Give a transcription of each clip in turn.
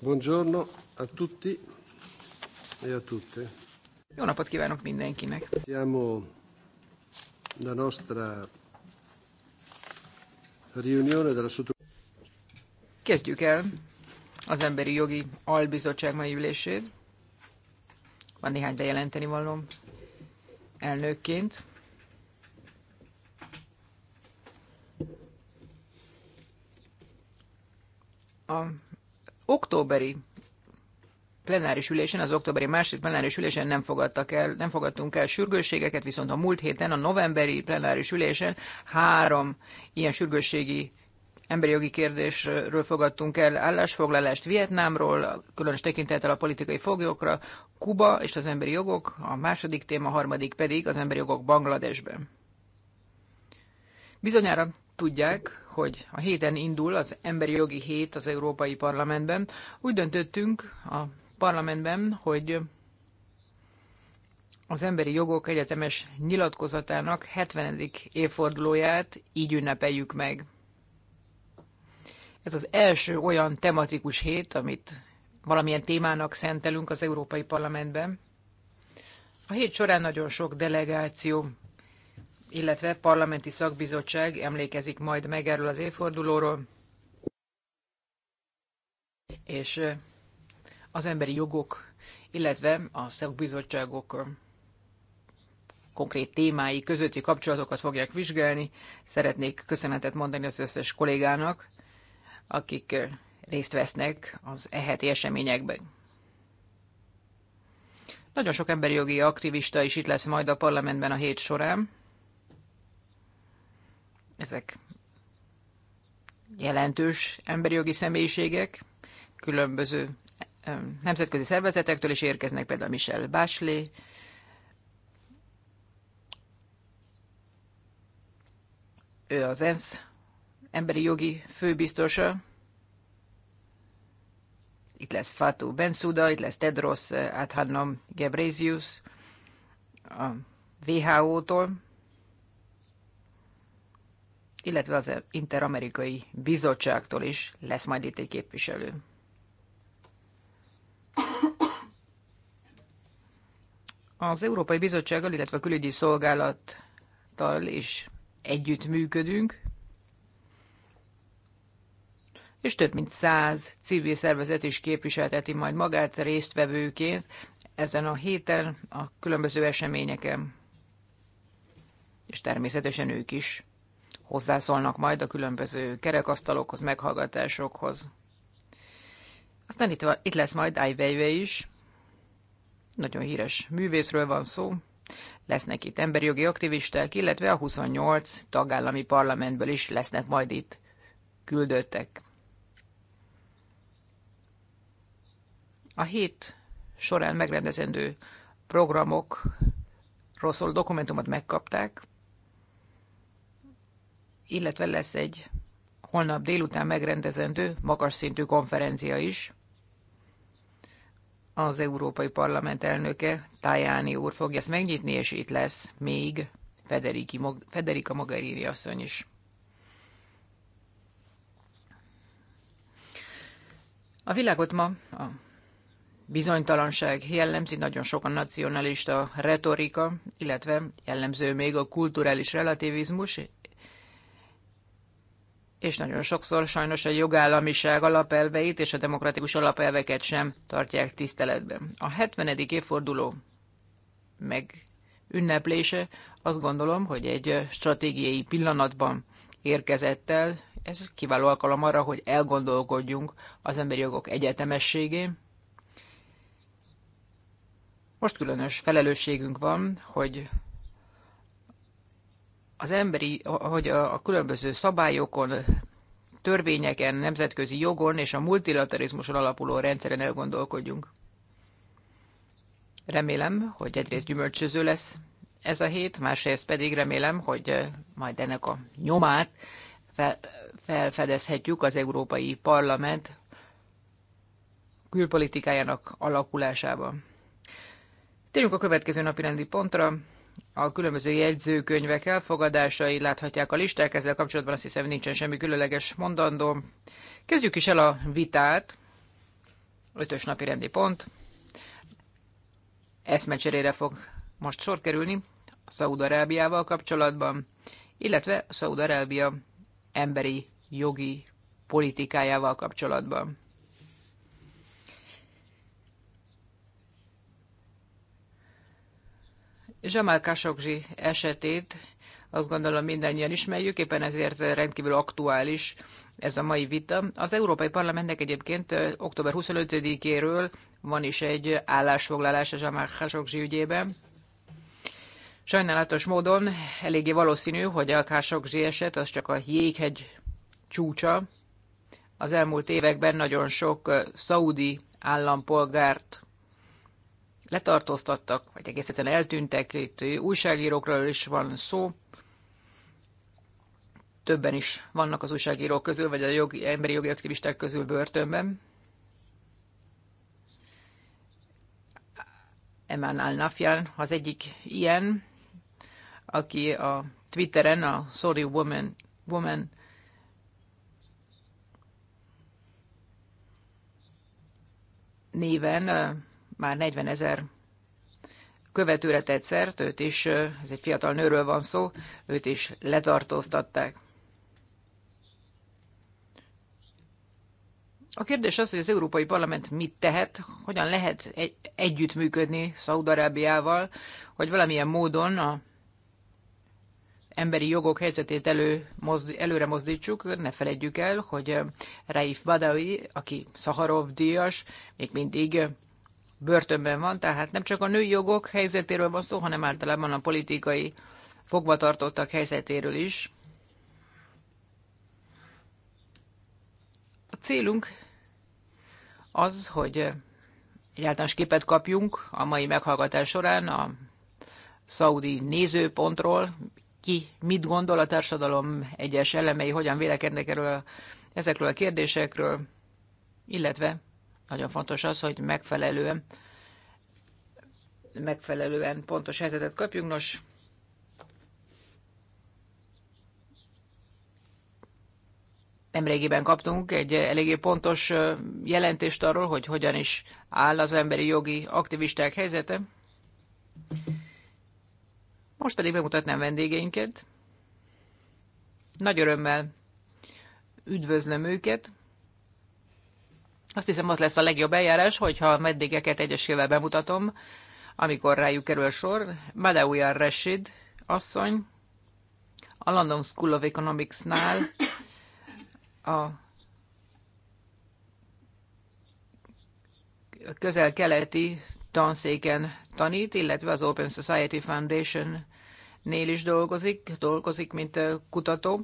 Buongiorno a tutti e a tutte. Jó napot kívánok mindenkinek! Siamo la nostra riunione della sotto... Kezdjük el az Emberi Jogi Albizottság mai ülését. Van néhány bejelenteni valóm elnökként. A októberi plenáris ülésen, az októberi második plenáris ülésen nem, fogadtak el, nem fogadtunk el sürgősségeket, viszont a múlt héten, a novemberi plenáris ülésen három ilyen sürgősségi emberi jogi kérdésről fogadtunk el állásfoglalást Vietnámról, különös tekintettel a politikai foglyokra, Kuba és az emberi jogok, a második téma, a harmadik pedig az emberi jogok Bangladesben. Bizonyára tudják, hogy a héten indul az Emberi Jogi Hét az Európai Parlamentben. Úgy döntöttünk a parlamentben, hogy az Emberi Jogok Egyetemes nyilatkozatának 70. évfordulóját így ünnepeljük meg. Ez az első olyan tematikus hét, amit valamilyen témának szentelünk az Európai Parlamentben. A hét során nagyon sok delegáció illetve parlamenti szakbizottság emlékezik majd meg erről az évfordulóról, és az emberi jogok, illetve a szakbizottságok konkrét témái közötti kapcsolatokat fogják vizsgálni. Szeretnék köszönetet mondani az összes kollégának, akik részt vesznek az eheti eseményekben. Nagyon sok emberi jogi aktivista is itt lesz majd a parlamentben a hét során. Ezek jelentős emberi jogi személyiségek, különböző nemzetközi szervezetektől is érkeznek, például Michel Bachelet, ő az ENSZ emberi jogi főbiztosa, itt lesz Fatou Bensouda, itt lesz Tedros Adhanom Ghebreyesus a WHO-tól, illetve az Interamerikai Bizottságtól is lesz majd itt egy képviselő. Az Európai Bizottsággal, illetve a Külügyi Szolgálattal is együttműködünk, és több mint száz civil szervezet is képviselteti majd magát résztvevőként ezen a héten a különböző eseményeken, és természetesen ők is hozzászólnak majd a különböző kerekasztalokhoz, meghallgatásokhoz. Aztán itt, itt lesz majd Ai Weiwei is. Nagyon híres művészről van szó. Lesznek itt emberi jogi aktivisták, illetve a 28 tagállami parlamentből is lesznek majd itt küldöttek. A hét során megrendezendő programok rosszul dokumentumot megkapták illetve lesz egy holnap délután megrendezendő magas szintű konferencia is. Az Európai Parlament elnöke Tajani úr fogja ezt megnyitni, és itt lesz még Federica Mogherini asszony is. A világot ma a bizonytalanság jellemzi, nagyon sok a nacionalista retorika, illetve jellemző még a kulturális relativizmus, és nagyon sokszor sajnos a jogállamiság alapelveit és a demokratikus alapelveket sem tartják tiszteletben. A 70. évforduló meg ünneplése azt gondolom, hogy egy stratégiai pillanatban érkezett el. Ez kiváló alkalom arra, hogy elgondolkodjunk az emberi jogok egyetemességén. Most különös felelősségünk van, hogy az emberi, hogy a különböző szabályokon, törvényeken, nemzetközi jogon és a multilaterizmuson alapuló rendszeren elgondolkodjunk. Remélem, hogy egyrészt gyümölcsöző lesz ez a hét, másrészt pedig remélem, hogy eh, majd ennek a nyomát fel, felfedezhetjük az Európai Parlament külpolitikájának alakulásában. Térjünk a következő napi rendi pontra a különböző jegyzőkönyvek elfogadásai, láthatják a listák, ezzel kapcsolatban azt hiszem nincsen semmi különleges mondandó. Kezdjük is el a vitát, ötös napi rendi pont. Eszmecserére fog most sor kerülni Szaúd-Arábiával kapcsolatban, illetve Szaúd-Arábia emberi jogi politikájával kapcsolatban. Jamal Khashoggi esetét azt gondolom mindannyian ismerjük, éppen ezért rendkívül aktuális ez a mai vita. Az Európai Parlamentnek egyébként október 25-éről van is egy állásfoglalás a Jamal Khashoggi ügyében. Sajnálatos módon eléggé valószínű, hogy a Khashoggi eset az csak a jéghegy csúcsa. Az elmúlt években nagyon sok szaudi állampolgárt letartóztattak, vagy egész egyszerűen eltűntek, itt újságírókról is van szó, többen is vannak az újságírók közül, vagy a jogi emberi jogi aktivisták közül börtönben. Eman al az egyik ilyen, aki a Twitteren a Sorry Woman, Woman néven már 40 ezer követőre tett szert, őt is, ez egy fiatal nőről van szó, őt is letartóztatták. A kérdés az, hogy az Európai Parlament mit tehet, hogyan lehet egy, együttműködni Szaudarábiával, hogy valamilyen módon a emberi jogok helyzetét elő, mozd, előre mozdítsuk. Ne felejtjük el, hogy Raif Badawi, aki Szaharov díjas, még mindig börtönben van, tehát nem csak a női jogok helyzetéről van szó, hanem általában a politikai fogvatartottak helyzetéről is. A célunk az, hogy egy általános képet kapjunk a mai meghallgatás során a szaudi nézőpontról, ki mit gondol a társadalom egyes elemei, hogyan vélekednek erről, ezekről a kérdésekről, illetve nagyon fontos az, hogy megfelelően, megfelelően pontos helyzetet kapjunk. Nos, nemrégiben kaptunk egy eléggé pontos jelentést arról, hogy hogyan is áll az emberi jogi aktivisták helyzete. Most pedig bemutatnám vendégeinket. Nagy örömmel üdvözlöm őket. Azt hiszem, az lesz a legjobb eljárás, hogyha a meddégeket egyesével bemutatom, amikor rájuk kerül sor. Madeuja Rashid asszony a London School of Economics-nál a közel-keleti tanszéken tanít, illetve az Open Society Foundation nél is dolgozik, dolgozik, mint kutató.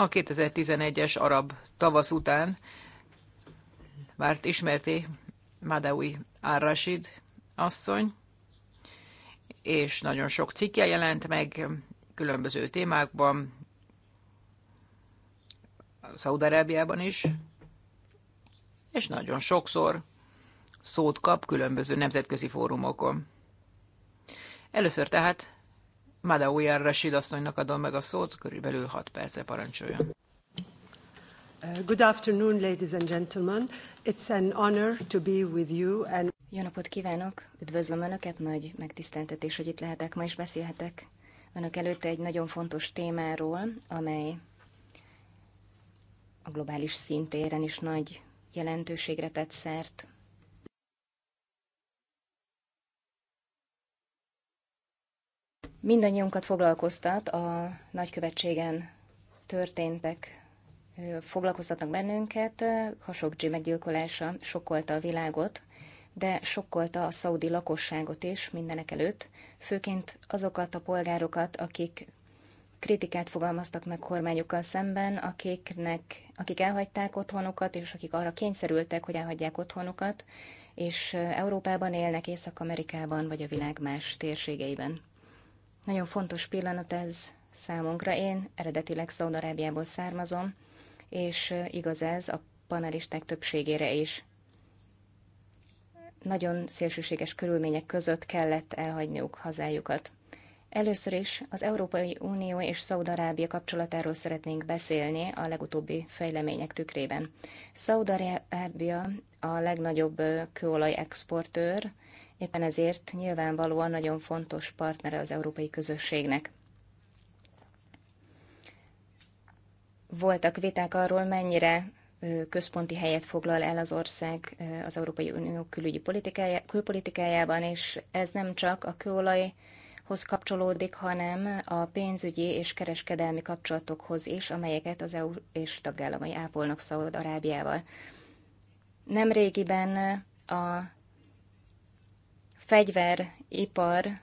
a 2011-es arab tavasz után várt ismerté Madawi al asszony, és nagyon sok cikke jelent meg különböző témákban, Szaudarábiában is, és nagyon sokszor szót kap különböző nemzetközi fórumokon. Először tehát Madaujár Rashid asszonynak adom meg a szót, körülbelül 6 perce parancsoljon. Good afternoon, ladies and gentlemen. It's an honor to be with you and... Jó napot kívánok! Üdvözlöm Önöket! Nagy megtiszteltetés, hogy itt lehetek ma, is beszélhetek Önök előtte egy nagyon fontos témáról, amely a globális szintéren is nagy jelentőségre tett szert. Mindannyiunkat foglalkoztat a nagykövetségen történtek, foglalkoztatnak bennünket. Khashoggi meggyilkolása sokkolta a világot, de sokkolta a szaudi lakosságot is mindenek előtt, főként azokat a polgárokat, akik kritikát fogalmaztak meg kormányukkal szemben, akiknek, akik elhagyták otthonukat, és akik arra kényszerültek, hogy elhagyják otthonukat, és Európában élnek, Észak-Amerikában vagy a világ más térségeiben. Nagyon fontos pillanat ez számunkra. Én eredetileg Szaudarábiából származom, és igaz ez a panelisták többségére is. Nagyon szélsőséges körülmények között kellett elhagyniuk hazájukat. Először is az Európai Unió és Szaudarábia kapcsolatáról szeretnénk beszélni a legutóbbi fejlemények tükrében. Szaudarábia a legnagyobb kőolaj exportőr, éppen ezért nyilvánvalóan nagyon fontos partnere az európai közösségnek. Voltak viták arról, mennyire központi helyet foglal el az ország az Európai Unió külügyi politikájá, külpolitikájában, és ez nem csak a kőolajhoz kapcsolódik, hanem a pénzügyi és kereskedelmi kapcsolatokhoz is, amelyeket az EU és tagállamai ápolnak Szaúd-Arábiával. Nemrégiben a fegyveripar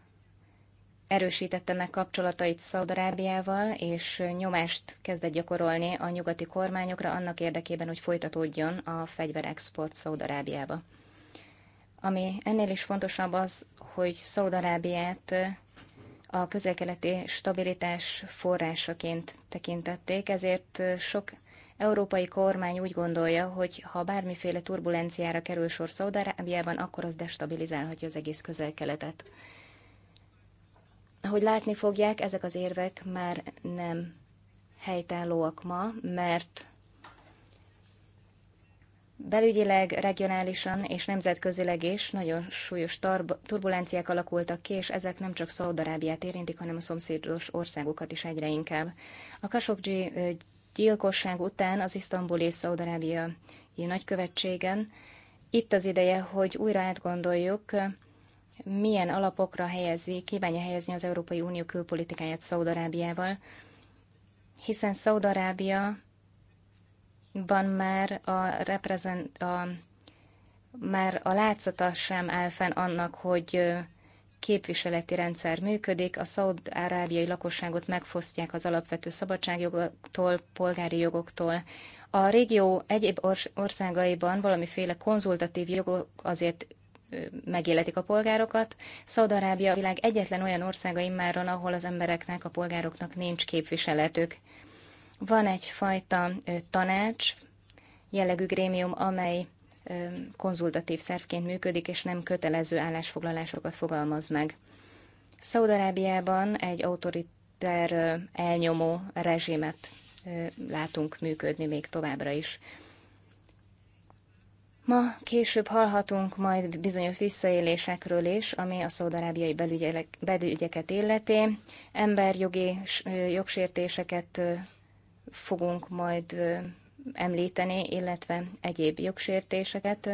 erősítette meg kapcsolatait Szaudarábiával, és nyomást kezdett gyakorolni a nyugati kormányokra annak érdekében, hogy folytatódjon a fegyverexport Szaudarábiába. Ami ennél is fontosabb az, hogy Szaudarábiát a közelkeleti stabilitás forrásaként tekintették, ezért sok európai kormány úgy gondolja, hogy ha bármiféle turbulenciára kerül sor Szaudarábiában, akkor az destabilizálhatja az egész közel-keletet. Ahogy látni fogják, ezek az érvek már nem helytállóak ma, mert belügyileg, regionálisan és nemzetközileg is nagyon súlyos turbulenciák alakultak ki, és ezek nem csak Szaudarábiát érintik, hanem a szomszédos országokat is egyre inkább. A Khashoggi gyilkosság után az isztambuli Szaudarábiai nagykövetségen. Itt az ideje, hogy újra átgondoljuk, milyen alapokra helyezi, kívánja helyezni az Európai Unió külpolitikáját Szaudarábiával, hiszen Szaudarábia van már a, reprezent, a, már a látszata sem áll fenn annak, hogy képviseleti rendszer működik, a szaud-arábiai lakosságot megfosztják az alapvető szabadságjogoktól, polgári jogoktól. A régió egyéb országaiban valamiféle konzultatív jogok azért megéletik a polgárokat. Szaudarábia a világ egyetlen olyan országa immáron, ahol az embereknek, a polgároknak nincs képviseletük. Van egyfajta tanács, jellegű grémium, amely konzultatív szervként működik, és nem kötelező állásfoglalásokat fogalmaz meg. Szaudarábiában egy autoriter elnyomó rezsimet látunk működni még továbbra is. Ma később hallhatunk majd bizonyos visszaélésekről is, ami a szaudarábiai belügyeket illeti. Emberjogi jogsértéseket fogunk majd említeni, illetve egyéb jogsértéseket.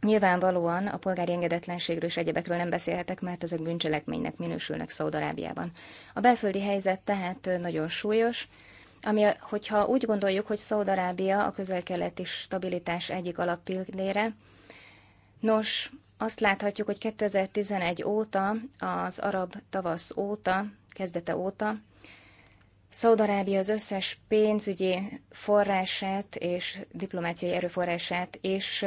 Nyilvánvalóan a polgári engedetlenségről és egyebekről nem beszélhetek, mert ezek bűncselekménynek minősülnek Szaudarábiában. A belföldi helyzet tehát nagyon súlyos, ami, hogyha úgy gondoljuk, hogy Szaudarábia a közel-keleti stabilitás egyik alappillére, nos, azt láthatjuk, hogy 2011 óta, az arab tavasz óta, kezdete óta Szaudarábia az összes pénzügyi forrását és diplomáciai erőforrását és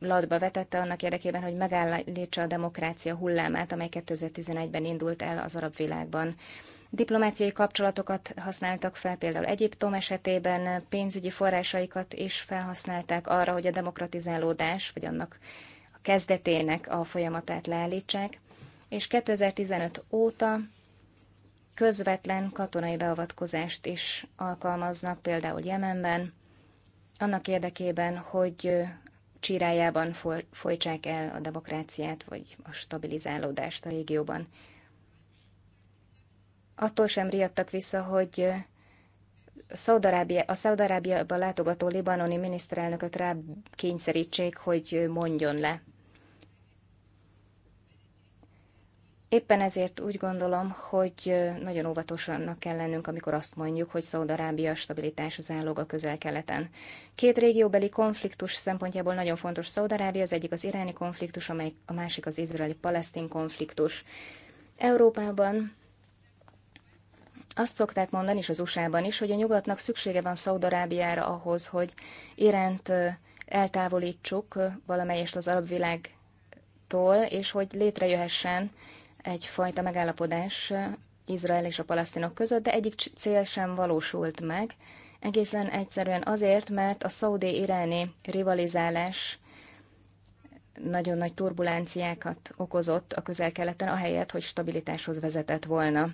latba vetette annak érdekében, hogy megállítsa a demokrácia hullámát, amely 2011-ben indult el az arab világban. Diplomáciai kapcsolatokat használtak fel például Egyiptom esetében, pénzügyi forrásaikat is felhasználták arra, hogy a demokratizálódás, vagy annak a kezdetének a folyamatát leállítsák, és 2015 óta közvetlen katonai beavatkozást is alkalmaznak, például Jemenben, annak érdekében, hogy csirájában folytsák el a demokráciát, vagy a stabilizálódást a régióban. Attól sem riadtak vissza, hogy a Szaudarábiában látogató libanoni miniszterelnököt rá kényszerítsék, hogy mondjon le. Éppen ezért úgy gondolom, hogy nagyon óvatosannak kell lennünk, amikor azt mondjuk, hogy Szaudarábia stabilitás az állóg a közel-keleten. Két régióbeli konfliktus szempontjából nagyon fontos Szaudarábia, az egyik az iráni konfliktus, amely, a másik az izraeli-palesztin konfliktus. Európában azt szokták mondani, és az USA-ban is, hogy a nyugatnak szüksége van Szaudarábiára ahhoz, hogy Iránt eltávolítsuk valamelyest az arab világtól, és hogy létrejöhessen egyfajta megállapodás Izrael és a palesztinok között, de egyik cél sem valósult meg, egészen egyszerűen azért, mert a szaudi-iráni rivalizálás nagyon nagy turbulenciákat okozott a közel-keleten, ahelyett, hogy stabilitáshoz vezetett volna.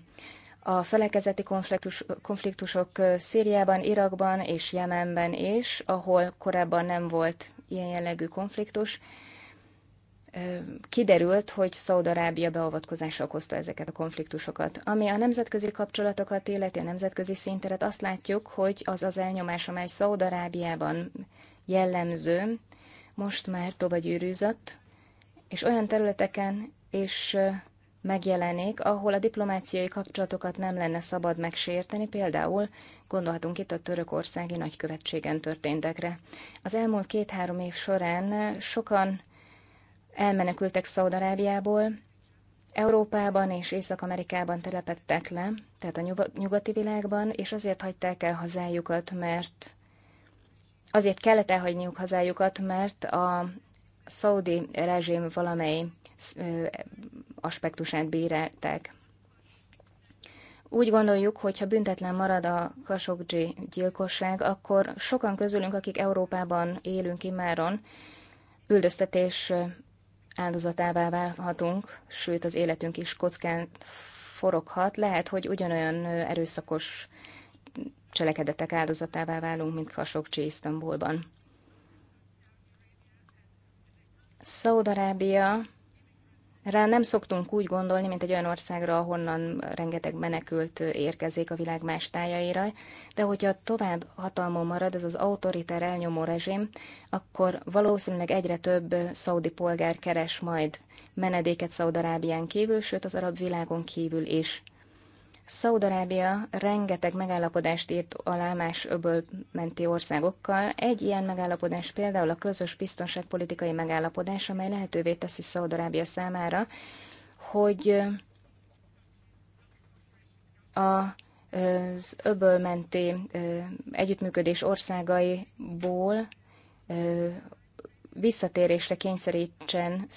A felekezeti konfliktus, konfliktusok Szíriában, Irakban és Jemenben is, ahol korábban nem volt ilyen jellegű konfliktus, kiderült, hogy Szaudarábia beavatkozása okozta ezeket a konfliktusokat. Ami a nemzetközi kapcsolatokat illeti, a nemzetközi szinteret, azt látjuk, hogy az az elnyomás, amely Szaudarábiában jellemző, most már gyűrűzött, és olyan területeken is megjelenik, ahol a diplomáciai kapcsolatokat nem lenne szabad megsérteni, például gondolhatunk itt a törökországi nagykövetségen történtekre. Az elmúlt két-három év során sokan elmenekültek Szaudarábiából, Európában és Észak-Amerikában telepettek le, tehát a nyugati világban, és azért hagyták el hazájukat, mert azért kellett elhagyniuk hazájukat, mert a szaudi rezsim valamely aspektusát bírálták. Úgy gondoljuk, hogy ha büntetlen marad a Khashoggi gyilkosság, akkor sokan közülünk, akik Európában élünk immáron, üldöztetés áldozatává válhatunk, sőt az életünk is kockán foroghat. Lehet, hogy ugyanolyan erőszakos cselekedetek áldozatává válunk, mint Khashoggi Isztambulban. Szaudarábia rá nem szoktunk úgy gondolni, mint egy olyan országra, ahonnan rengeteg menekült érkezik a világ más tájaira, de hogyha tovább hatalmon marad ez az autoriter elnyomó rezsim, akkor valószínűleg egyre több szaudi polgár keres majd menedéket Szaudarábián kívül, sőt az arab világon kívül is. Szaudarábia rengeteg megállapodást írt alá más öbölmenti országokkal. Egy ilyen megállapodás például a közös biztonságpolitikai megállapodás, amely lehetővé teszi Szaudarábia számára, hogy az öbölmenti együttműködés országaiból visszatérésre kényszerítsen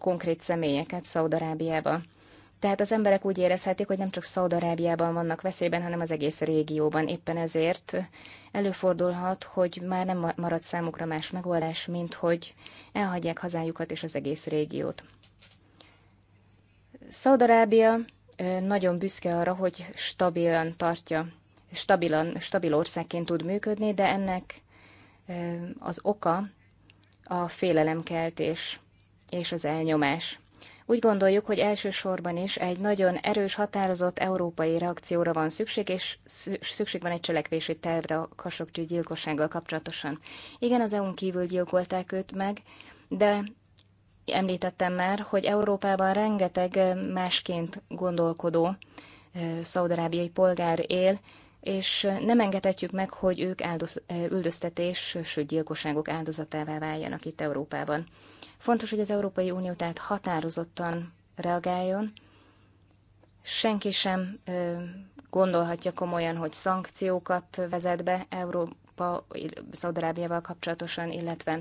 konkrét személyeket Szaudarábiába. Tehát az emberek úgy érezhetik, hogy nem csak Szaudarábiában vannak veszélyben, hanem az egész régióban. Éppen ezért előfordulhat, hogy már nem marad számukra más megoldás, mint hogy elhagyják hazájukat és az egész régiót. Szaudarábia nagyon büszke arra, hogy stabilan tartja, stabilan, stabil országként tud működni, de ennek az oka a félelemkeltés és az elnyomás. Úgy gondoljuk, hogy elsősorban is egy nagyon erős, határozott európai reakcióra van szükség, és szükség van egy cselekvési tervre a Kasokcsi gyilkossággal kapcsolatosan. Igen, az EU-n kívül gyilkolták őt meg, de említettem már, hogy Európában rengeteg másként gondolkodó szaudarábiai polgár él, és nem engedhetjük meg, hogy ők áldoz, üldöztetés, sőt gyilkosságok áldozatává váljanak itt Európában. Fontos, hogy az Európai Unió tehát határozottan reagáljon. Senki sem gondolhatja komolyan, hogy szankciókat vezet be Európa, Szaudarábiával kapcsolatosan, illetve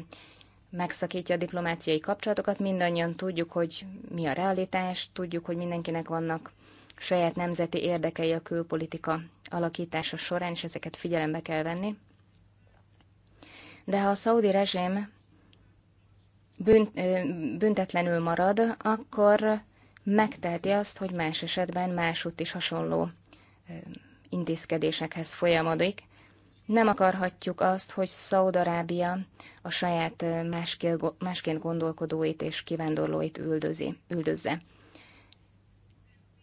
megszakítja a diplomáciai kapcsolatokat. Mindannyian tudjuk, hogy mi a realitás, tudjuk, hogy mindenkinek vannak saját nemzeti érdekei a külpolitika alakítása során, és ezeket figyelembe kell venni. De ha a szaudi rezsim bünt, büntetlenül marad, akkor megteheti azt, hogy más esetben másút is hasonló intézkedésekhez folyamodik. Nem akarhatjuk azt, hogy Szaudarábia a saját másként gondolkodóit és kivándorlóit üldözi, üldözze.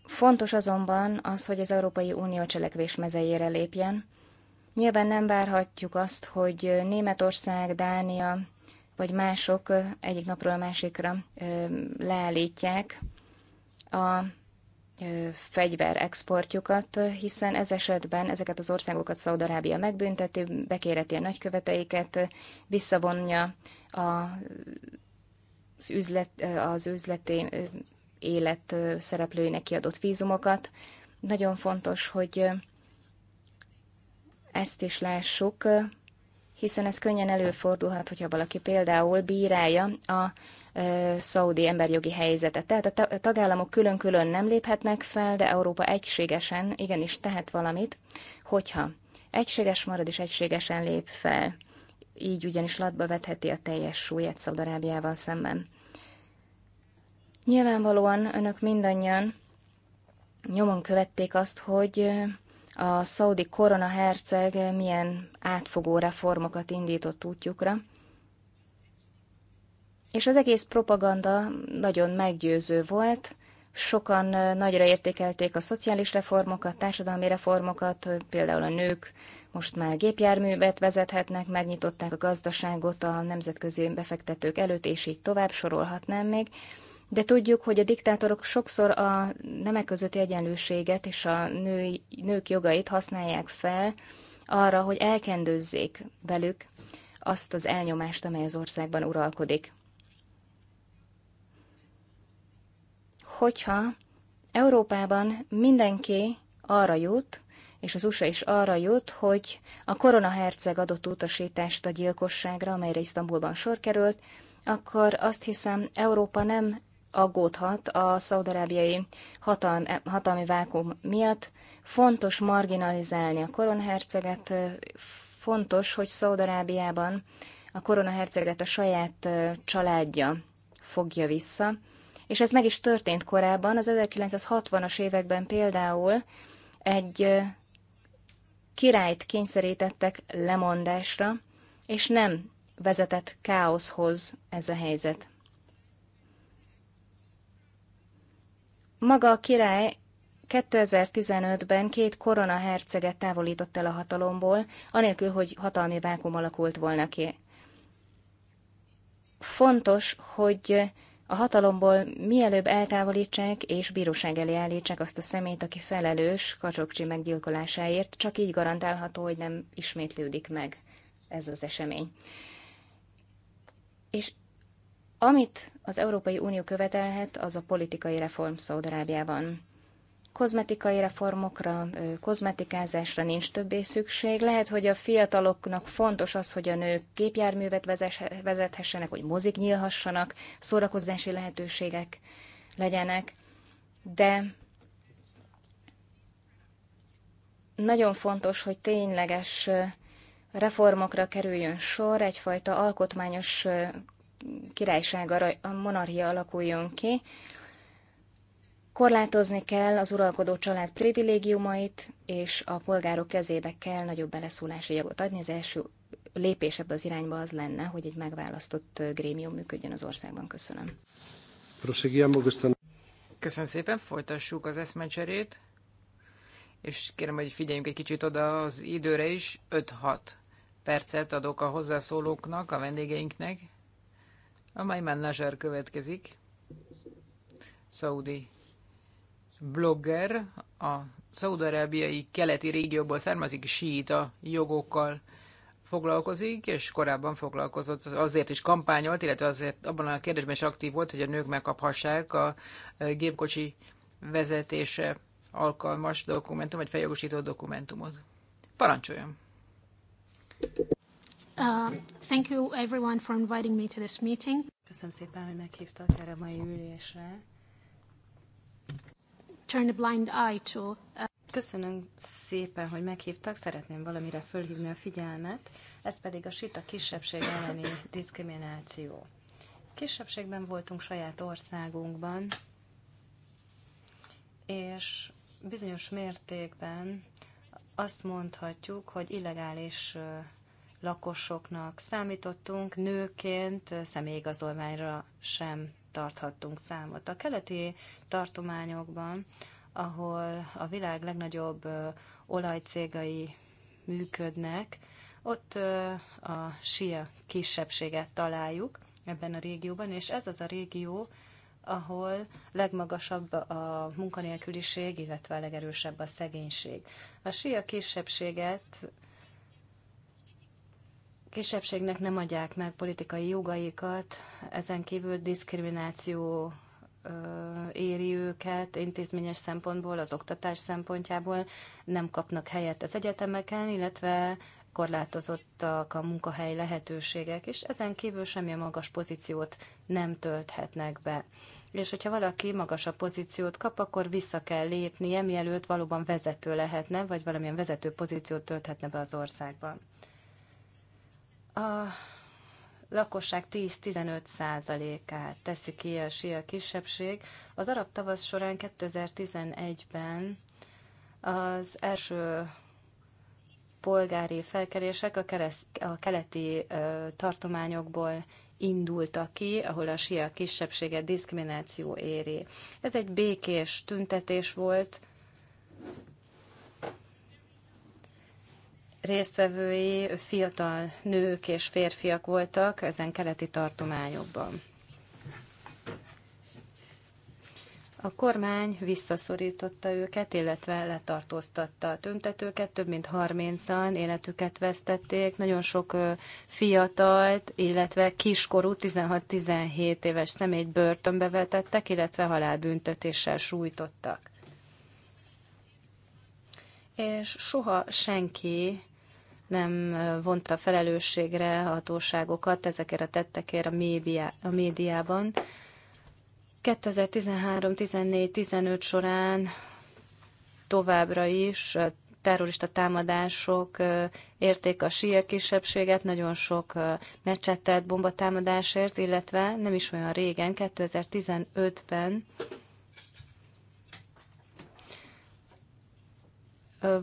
Fontos azonban az, hogy az Európai Unió cselekvés mezejére lépjen. Nyilván nem várhatjuk azt, hogy Németország, Dánia, vagy mások egyik napról a másikra leállítják a fegyver exportjukat, hiszen ez esetben ezeket az országokat Szaudarábia megbünteti, bekéreti a nagyköveteiket, visszavonja a, az, üzlet, az üzleti élet szereplőinek kiadott vízumokat. Nagyon fontos, hogy ezt is lássuk, hiszen ez könnyen előfordulhat, hogyha valaki például bírálja a szaudi emberjogi helyzetet. Tehát a, a tagállamok külön-külön nem léphetnek fel, de Európa egységesen igenis tehet valamit, hogyha egységes marad és egységesen lép fel. Így ugyanis latba vetheti a teljes súlyát Szaudarábiával szemben. Nyilvánvalóan önök mindannyian nyomon követték azt, hogy a szaudi korona herceg milyen átfogó reformokat indított útjukra, és az egész propaganda nagyon meggyőző volt, sokan nagyra értékelték a szociális reformokat, társadalmi reformokat, például a nők most már gépjárművet vezethetnek, megnyitották a gazdaságot a nemzetközi befektetők előtt, és így tovább sorolhatnám még de tudjuk, hogy a diktátorok sokszor a nemek közötti egyenlőséget és a női, nők jogait használják fel arra, hogy elkendőzzék velük azt az elnyomást, amely az országban uralkodik. Hogyha Európában mindenki arra jut, és az USA is arra jut, hogy a koronaherceg adott utasítást a gyilkosságra, amelyre Isztambulban sor került, akkor azt hiszem Európa nem aggódhat a szaudarábiai hatalmi, hatalmi vákum miatt. Fontos marginalizálni a koronaherceget, fontos, hogy Szaudarábiában a koronaherceget a saját családja fogja vissza, és ez meg is történt korábban, az 1960-as években például egy királyt kényszerítettek lemondásra, és nem vezetett káoszhoz ez a helyzet. Maga a király 2015-ben két korona herceget távolított el a hatalomból, anélkül, hogy hatalmi vákum alakult volna ki. Fontos, hogy a hatalomból mielőbb eltávolítsák és bíróság elé állítsák azt a szemét, aki felelős Kacsokcsi meggyilkolásáért, csak így garantálható, hogy nem ismétlődik meg ez az esemény. És amit az Európai Unió követelhet, az a politikai reform Szaudarábiában. Kozmetikai reformokra, kozmetikázásra nincs többé szükség. Lehet, hogy a fiataloknak fontos az, hogy a nők képjárművet vezethessenek, hogy mozik nyílhassanak, szórakozási lehetőségek legyenek, de nagyon fontos, hogy tényleges reformokra kerüljön sor, egyfajta alkotmányos királyság, a monarchia alakuljon ki. Korlátozni kell az uralkodó család privilégiumait, és a polgárok kezébe kell nagyobb beleszólási jogot adni. Az első lépés ebbe az irányba az lenne, hogy egy megválasztott grémium működjön az országban. Köszönöm. Köszönöm szépen, folytassuk az eszmecserét, és kérem, hogy figyeljünk egy kicsit oda az időre is, 5-6 percet adok a hozzászólóknak, a vendégeinknek, mai menedzser következik, Saudi blogger, a szaudarábiai keleti régióból származik, síita jogokkal foglalkozik, és korábban foglalkozott, azért is kampányolt, illetve azért abban a kérdésben is aktív volt, hogy a nők megkaphassák a e, gépkocsi vezetése alkalmas dokumentum, vagy feljogosított dokumentumot. Parancsoljon! Uh, thank you everyone for inviting me to this meeting. Köszönöm szépen, hogy meghívtak erre a mai ülésre. Turn a blind eye to... Uh... Köszönöm szépen, hogy meghívtak. Szeretném valamire fölhívni a figyelmet. Ez pedig a sita kisebbség elleni diszkrimináció. Kisebbségben voltunk saját országunkban, és bizonyos mértékben azt mondhatjuk, hogy illegális lakosoknak számítottunk, nőként személyigazolványra sem tarthattunk számot. A keleti tartományokban, ahol a világ legnagyobb olajcégai működnek, ott a sia kisebbséget találjuk ebben a régióban, és ez az a régió, ahol legmagasabb a munkanélküliség, illetve a legerősebb a szegénység. A sia kisebbséget kisebbségnek nem adják meg politikai jogaikat, ezen kívül diszkrimináció éri őket intézményes szempontból, az oktatás szempontjából, nem kapnak helyet az egyetemeken, illetve korlátozottak a munkahely lehetőségek, és ezen kívül semmilyen magas pozíciót nem tölthetnek be. És hogyha valaki magasabb pozíciót kap, akkor vissza kell lépnie, mielőtt valóban vezető lehetne, vagy valamilyen vezető pozíciót tölthetne be az országban. A lakosság 10-15 százalékát teszi ki a sia kisebbség. Az arab tavasz során 2011-ben az első polgári felkerések a, kereszt, a keleti ö, tartományokból indultak ki, ahol a sia kisebbséget diszkrimináció éri. Ez egy békés tüntetés volt, résztvevői fiatal nők és férfiak voltak ezen keleti tartományokban. A kormány visszaszorította őket, illetve letartóztatta a tüntetőket, több mint 30-an életüket vesztették, nagyon sok fiatalt, illetve kiskorú 16-17 éves személyt börtönbe vetettek, illetve halálbüntetéssel sújtottak. És soha senki nem vonta felelősségre a hatóságokat ezekért a tettekért a, média, a médiában. 2013, 14, 15 során továbbra is terrorista támadások érték a sír kisebbséget, nagyon sok mecsetet bombatámadásért, illetve nem is olyan régen, 2015-ben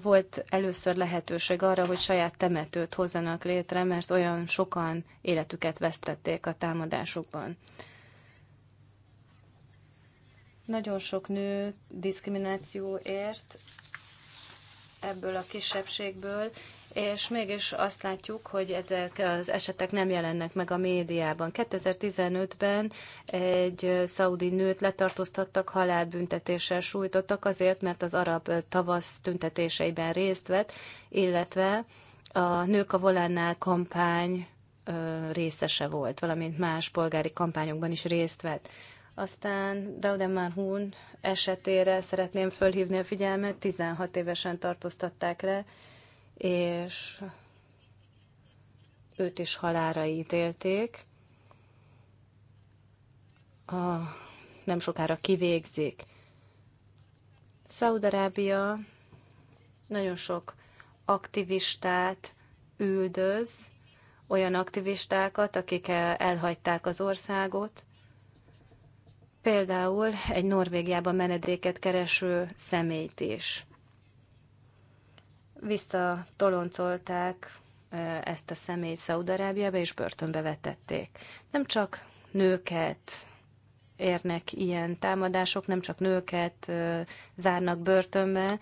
volt először lehetőség arra, hogy saját temetőt hozzanak létre, mert olyan sokan életüket vesztették a támadásokban. Nagyon sok nő diszkriminációért ebből a kisebbségből, és mégis azt látjuk, hogy ezek az esetek nem jelennek meg a médiában. 2015-ben egy szaudi nőt letartóztattak, halálbüntetéssel sújtottak azért, mert az arab tavasz tüntetéseiben részt vett, illetve a Nők a Volánnál kampány részese volt, valamint más polgári kampányokban is részt vett. Aztán Daudemar Hun esetére szeretném fölhívni a figyelmet, 16 évesen tartóztatták le, és őt is halára ítélték. A, nem sokára kivégzik. Szaudarábia nagyon sok aktivistát üldöz, olyan aktivistákat, akik elhagyták az országot. Például egy Norvégiában menedéket kereső személyt is visszatoloncolták ezt a személy Szaudarábiába, és börtönbe vetették. Nem csak nőket érnek ilyen támadások, nem csak nőket zárnak börtönbe,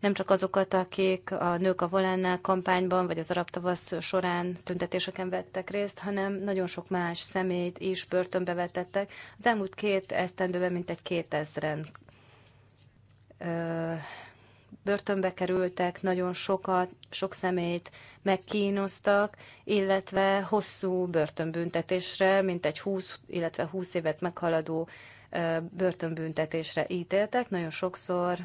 nem csak azokat, akik a Nők a Volánnál kampányban, vagy az Arab Tavasz során tüntetéseken vettek részt, hanem nagyon sok más személyt is börtönbe vetettek. Az elmúlt két esztendőben mintegy kétezren börtönbe kerültek, nagyon sokat, sok személyt megkínoztak, illetve hosszú börtönbüntetésre, mint egy 20, illetve 20 évet meghaladó börtönbüntetésre ítéltek, nagyon sokszor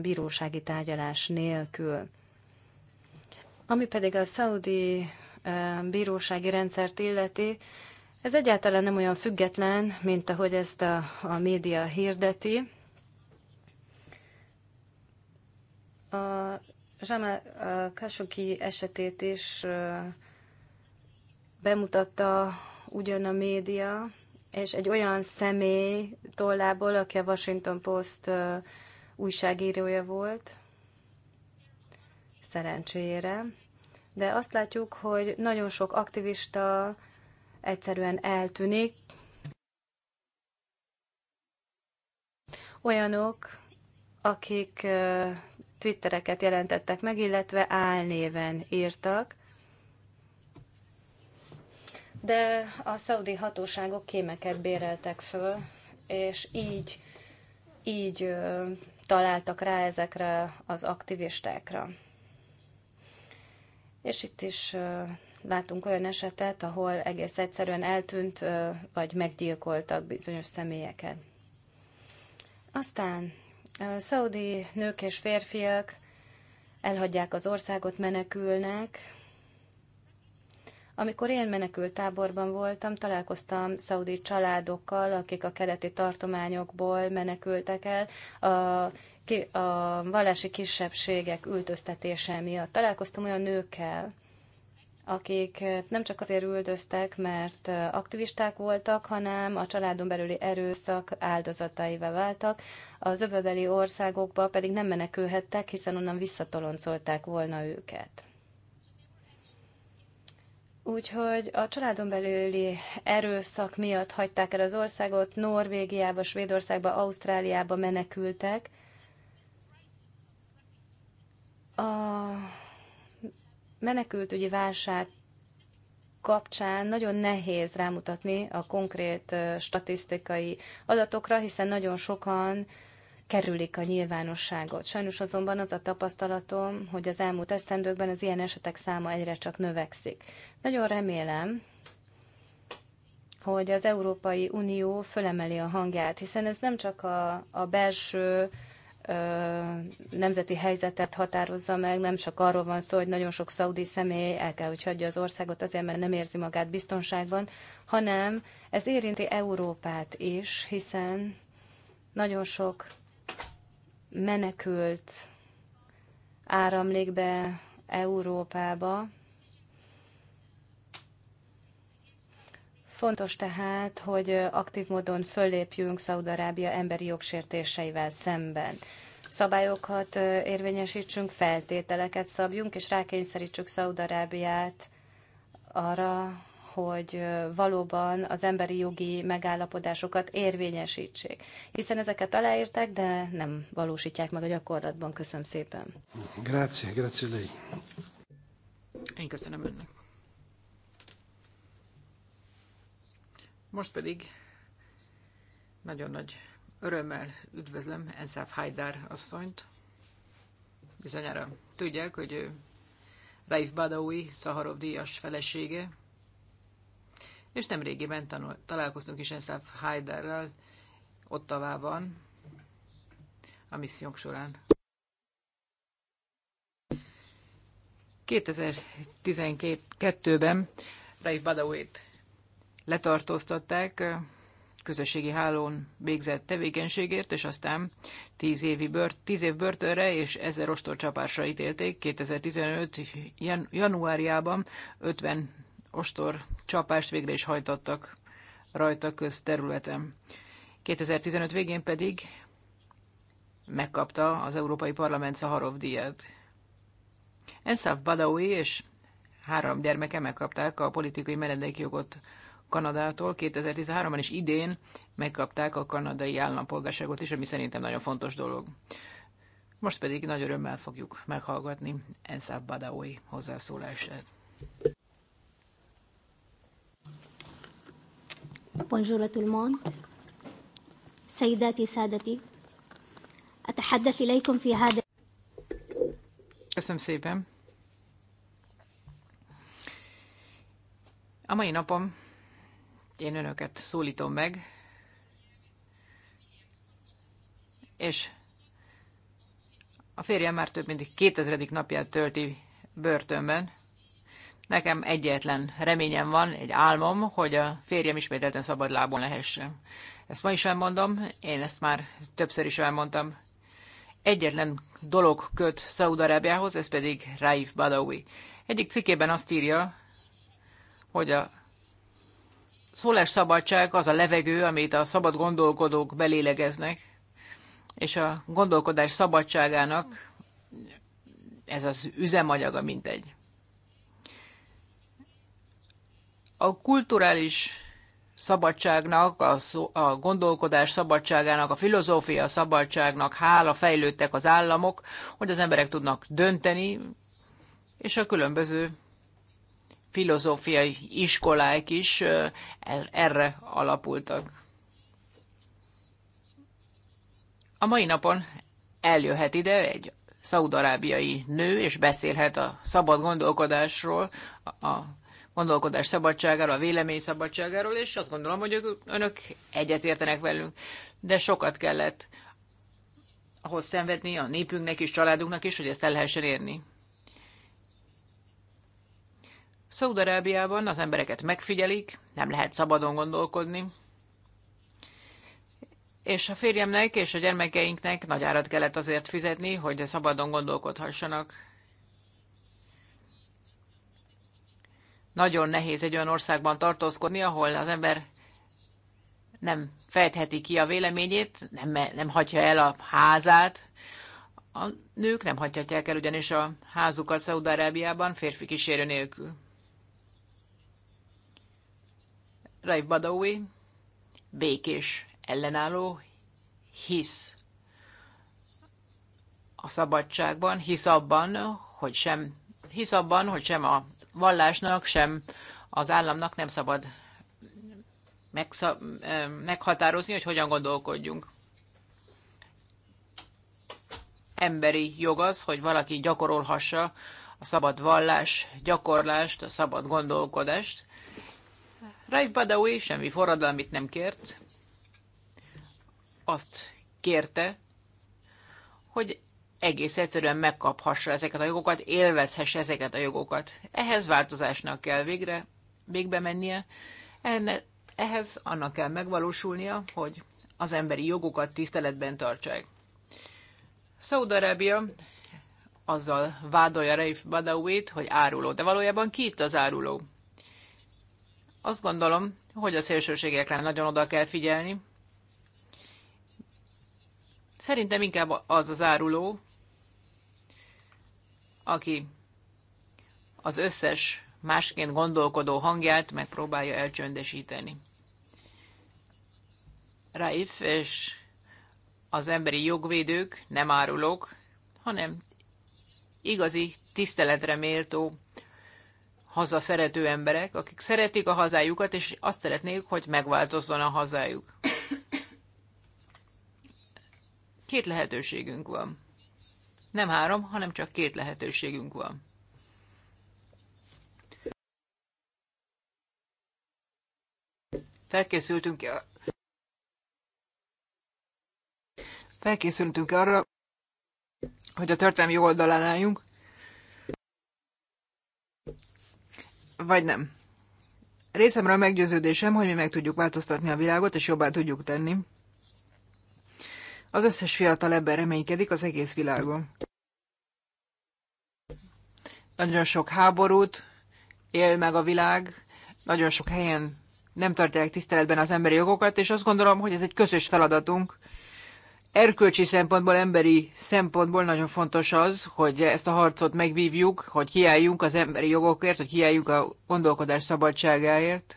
bírósági tárgyalás nélkül. Ami pedig a szaudi bírósági rendszert illeti, ez egyáltalán nem olyan független, mint ahogy ezt a, a média hirdeti. A Jamal Khashoggi esetét is bemutatta ugyan a média, és egy olyan személy tollából, aki a Washington Post újságírója volt, szerencsére. De azt látjuk, hogy nagyon sok aktivista egyszerűen eltűnik. Olyanok, akik twittereket jelentettek meg, illetve álnéven írtak. De a szaudi hatóságok kémeket béreltek föl, és így, így ö, találtak rá ezekre az aktivistákra. És itt is ö, látunk olyan esetet, ahol egész egyszerűen eltűnt ö, vagy meggyilkoltak bizonyos személyeket. Aztán Szaudi nők és férfiak elhagyják az országot, menekülnek. Amikor én menekült táborban voltam, találkoztam szaudi családokkal, akik a keleti tartományokból menekültek el. A, a vallási kisebbségek ültöztetése miatt találkoztam olyan nőkkel, akik eh, nem csak azért üldöztek, mert eh, aktivisták voltak, hanem a családon belüli erőszak áldozataivá váltak, az övebeli országokba pedig nem menekülhettek, hiszen onnan visszatoloncolták volna őket. Úgyhogy a családon belüli erőszak miatt hagyták el az országot, Norvégiába, Svédországba, Ausztráliába menekültek. A menekültügyi válság kapcsán nagyon nehéz rámutatni a konkrét statisztikai adatokra, hiszen nagyon sokan kerülik a nyilvánosságot. Sajnos azonban az a tapasztalatom, hogy az elmúlt esztendőkben az ilyen esetek száma egyre csak növekszik. Nagyon remélem, hogy az Európai Unió fölemeli a hangját, hiszen ez nem csak a, a belső nemzeti helyzetet határozza meg, nem csak arról van szó, hogy nagyon sok szaudi személy el kell, hogy hagyja az országot azért, mert nem érzi magát biztonságban, hanem ez érinti Európát is, hiszen nagyon sok menekült áramlik be Európába, Fontos tehát, hogy aktív módon föllépjünk Szaudarábia emberi jogsértéseivel szemben. Szabályokat érvényesítsünk, feltételeket szabjunk, és rákényszerítsük Szaudarábiát arra, hogy valóban az emberi jogi megállapodásokat érvényesítsék. Hiszen ezeket aláírták, de nem valósítják meg a gyakorlatban. Köszönöm szépen. Grazie, grazie lei. Én köszönöm önnek. Most pedig nagyon nagy örömmel üdvözlöm Enszáv Hajdár asszonyt. Bizonyára tudják, hogy ő Raif Badawi, Szaharov díjas felesége, és nem régiben tanul, találkoztunk is Enszáv Hajdarral Ottavában a missziónk során. 2012-ben Raif Badawit letartóztatták közösségi hálón végzett tevékenységért, és aztán 10, évi bört, 10 év börtönre és ezer ostorcsapásra ítélték. 2015. januárjában 50 ostor csapást végre is hajtattak rajta közterületen. 2015 végén pedig megkapta az Európai Parlament Szaharov díjat. Enszáv Badawi és három gyermeke megkapták a politikai menedékjogot Kanadától 2013-ban és idén megkapták a kanadai állampolgárságot is, ami szerintem nagyon fontos dolog. Most pedig nagy örömmel fogjuk meghallgatni Enszáv Badawi hozzászólását. Bonjour tout le monde. Sayyidati, Sadati, أتحدث إليكم fi hada. Köszönöm szépen. A mai napom én önöket szólítom meg, és a férjem már több mint 2000. napját tölti börtönben. Nekem egyetlen reményem van, egy álmom, hogy a férjem ismételten szabad lábon lehessen. Ezt ma is elmondom, én ezt már többször is elmondtam. Egyetlen dolog köt Szaudarábiához, ez pedig Raif Badawi. Egyik cikkében azt írja, hogy a szólásszabadság az a levegő, amit a szabad gondolkodók belélegeznek, és a gondolkodás szabadságának ez az üzemanyaga mintegy. A kulturális szabadságnak, a, szó, a gondolkodás szabadságának, a filozófia szabadságnak hála fejlődtek az államok, hogy az emberek tudnak dönteni, és a különböző filozófiai iskolák is erre alapultak. A mai napon eljöhet ide egy szaudarábiai nő, és beszélhet a szabad gondolkodásról, a gondolkodás szabadságáról, a vélemény szabadságáról, és azt gondolom, hogy önök egyetértenek velünk. De sokat kellett ahhoz szenvedni a népünknek és családunknak is, hogy ezt el lehessen érni. Szaudarábiában az embereket megfigyelik, nem lehet szabadon gondolkodni, és a férjemnek és a gyermekeinknek nagy árat kellett azért fizetni, hogy szabadon gondolkodhassanak. Nagyon nehéz egy olyan országban tartózkodni, ahol az ember nem fejtheti ki a véleményét, nem, nem hagyja el a házát. A nők nem hagyhatják el ugyanis a házukat Szaudarábiában férfi kísérő nélkül. Raif Badawi békés ellenálló hisz a szabadságban, hisz abban, hogy sem, hisz abban, hogy sem a vallásnak, sem az államnak nem szabad megszab, meghatározni, hogy hogyan gondolkodjunk. Emberi jog az, hogy valaki gyakorolhassa a szabad vallás gyakorlást, a szabad gondolkodást, Raif Badawi semmi forradalmit nem kért, azt kérte, hogy egész egyszerűen megkaphassa ezeket a jogokat, élvezhesse ezeket a jogokat. Ehhez változásnak kell végre, végbe mennie, Enne, ehhez annak kell megvalósulnia, hogy az emberi jogokat tiszteletben tartsák. Szaudarábia azzal vádolja Raif Badawit, hogy áruló, de valójában ki itt az áruló? Azt gondolom, hogy a szélsőségekre nagyon oda kell figyelni. Szerintem inkább az az áruló, aki az összes másként gondolkodó hangját megpróbálja elcsöndesíteni. Raif és az emberi jogvédők nem árulók, hanem igazi, tiszteletre méltó haza szerető emberek, akik szeretik a hazájukat, és azt szeretnék, hogy megváltozzon a hazájuk. Két lehetőségünk van. Nem három, hanem csak két lehetőségünk van. Felkészültünk, felkészültünk arra, hogy a történelmi oldalán álljunk, vagy nem. Részemre a meggyőződésem, hogy mi meg tudjuk változtatni a világot, és jobbá tudjuk tenni. Az összes fiatal ebben reménykedik az egész világon. Nagyon sok háborút él meg a világ, nagyon sok helyen nem tartják tiszteletben az emberi jogokat, és azt gondolom, hogy ez egy közös feladatunk, erkölcsi szempontból, emberi szempontból nagyon fontos az, hogy ezt a harcot megvívjuk, hogy kiálljunk az emberi jogokért, hogy kiálljunk a gondolkodás szabadságáért.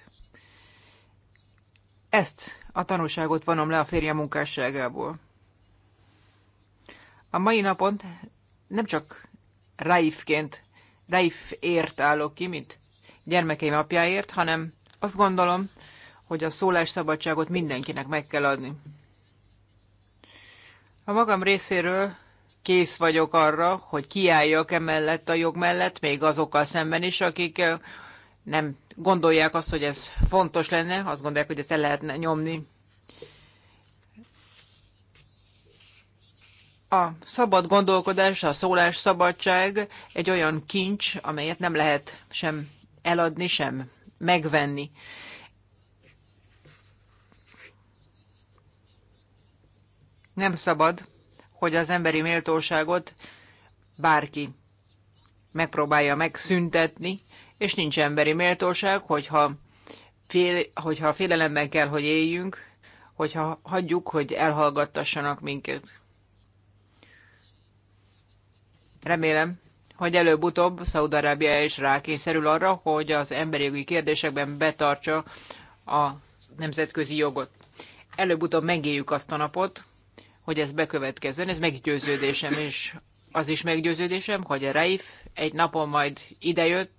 Ezt a tanulságot vonom le a férjem munkásságából. A mai napon nem csak Raifként, Raifért állok ki, mint gyermekeim apjáért, hanem azt gondolom, hogy a szólásszabadságot mindenkinek meg kell adni. A magam részéről kész vagyok arra, hogy kiálljak emellett a jog mellett, még azokkal szemben is, akik nem gondolják azt, hogy ez fontos lenne, azt gondolják, hogy ezt el lehetne nyomni. A szabad gondolkodás, a szólás szabadság egy olyan kincs, amelyet nem lehet sem eladni, sem megvenni. Nem szabad, hogy az emberi méltóságot bárki megpróbálja megszüntetni, és nincs emberi méltóság, hogyha, fél, hogyha félelemben kell, hogy éljünk, hogyha hagyjuk, hogy elhallgattassanak minket. Remélem, hogy előbb-utóbb Szaudarábia is rákényszerül arra, hogy az emberi jogi kérdésekben betartsa a nemzetközi jogot. Előbb-utóbb megéljük azt a napot, hogy ez bekövetkezzen, ez meggyőződésem, és az is meggyőződésem, hogy a Raif egy napon majd idejött,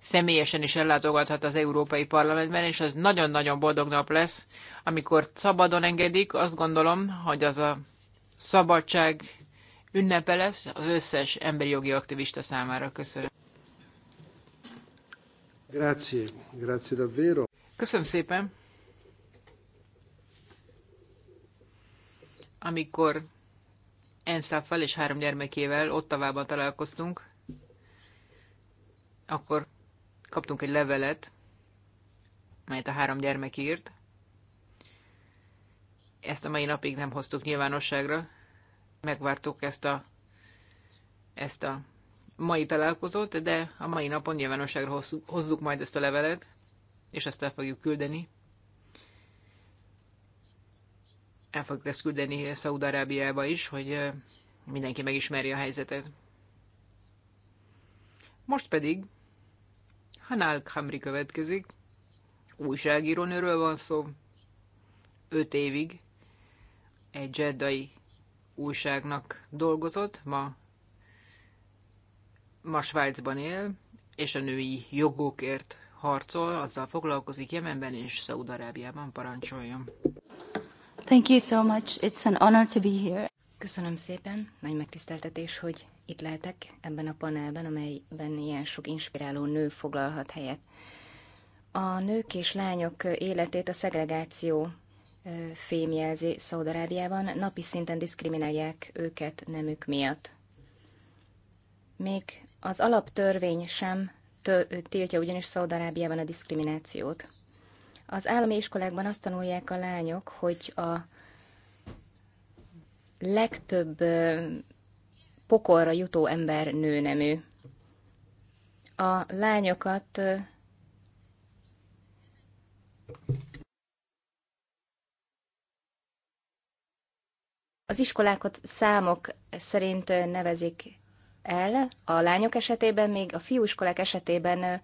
személyesen is ellátogathat az Európai Parlamentben, és az nagyon-nagyon boldog nap lesz, amikor szabadon engedik, azt gondolom, hogy az a szabadság ünnepe lesz az összes emberi jogi aktivista számára. Köszönöm. Grazie, grazie davvero. Köszönöm szépen. amikor Enszáffal és három gyermekével Ottavában találkoztunk, akkor kaptunk egy levelet, melyet a három gyermek írt. Ezt a mai napig nem hoztuk nyilvánosságra. Megvártuk ezt a, ezt a mai találkozót, de a mai napon nyilvánosságra hozzuk, hozzuk majd ezt a levelet, és ezt el fogjuk küldeni. el fogjuk ezt küldeni Szaúd-Arábiába is, hogy mindenki megismerje a helyzetet. Most pedig Hanál Khamri következik. Újságírónőről van szó. Öt évig egy jeddai újságnak dolgozott, ma, ma Svájcban él, és a női jogokért harcol, azzal foglalkozik Jemenben és Szaúd-Arábiában parancsoljon. Thank you so much. It's an honor to be here. Köszönöm szépen, nagy megtiszteltetés, hogy itt lehetek ebben a panelben, amelyben ilyen sok inspiráló nő foglalhat helyet. A nők és lányok életét a szegregáció fémjelzi Szaudarábiában, napi szinten diszkriminálják őket nemük miatt. Még az alaptörvény sem tiltja ugyanis Szaudarábiában a diszkriminációt. Az állami iskolákban azt tanulják a lányok, hogy a legtöbb pokolra jutó ember nőnemű. A lányokat az iskolákat számok szerint nevezik el, a lányok esetében, még a fiúiskolák esetében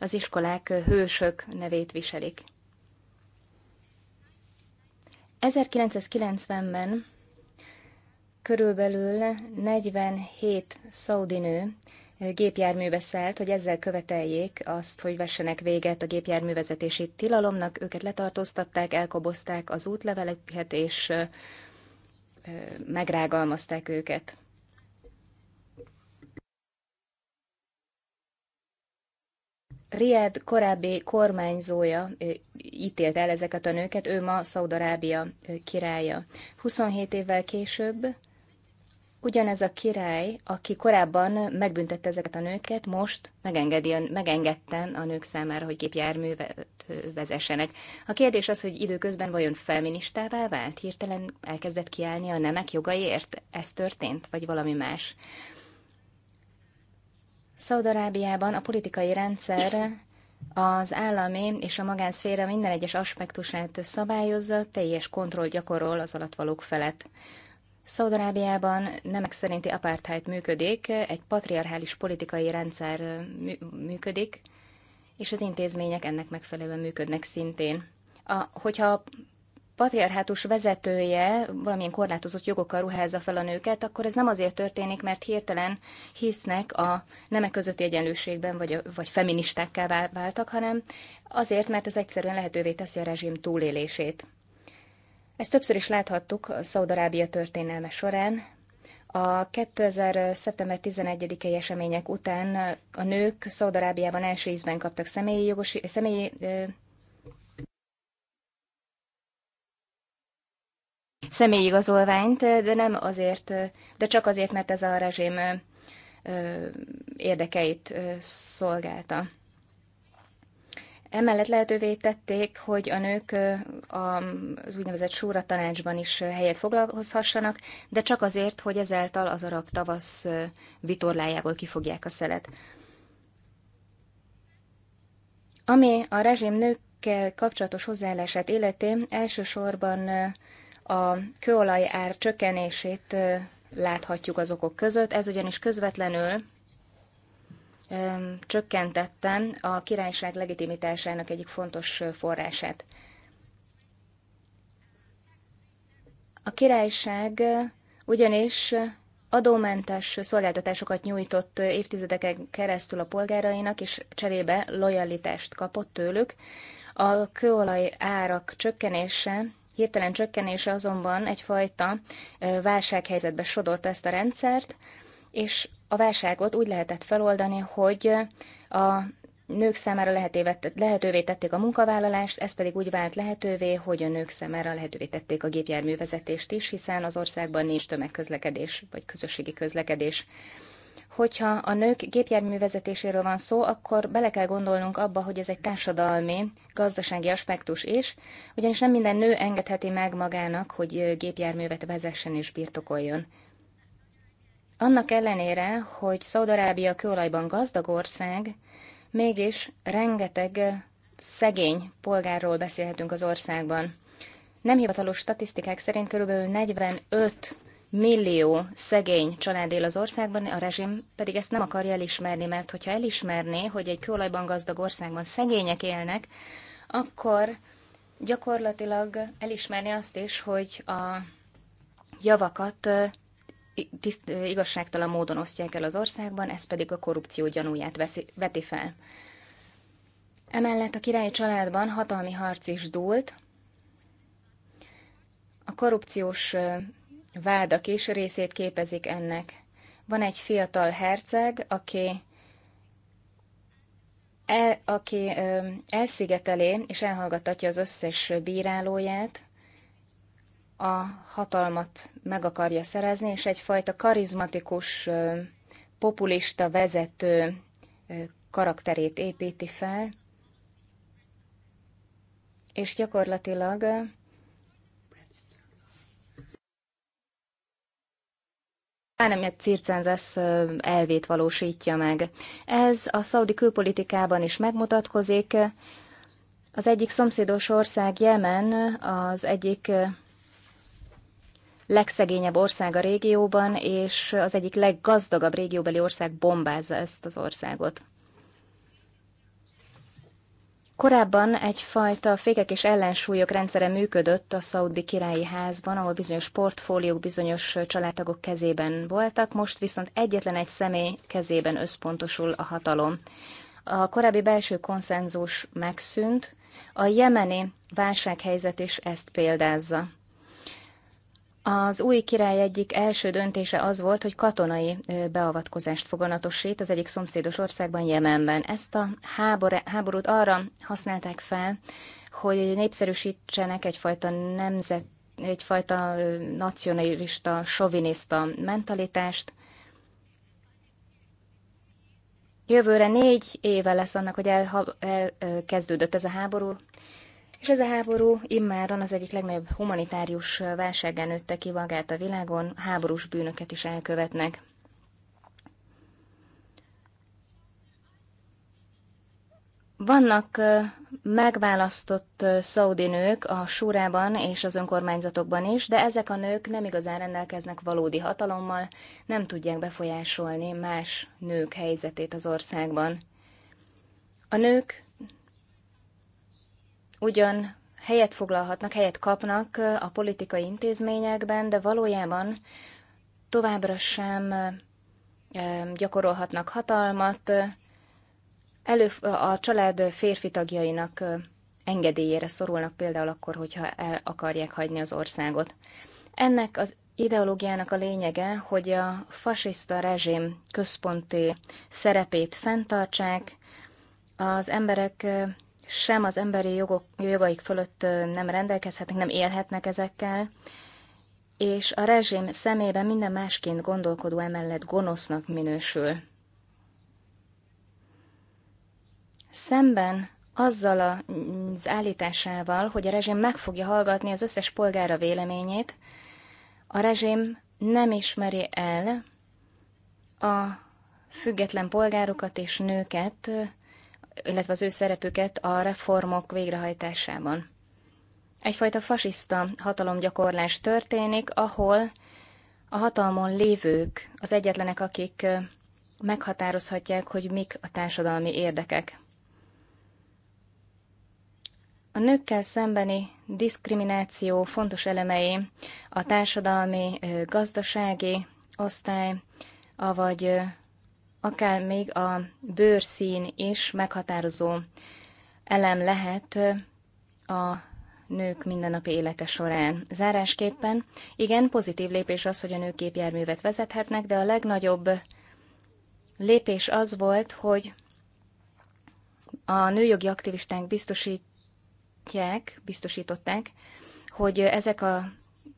az iskolák hősök nevét viselik. 1990-ben körülbelül 47 szaudi nő gépjárműbe szállt, hogy ezzel követeljék azt, hogy vessenek véget a gépjárművezetési tilalomnak. Őket letartóztatták, elkobozták az útleveleket, és megrágalmazták őket. Riad korábbi kormányzója ítélt el ezeket a nőket, ő ma Szaudarábia királya. 27 évvel később ugyanez a király, aki korábban megbüntette ezeket a nőket, most megengedi, megengedte a nők számára, hogy gépjárművet vezessenek. A kérdés az, hogy időközben vajon feministává vált, hirtelen elkezdett kiállni a nemek jogaiért? Ez történt, vagy valami más? Szaudarábiában a politikai rendszer az állami és a magánszféra minden egyes aspektusát szabályozza, teljes kontroll gyakorol az alattvalók felett. Szaudarábiában nemek szerinti apartheid működik, egy patriarchális politikai rendszer működik, és az intézmények ennek megfelelően működnek szintén. A, hogyha patriarhátus vezetője valamilyen korlátozott jogokkal ruházza fel a nőket, akkor ez nem azért történik, mert hirtelen hisznek a nemek közötti egyenlőségben, vagy, vagy feministákká váltak, hanem azért, mert ez egyszerűen lehetővé teszi a rezsim túlélését. Ezt többször is láthattuk Szaudarábia történelme során. A 2000. szeptember 11-i események után a nők Szaudarábiában első ízben kaptak személyi, jogosi, személyi személyigazolványt, de nem azért, de csak azért, mert ez a rezsim érdekeit szolgálta. Emellett lehetővé tették, hogy a nők az úgynevezett súra tanácsban is helyet foglalkozhassanak, de csak azért, hogy ezáltal az arab tavasz vitorlájából kifogják a szelet. Ami a rezsim nőkkel kapcsolatos hozzáállását életén elsősorban a kőolaj ár csökkenését láthatjuk az okok között, ez ugyanis közvetlenül csökkentette a királyság legitimitásának egyik fontos forrását. A királyság ugyanis adómentes szolgáltatásokat nyújtott évtizedeken keresztül a polgárainak, és cserébe lojalitást kapott tőlük. A kőolaj árak csökkenése hirtelen csökkenése azonban egyfajta válsághelyzetbe sodorta ezt a rendszert, és a válságot úgy lehetett feloldani, hogy a nők számára lehetővé tették a munkavállalást, ez pedig úgy vált lehetővé, hogy a nők számára lehetővé tették a gépjárművezetést is, hiszen az országban nincs tömegközlekedés vagy közösségi közlekedés hogyha a nők gépjárművezetéséről van szó, akkor bele kell gondolnunk abba, hogy ez egy társadalmi, gazdasági aspektus is, ugyanis nem minden nő engedheti meg magának, hogy gépjárművet vezessen és birtokoljon. Annak ellenére, hogy Szaudarábia kőolajban gazdag ország, mégis rengeteg szegény polgárról beszélhetünk az országban. Nem hivatalos statisztikák szerint körülbelül 45 millió szegény család él az országban, a rezsim pedig ezt nem akarja elismerni, mert hogyha elismerné, hogy egy kőolajban gazdag országban szegények élnek, akkor gyakorlatilag elismerni azt is, hogy a javakat tiszt, igazságtalan módon osztják el az országban, ez pedig a korrupció gyanúját veszi, veti fel. Emellett a királyi családban hatalmi harc is dúlt, a korrupciós vádak is részét képezik ennek. Van egy fiatal herceg, aki, el, aki ö, elszigetelé és elhallgattatja az összes bírálóját, a hatalmat meg akarja szerezni, és egyfajta karizmatikus, ö, populista vezető ö, karakterét építi fel, és gyakorlatilag államját circenzes elvét valósítja meg. Ez a szaudi külpolitikában is megmutatkozik. Az egyik szomszédos ország Jemen az egyik legszegényebb ország a régióban, és az egyik leggazdagabb régióbeli ország bombázza ezt az országot. Korábban egyfajta fékek és ellensúlyok rendszere működött a szaudi királyi házban, ahol bizonyos portfóliók bizonyos családtagok kezében voltak, most viszont egyetlen egy személy kezében összpontosul a hatalom. A korábbi belső konszenzus megszűnt, a jemeni válsághelyzet is ezt példázza. Az új király egyik első döntése az volt, hogy katonai beavatkozást foganatosít az egyik szomszédos országban, Jemenben. Ezt a háború, háborút arra használták fel, hogy népszerűsítsenek egyfajta nemzet, egyfajta nacionalista, soviniszta mentalitást. Jövőre négy éve lesz annak, hogy elkezdődött el, ez a háború, és ez a háború immáron az egyik legnagyobb humanitárius válságán nőtte ki magát a világon, háborús bűnöket is elkövetnek. Vannak megválasztott szaudi nők a súrában és az önkormányzatokban is, de ezek a nők nem igazán rendelkeznek valódi hatalommal, nem tudják befolyásolni más nők helyzetét az országban. A nők ugyan helyet foglalhatnak, helyet kapnak a politikai intézményekben, de valójában továbbra sem gyakorolhatnak hatalmat, elő, a család férfi tagjainak engedélyére szorulnak például akkor, hogyha el akarják hagyni az országot. Ennek az ideológiának a lényege, hogy a fasiszta rezsim központi szerepét fenntartsák, az emberek sem az emberi jogok, jogaik fölött nem rendelkezhetnek, nem élhetnek ezekkel, és a rezsim szemében minden másként gondolkodó emellett gonosznak minősül. Szemben azzal az állításával, hogy a rezsim meg fogja hallgatni az összes polgára véleményét, a rezsim nem ismeri el a független polgárokat és nőket illetve az ő szerepüket a reformok végrehajtásában. Egyfajta fasiszta hatalomgyakorlás történik, ahol a hatalmon lévők az egyetlenek, akik meghatározhatják, hogy mik a társadalmi érdekek. A nőkkel szembeni diszkrimináció fontos elemei a társadalmi, gazdasági osztály, avagy akár még a bőrszín is meghatározó elem lehet a nők mindennapi élete során. Zárásképpen, igen, pozitív lépés az, hogy a nők képjárművet vezethetnek, de a legnagyobb lépés az volt, hogy a nőjogi aktivisták biztosítják, biztosították, hogy ezek a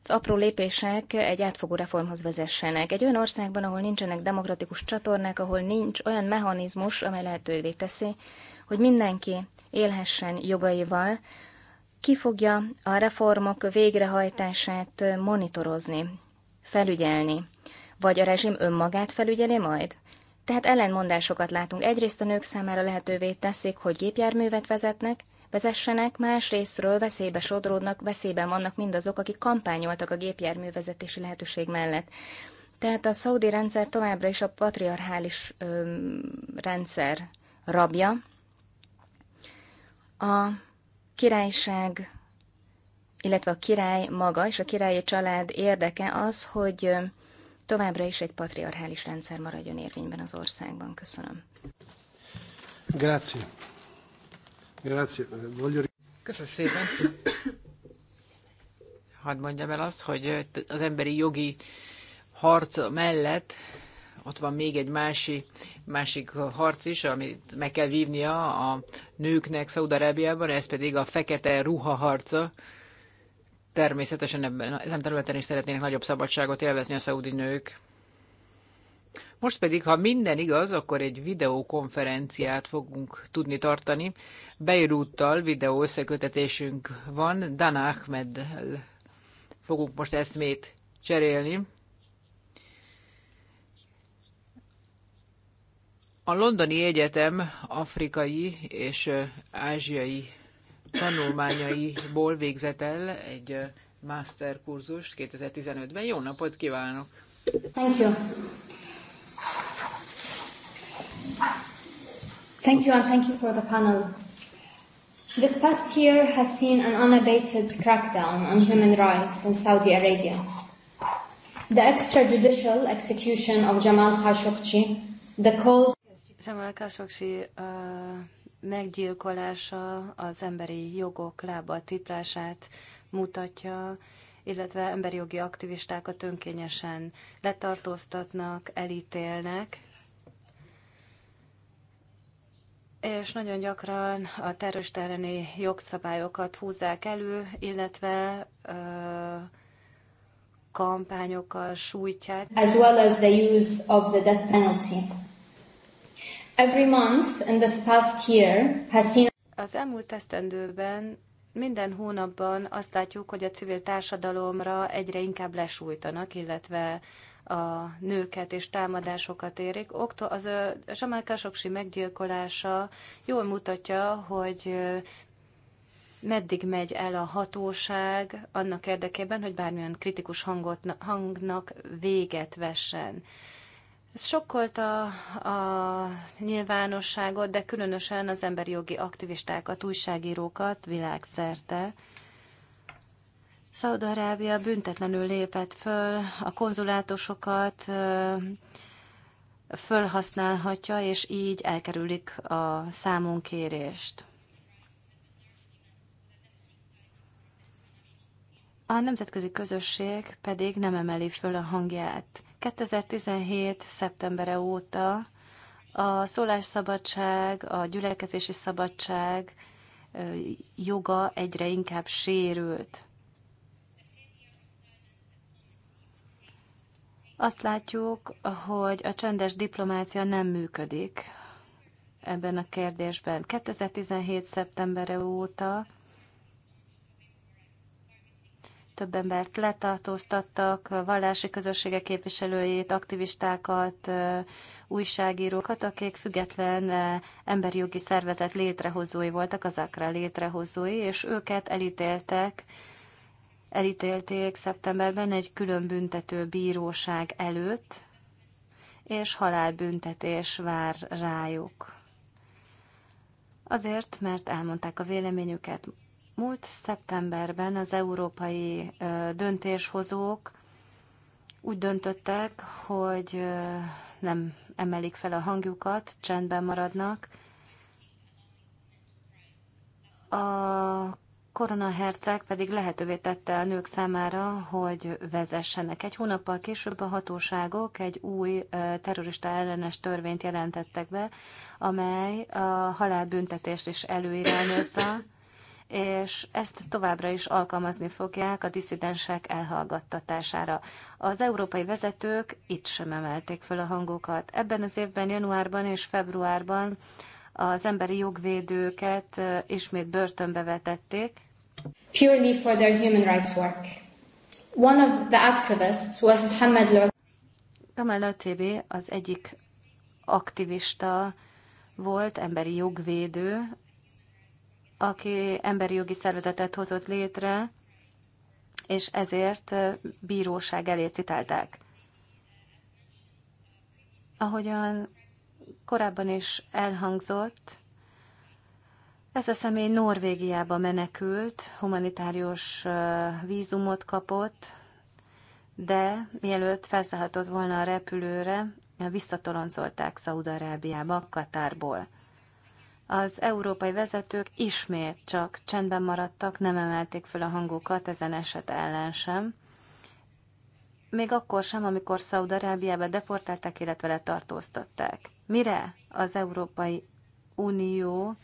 apró lépések egy átfogó reformhoz vezessenek. Egy olyan országban, ahol nincsenek demokratikus csatornák, ahol nincs olyan mechanizmus, amely lehetővé teszi, hogy mindenki élhessen jogaival, ki fogja a reformok végrehajtását monitorozni, felügyelni, vagy a rezsim önmagát felügyeli majd? Tehát ellenmondásokat látunk. Egyrészt a nők számára lehetővé teszik, hogy gépjárművet vezetnek, vezessenek, másrésztről veszélybe sodródnak, veszélyben vannak mindazok, akik kampányoltak a gépjárművezetési lehetőség mellett. Tehát a szaudi rendszer továbbra is a patriarchális ö, rendszer rabja. A királyság, illetve a király maga és a királyi család érdeke az, hogy továbbra is egy patriarchális rendszer maradjon érvényben az országban. Köszönöm. Grazie. Köszönöm szépen. Hadd mondjam el azt, hogy az emberi jogi harc mellett ott van még egy másik, másik harc is, amit meg kell vívnia a nőknek Szaudarábiában, ez pedig a fekete ruha harca. Természetesen ebben, ezen területen is szeretnének nagyobb szabadságot élvezni a szaudi nők. Most pedig, ha minden igaz, akkor egy videokonferenciát fogunk tudni tartani. Beirúttal videó összekötetésünk van, Dan Ahmed-el fogunk most eszmét cserélni. A Londoni Egyetem afrikai és ázsiai tanulmányaiból végzett el egy masterkurzust 2015-ben. Jó napot kívánok! Thank you. Thank you, and thank you for the panel. This past year has seen an unabated crackdown on human rights in Saudi Arabia. The extrajudicial execution of Jamal Khashoggi, the cold... Jamal Khashoggi uh, meggyilkolása az emberi jogok lába tiplását mutatja, illetve emberi jogi aktivistákat önkényesen letartóztatnak, elítélnek, és nagyon gyakran a terrorista elleni jogszabályokat húzzák elő, illetve ö, kampányokkal sújtják. As well as the use of the death penalty. Every month in this past year has seen az elmúlt esztendőben minden hónapban azt látjuk, hogy a civil társadalomra egyre inkább lesújtanak, illetve a nőket és támadásokat érik. Okto, az Jamal Khashoggi meggyilkolása jól mutatja, hogy meddig megy el a hatóság annak érdekében, hogy bármilyen kritikus hangot, hangnak véget vessen. Ez a, a nyilvánosságot, de különösen az emberi jogi aktivistákat, újságírókat világszerte. Szaudarábia büntetlenül lépett föl, a konzulátusokat fölhasználhatja, és így elkerülik a számunkérést. A nemzetközi közösség pedig nem emeli föl a hangját. 2017. szeptembere óta a szólásszabadság, a gyülekezési szabadság joga egyre inkább sérült. Azt látjuk, hogy a csendes diplomácia nem működik ebben a kérdésben. 2017. szeptembere óta több embert letartóztattak, vallási közösségek képviselőjét, aktivistákat, újságírókat, akik független emberi jogi szervezet létrehozói voltak, az akra létrehozói, és őket elítéltek elítélték szeptemberben egy külön büntető bíróság előtt, és halálbüntetés vár rájuk. Azért, mert elmondták a véleményüket. Múlt szeptemberben az európai döntéshozók úgy döntöttek, hogy nem emelik fel a hangjukat, csendben maradnak. A Korona herceg pedig lehetővé tette a nők számára, hogy vezessenek. Egy hónappal később a hatóságok egy új terrorista ellenes törvényt jelentettek be, amely a halálbüntetést is előirányozza, és ezt továbbra is alkalmazni fogják a diszidensek elhallgattatására. Az európai vezetők itt sem emelték fel a hangokat. Ebben az évben, januárban és februárban az emberi jogvédőket ismét börtönbe vetették, purely for their human rights work. One of the activists was Mohamed Lou. Kamal Atebe az egyik aktivista volt, emberi jogvédő, aki emberi jogi szervezetet hozott létre, és ezért bíróság elé citálták. Ahogyan korábban is elhangzott, ez a személy Norvégiába menekült, humanitárius vízumot kapott, de mielőtt felszállhatott volna a repülőre, visszatoloncolták Szaudarábiába, Katárból. Az európai vezetők ismét csak csendben maradtak, nem emelték fel a hangukat ezen eset ellen sem. Még akkor sem, amikor Szaudarábiába deportálták, illetve letartóztatták. Mire az Európai Unió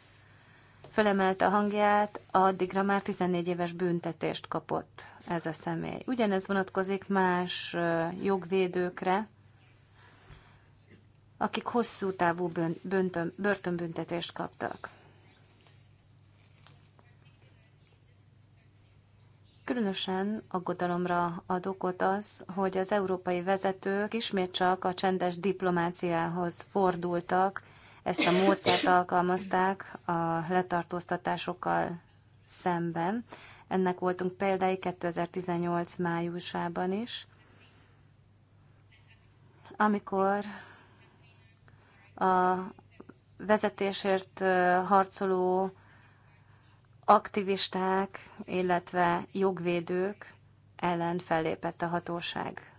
felemelte a hangját, addigra már 14 éves büntetést kapott ez a személy. Ugyanez vonatkozik más jogvédőkre, akik hosszú távú börtönbüntetést kaptak. Különösen aggodalomra ad okot az, hogy az európai vezetők ismét csak a csendes diplomáciához fordultak, ezt a módszert alkalmazták a letartóztatásokkal szemben. Ennek voltunk példái 2018 májusában is, amikor a vezetésért harcoló aktivisták, illetve jogvédők ellen fellépett a hatóság.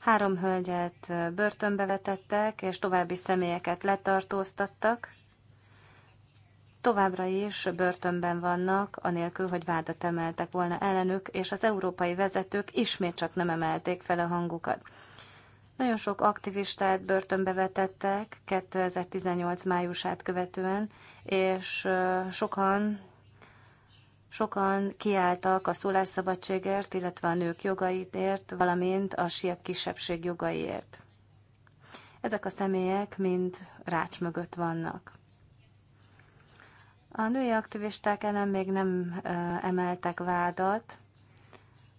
Három hölgyet börtönbe vetettek, és további személyeket letartóztattak. Továbbra is börtönben vannak, anélkül, hogy vádat emeltek volna ellenük, és az európai vezetők ismét csak nem emelték fel a hangukat. Nagyon sok aktivistát börtönbe vetettek 2018 májusát követően, és sokan Sokan kiálltak a szólásszabadságért, illetve a nők jogaitért, valamint a siak kisebbség jogaiért. Ezek a személyek mind rács mögött vannak. A női aktivisták ellen még nem emeltek vádat,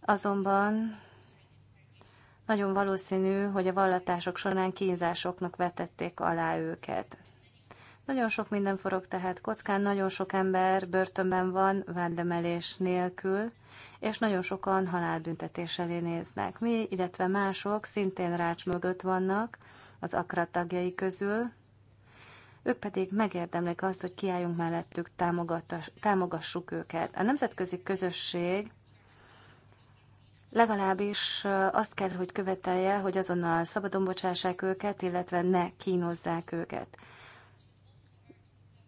azonban nagyon valószínű, hogy a vallatások során kínzásoknak vetették alá őket. Nagyon sok minden forog tehát kockán, nagyon sok ember börtönben van vádemelés nélkül, és nagyon sokan halálbüntetés elé néznek. Mi, illetve mások szintén rács mögött vannak az akra tagjai közül, ők pedig megérdemlik azt, hogy kiálljunk mellettük, támogassuk őket. A nemzetközi közösség legalábbis azt kell, hogy követelje, hogy azonnal szabadon bocsássák őket, illetve ne kínozzák őket.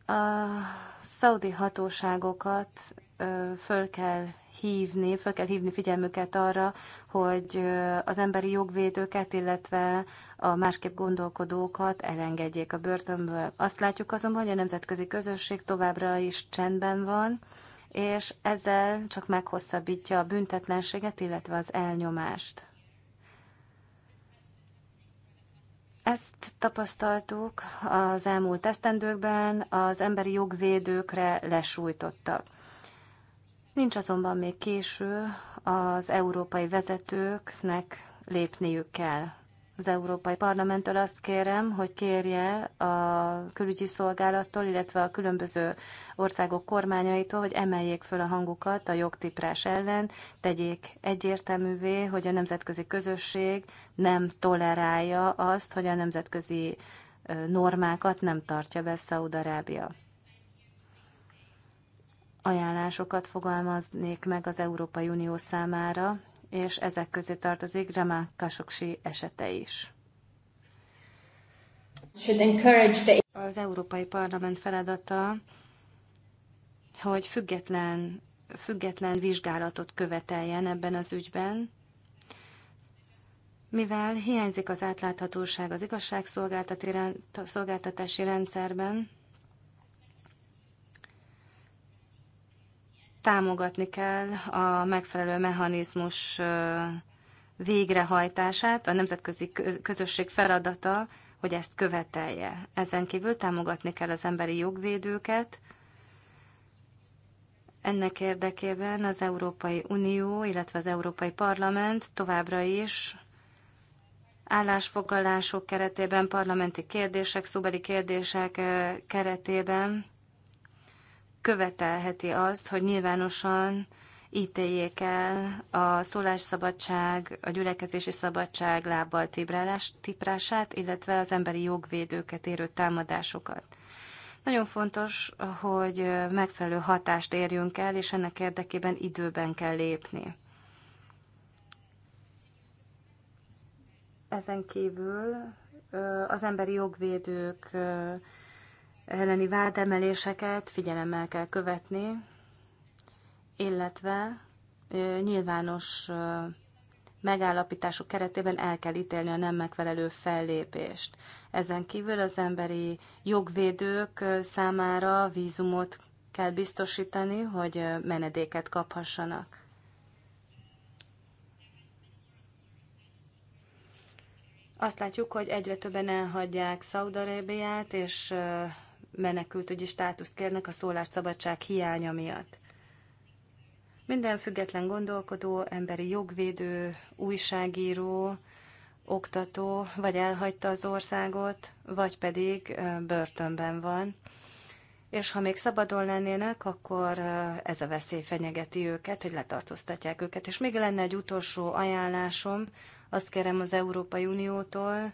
A szaudi hatóságokat föl kell hívni, föl kell hívni figyelmüket arra, hogy az emberi jogvédőket, illetve a másképp gondolkodókat elengedjék a börtönből. Azt látjuk azonban, hogy a nemzetközi közösség továbbra is csendben van, és ezzel csak meghosszabbítja a büntetlenséget, illetve az elnyomást. Ezt tapasztaltuk az elmúlt esztendőkben, az emberi jogvédőkre lesújtotta. Nincs azonban még késő, az európai vezetőknek lépniük kell. Az Európai Parlamenttől azt kérem, hogy kérje a külügyi szolgálattól, illetve a különböző országok kormányaitól, hogy emeljék föl a hangukat a jogtiprás ellen, tegyék egyértelművé, hogy a nemzetközi közösség nem tolerálja azt, hogy a nemzetközi normákat nem tartja be Szaudarábia ajánlásokat fogalmaznék meg az Európai Unió számára, és ezek közé tartozik Jamal Kasoksi esete is. Az Európai Parlament feladata, hogy független, független vizsgálatot követeljen ebben az ügyben, mivel hiányzik az átláthatóság az igazságszolgáltatási rendszerben, támogatni kell a megfelelő mechanizmus végrehajtását, a nemzetközi közösség feladata, hogy ezt követelje. Ezen kívül támogatni kell az emberi jogvédőket. Ennek érdekében az Európai Unió, illetve az Európai Parlament továbbra is állásfoglalások keretében, parlamenti kérdések, szóbeli kérdések keretében követelheti azt, hogy nyilvánosan ítéljék el a szólásszabadság, a gyülekezési szabadság lábbal tiprását, illetve az emberi jogvédőket érő támadásokat. Nagyon fontos, hogy megfelelő hatást érjünk el, és ennek érdekében időben kell lépni. Ezen kívül az emberi jogvédők elleni vádemeléseket figyelemmel kell követni, illetve nyilvános megállapítások keretében el kell ítélni a nem megfelelő fellépést. Ezen kívül az emberi jogvédők számára vízumot kell biztosítani, hogy menedéket kaphassanak. Azt látjuk, hogy egyre többen elhagyják Szaudarébiát, és menekültügyi státuszt kérnek a szólásszabadság hiánya miatt. Minden független gondolkodó, emberi jogvédő, újságíró, oktató, vagy elhagyta az országot, vagy pedig börtönben van. És ha még szabadon lennének, akkor ez a veszély fenyegeti őket, hogy letartóztatják őket. És még lenne egy utolsó ajánlásom, azt kérem az Európai Uniótól,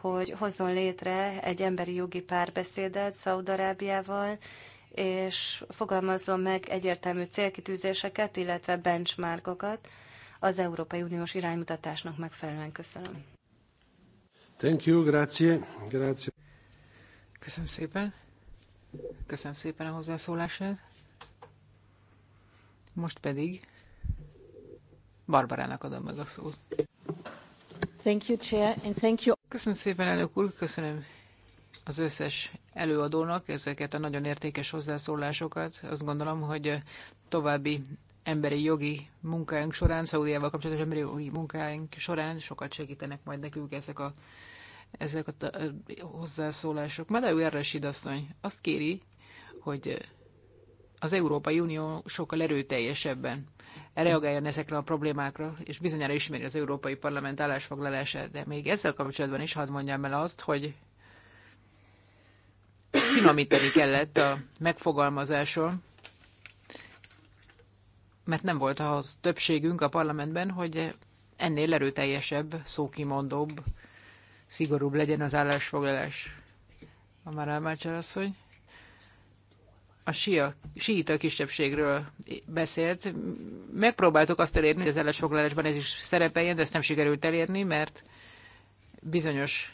hogy hozzon létre egy emberi jogi párbeszédet Szaudarábiával, és fogalmazzon meg egyértelmű célkitűzéseket, illetve benchmarkokat az Európai Uniós iránymutatásnak megfelelően. Köszönöm. Thank you, grazie. grazie. Köszönöm szépen. Köszönöm szépen a hozzászólását. Most pedig Barbarának adom meg a szót. Köszönöm szépen, elnök úr, köszönöm az összes előadónak ezeket a nagyon értékes hozzászólásokat. Azt gondolom, hogy további emberi jogi munkáink során, Szaudiával kapcsolatos emberi jogi munkáink során sokat segítenek majd nekünk ezek a, ezek a, a hozzászólások. Madeu Erresid asszony azt kéri, hogy az Európai Unió sokkal erőteljesebben reagáljon ezekre a problémákra, és bizonyára ismeri az Európai Parlament állásfoglalását, de még ezzel kapcsolatban is hadd mondjam el azt, hogy finomítani kellett a megfogalmazáson, mert nem volt ahhoz többségünk a parlamentben, hogy ennél erőteljesebb, szókimondóbb, szigorúbb legyen az állásfoglalás. A Mácsár asszony a sia, síita kisebbségről beszélt. Megpróbáltuk azt elérni, hogy az ellensfoglalásban ez is szerepeljen, de ezt nem sikerült elérni, mert bizonyos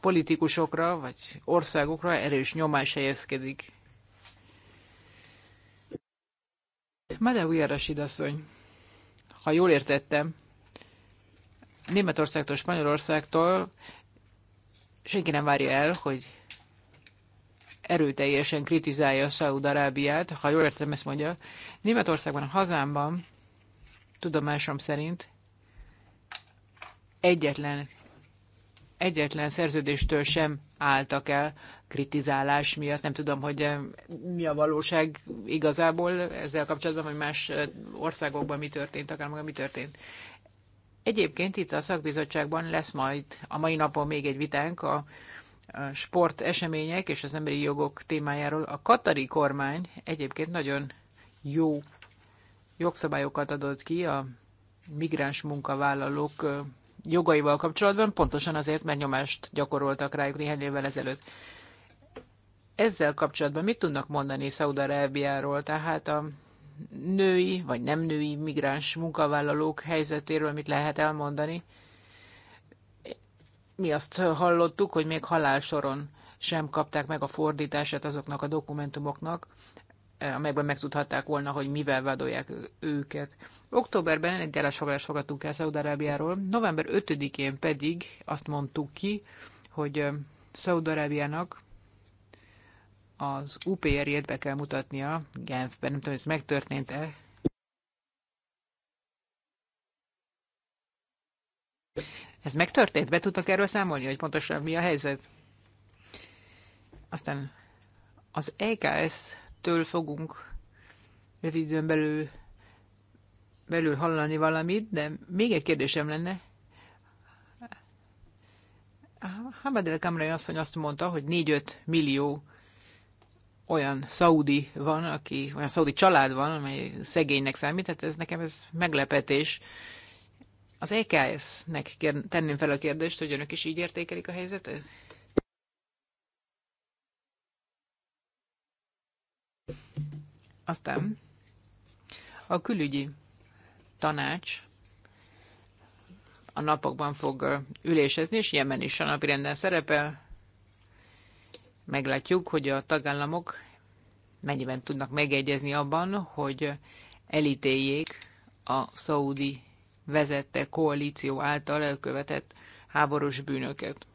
politikusokra vagy országokra erős nyomás helyezkedik. Madawi Arasid asszony, ha jól értettem, Németországtól, Spanyolországtól senki nem várja el, hogy erőteljesen kritizálja Szaúd-Arábiát, ha jól értem, ezt mondja. Németországban, a hazámban, tudomásom szerint, egyetlen, egyetlen szerződéstől sem álltak el kritizálás miatt. Nem tudom, hogy eh, mi a valóság igazából ezzel kapcsolatban, hogy más eh, országokban mi történt, akár maga mi történt. Egyébként itt a szakbizottságban lesz majd a mai napon még egy vitánk a sport események és az emberi jogok témájáról. A katari kormány egyébként nagyon jó jogszabályokat adott ki a migráns munkavállalók jogaival kapcsolatban, pontosan azért, mert nyomást gyakoroltak rájuk néhány évvel ezelőtt. Ezzel kapcsolatban mit tudnak mondani Szaudarábiáról, tehát a női vagy nem női migráns munkavállalók helyzetéről mit lehet elmondani? mi azt hallottuk, hogy még halálsoron sem kapták meg a fordítását azoknak a dokumentumoknak, eh, amelyekben megtudhatták volna, hogy mivel vádolják őket. Októberben egy állásfoglalást fogadtunk el Szaudarábiáról, november 5-én pedig azt mondtuk ki, hogy eh, Szaudarábiának az UPR-jét be kell mutatnia Genfben, nem tudom, ez megtörtént-e, Ez megtörtént? Be tudtak erről számolni, hogy pontosan mi a helyzet? Aztán az EKS-től fogunk rövid időn belül, belül hallani valamit, de még egy kérdésem lenne. Hamad El Kamrai asszony azt mondta, hogy 4-5 millió olyan szaudi van, aki, olyan szaudi család van, amely szegénynek számít, tehát ez nekem ez meglepetés. Az EKS-nek tenném fel a kérdést, hogy önök is így értékelik a helyzetet? Aztán a külügyi tanács a napokban fog ülésezni, és Jemen is a napirenden szerepel. Meglátjuk, hogy a tagállamok mennyiben tudnak megegyezni abban, hogy elítéljék a szaudi vezette koalíció által elkövetett háborús bűnöket.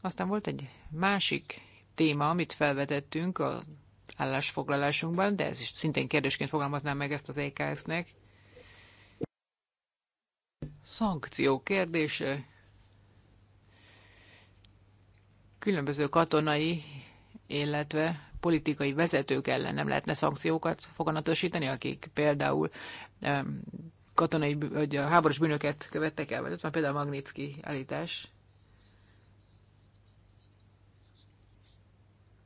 Aztán volt egy másik téma, amit felvetettünk a állásfoglalásunkban, de ez is szintén kérdésként fogalmaznám meg ezt az EKS-nek. Szankció kérdése. Különböző katonai, illetve politikai vezetők ellen nem lehetne szankciókat foganatosítani, akik például katonai, vagy a háborús bűnöket követtek el, vagy ott van például a Magnitsky elítás.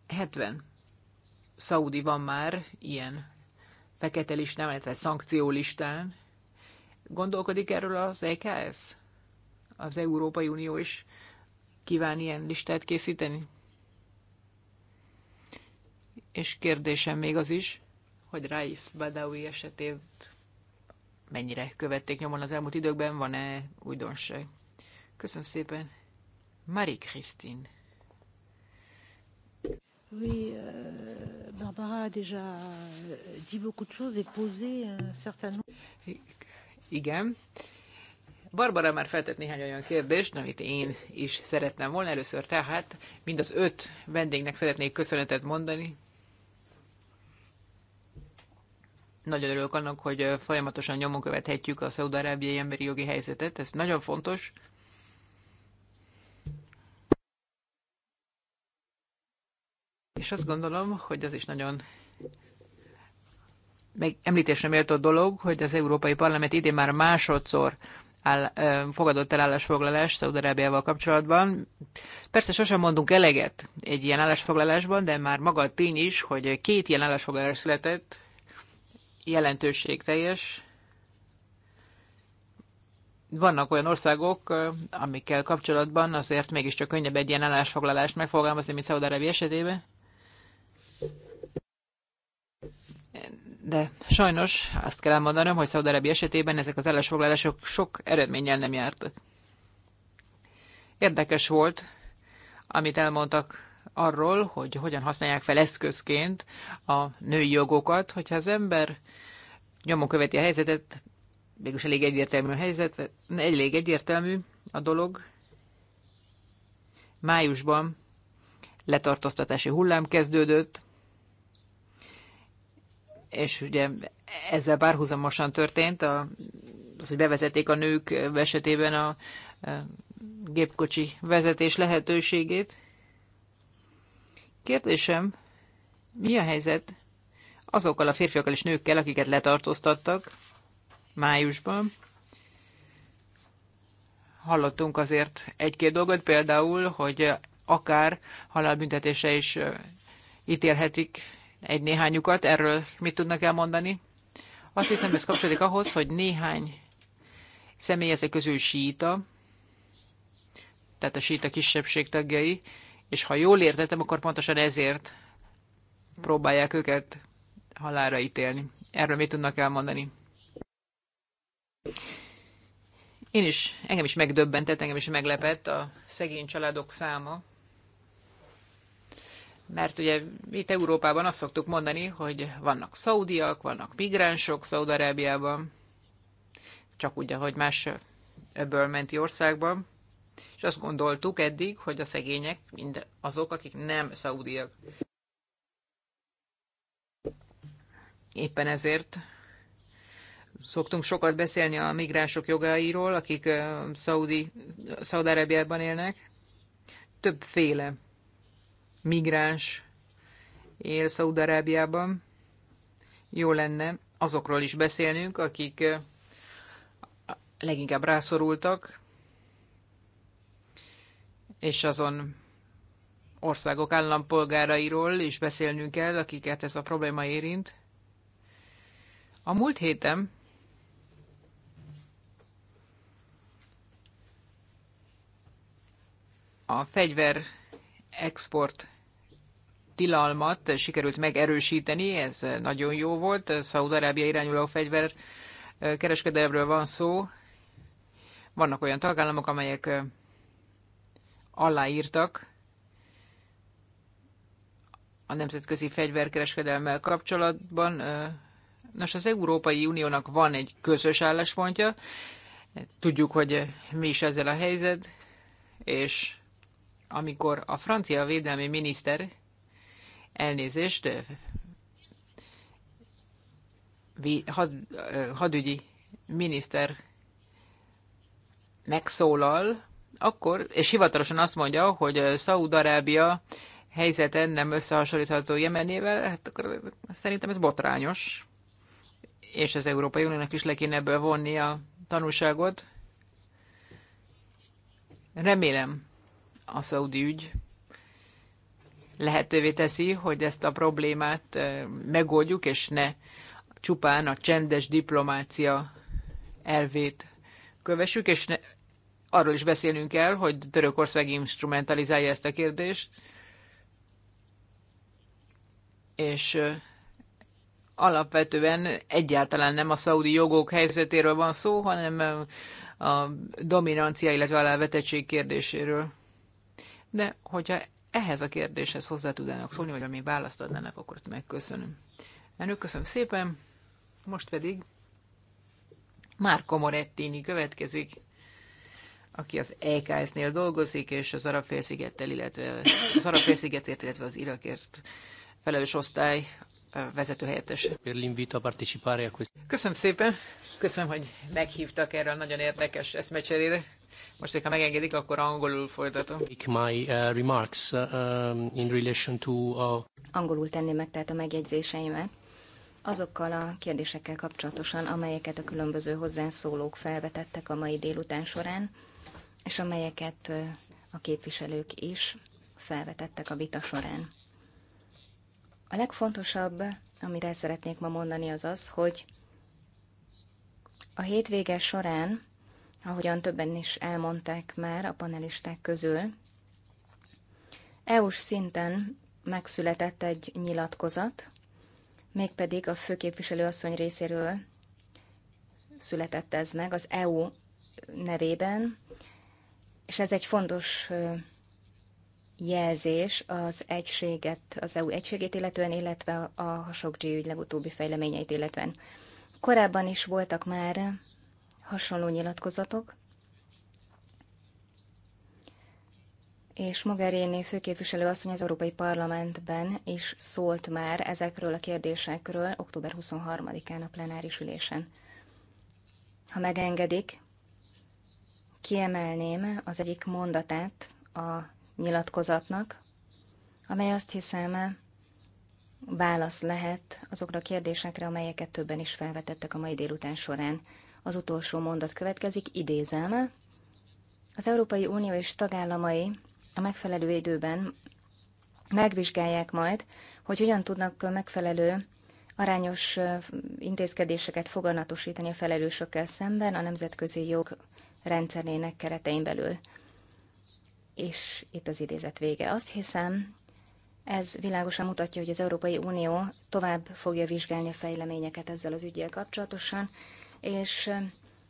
70 szaudi van már ilyen fekete listán, illetve szankció listán. Gondolkodik erről az EKS? Az Európai Unió is kíván ilyen listát készíteni? És kérdésem még az is, hogy Raif Badawi esetét mennyire követték nyomon az elmúlt időkben, van-e újdonság. Köszönöm szépen. Marie Christine. Oui, euh, Barbara a déjà dit beaucoup de choses et posé un certain nombre. Igen. Barbara már feltett néhány olyan kérdést, amit én is szerettem volna. Először tehát mind az öt vendégnek szeretnék köszönetet mondani. Nagyon örülök annak, hogy folyamatosan nyomon követhetjük a szaudarábiai emberi jogi helyzetet. Ez nagyon fontos. És azt gondolom, hogy az is nagyon meg említésre méltó dolog, hogy az Európai Parlament idén már másodszor áll, fogadott el állásfoglalást Szaudarábiával kapcsolatban. Persze sosem mondunk eleget egy ilyen állásfoglalásban, de már maga a tény is, hogy két ilyen állásfoglalás született jelentőségteljes. Vannak olyan országok, amikkel kapcsolatban azért mégiscsak könnyebb egy ilyen állásfoglalást megfogalmazni, mint Szaudarabi esetében. De sajnos azt kell elmondanom, hogy Szaudarabi esetében ezek az állásfoglalások sok eredménnyel nem jártak. Érdekes volt, amit elmondtak arról, hogy hogyan használják fel eszközként a női jogokat, hogyha az ember nyomon követi a helyzetet, mégis elég egyértelmű a helyzet, elég egyértelmű a dolog. Májusban letartóztatási hullám kezdődött, és ugye ezzel párhuzamosan történt, a, az, hogy bevezették a nők esetében a, a gépkocsi vezetés lehetőségét. Kérdésem, mi a helyzet azokkal a férfiakkal és nőkkel, akiket letartóztattak májusban? Hallottunk azért egy-két dolgot, például, hogy akár halálbüntetése is ítélhetik egy-néhányukat. Erről mit tudnak elmondani? Azt hiszem, ez kapcsolódik ahhoz, hogy néhány személy ezek közül síta, tehát a síta kisebbség tagjai, és ha jól értettem, akkor pontosan ezért próbálják őket halára ítélni. Erről mit tudnak elmondani? Én is, engem is megdöbbentett, engem is meglepett a szegény családok száma. Mert ugye itt Európában azt szoktuk mondani, hogy vannak szaudiak, vannak migránsok Szaudarábiában, csak úgy, ahogy más öbölmenti országban és azt gondoltuk eddig, hogy a szegények mind azok, akik nem szaudiak. Éppen ezért szoktunk sokat beszélni a migránsok jogairól, akik Szaudi, Szaudarábiában élnek. Többféle migráns él Szaudarábiában. Jó lenne azokról is beszélnünk, akik leginkább rászorultak, és azon országok állampolgárairól is beszélnünk kell, akiket ez a probléma érint. A múlt héten a fegyver export tilalmat sikerült megerősíteni, ez nagyon jó volt. Szaúd-Arábia irányuló fegyver kereskedelemről van szó. Vannak olyan tagállamok, amelyek aláírtak a nemzetközi fegyverkereskedelmmel kapcsolatban. Nos, az Európai Uniónak van egy közös álláspontja, tudjuk, hogy mi is ezzel a helyzet, és amikor a francia védelmi miniszter elnézést had, hadügyi miniszter megszólal, akkor, és hivatalosan azt mondja, hogy Szaúd-Arábia helyzeten nem összehasonlítható Jemenével, hát akkor szerintem ez botrányos, és az Európai Uniónak is le kéne ebből vonni a tanulságot. Remélem a szaudi ügy lehetővé teszi, hogy ezt a problémát megoldjuk, és ne csupán a csendes diplomácia elvét kövessük, és ne, arról is beszélnünk kell, hogy Törökország instrumentalizálja ezt a kérdést, és alapvetően egyáltalán nem a szaudi jogok helyzetéről van szó, hanem a dominancia, illetve alávetettség kérdéséről. De hogyha ehhez a kérdéshez hozzá tudnának szólni, vagy ami választ adnának, akkor ezt megköszönöm. Elnök, köszönöm szépen, most pedig Márko Morettini következik aki az EKS-nél dolgozik, és az Arafélszigettel, illetve az Arafélszigetért, illetve az Irakért felelős osztály vezetőhelyettes. Köszönöm szépen, köszönöm, hogy meghívtak erre a nagyon érdekes eszmecserére. Most, ha megengedik, akkor angolul folytatom. My uh, remarks uh, um, in relation to... Uh... Angolul tenném meg tehát a megjegyzéseimet azokkal a kérdésekkel kapcsolatosan, amelyeket a különböző hozzászólók felvetettek a mai délután során és amelyeket a képviselők is felvetettek a vita során. A legfontosabb, amit szeretnék ma mondani, az az, hogy a hétvége során, ahogyan többen is elmondták már a panelisták közül, EU-s szinten megszületett egy nyilatkozat, mégpedig a főképviselő asszony részéről született ez meg az EU nevében, és ez egy fontos jelzés az egységet, az EU egységét illetően, illetve a hasok ügy legutóbbi fejleményeit illetően. Korábban is voltak már hasonló nyilatkozatok, és Mogherini főképviselő asszony az Európai Parlamentben is szólt már ezekről a kérdésekről október 23-án a plenáris ülésen. Ha megengedik, kiemelném az egyik mondatát a nyilatkozatnak, amely azt hiszem válasz lehet azokra a kérdésekre, amelyeket többen is felvetettek a mai délután során. Az utolsó mondat következik, idézem. Az Európai Unió és tagállamai a megfelelő időben megvizsgálják majd, hogy hogyan tudnak megfelelő arányos intézkedéseket foganatosítani a felelősökkel szemben a nemzetközi jog rendszerének keretein belül. És itt az idézet vége. Azt hiszem, ez világosan mutatja, hogy az Európai Unió tovább fogja vizsgálni a fejleményeket ezzel az ügyel kapcsolatosan, és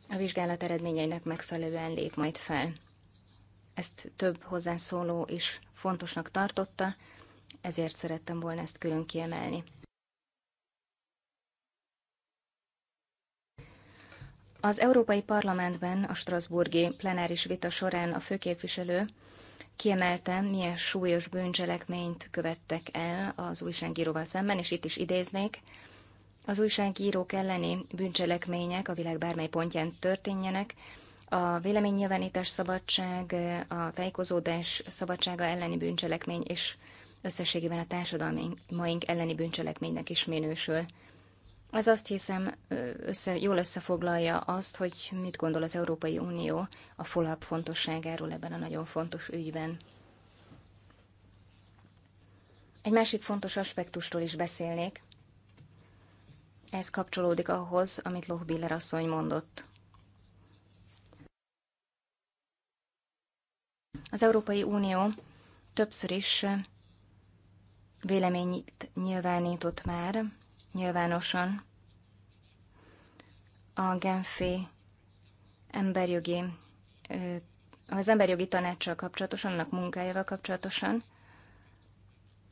a vizsgálat eredményeinek megfelelően lép majd fel. Ezt több hozzászóló is fontosnak tartotta, ezért szerettem volna ezt külön kiemelni. Az Európai Parlamentben a Strasburgi plenáris vita során a főképviselő kiemelte, milyen súlyos bűncselekményt követtek el az újságíróval szemben, és itt is idéznék, az újságírók elleni bűncselekmények a világ bármely pontján történjenek, a véleménynyilvánítás szabadság, a tájékozódás szabadsága elleni bűncselekmény, és összességében a társadalmaink elleni bűncselekménynek is minősül. Ez azt hiszem össze, jól összefoglalja azt, hogy mit gondol az Európai Unió a FOLAP fontosságáról ebben a nagyon fontos ügyben. Egy másik fontos aspektustól is beszélnék. Ez kapcsolódik ahhoz, amit Lohbiller asszony mondott. Az Európai Unió többször is véleményt nyilvánított már nyilvánosan a Genfi emberjogi, az emberjogi tanácssal kapcsolatosan, annak munkájával kapcsolatosan.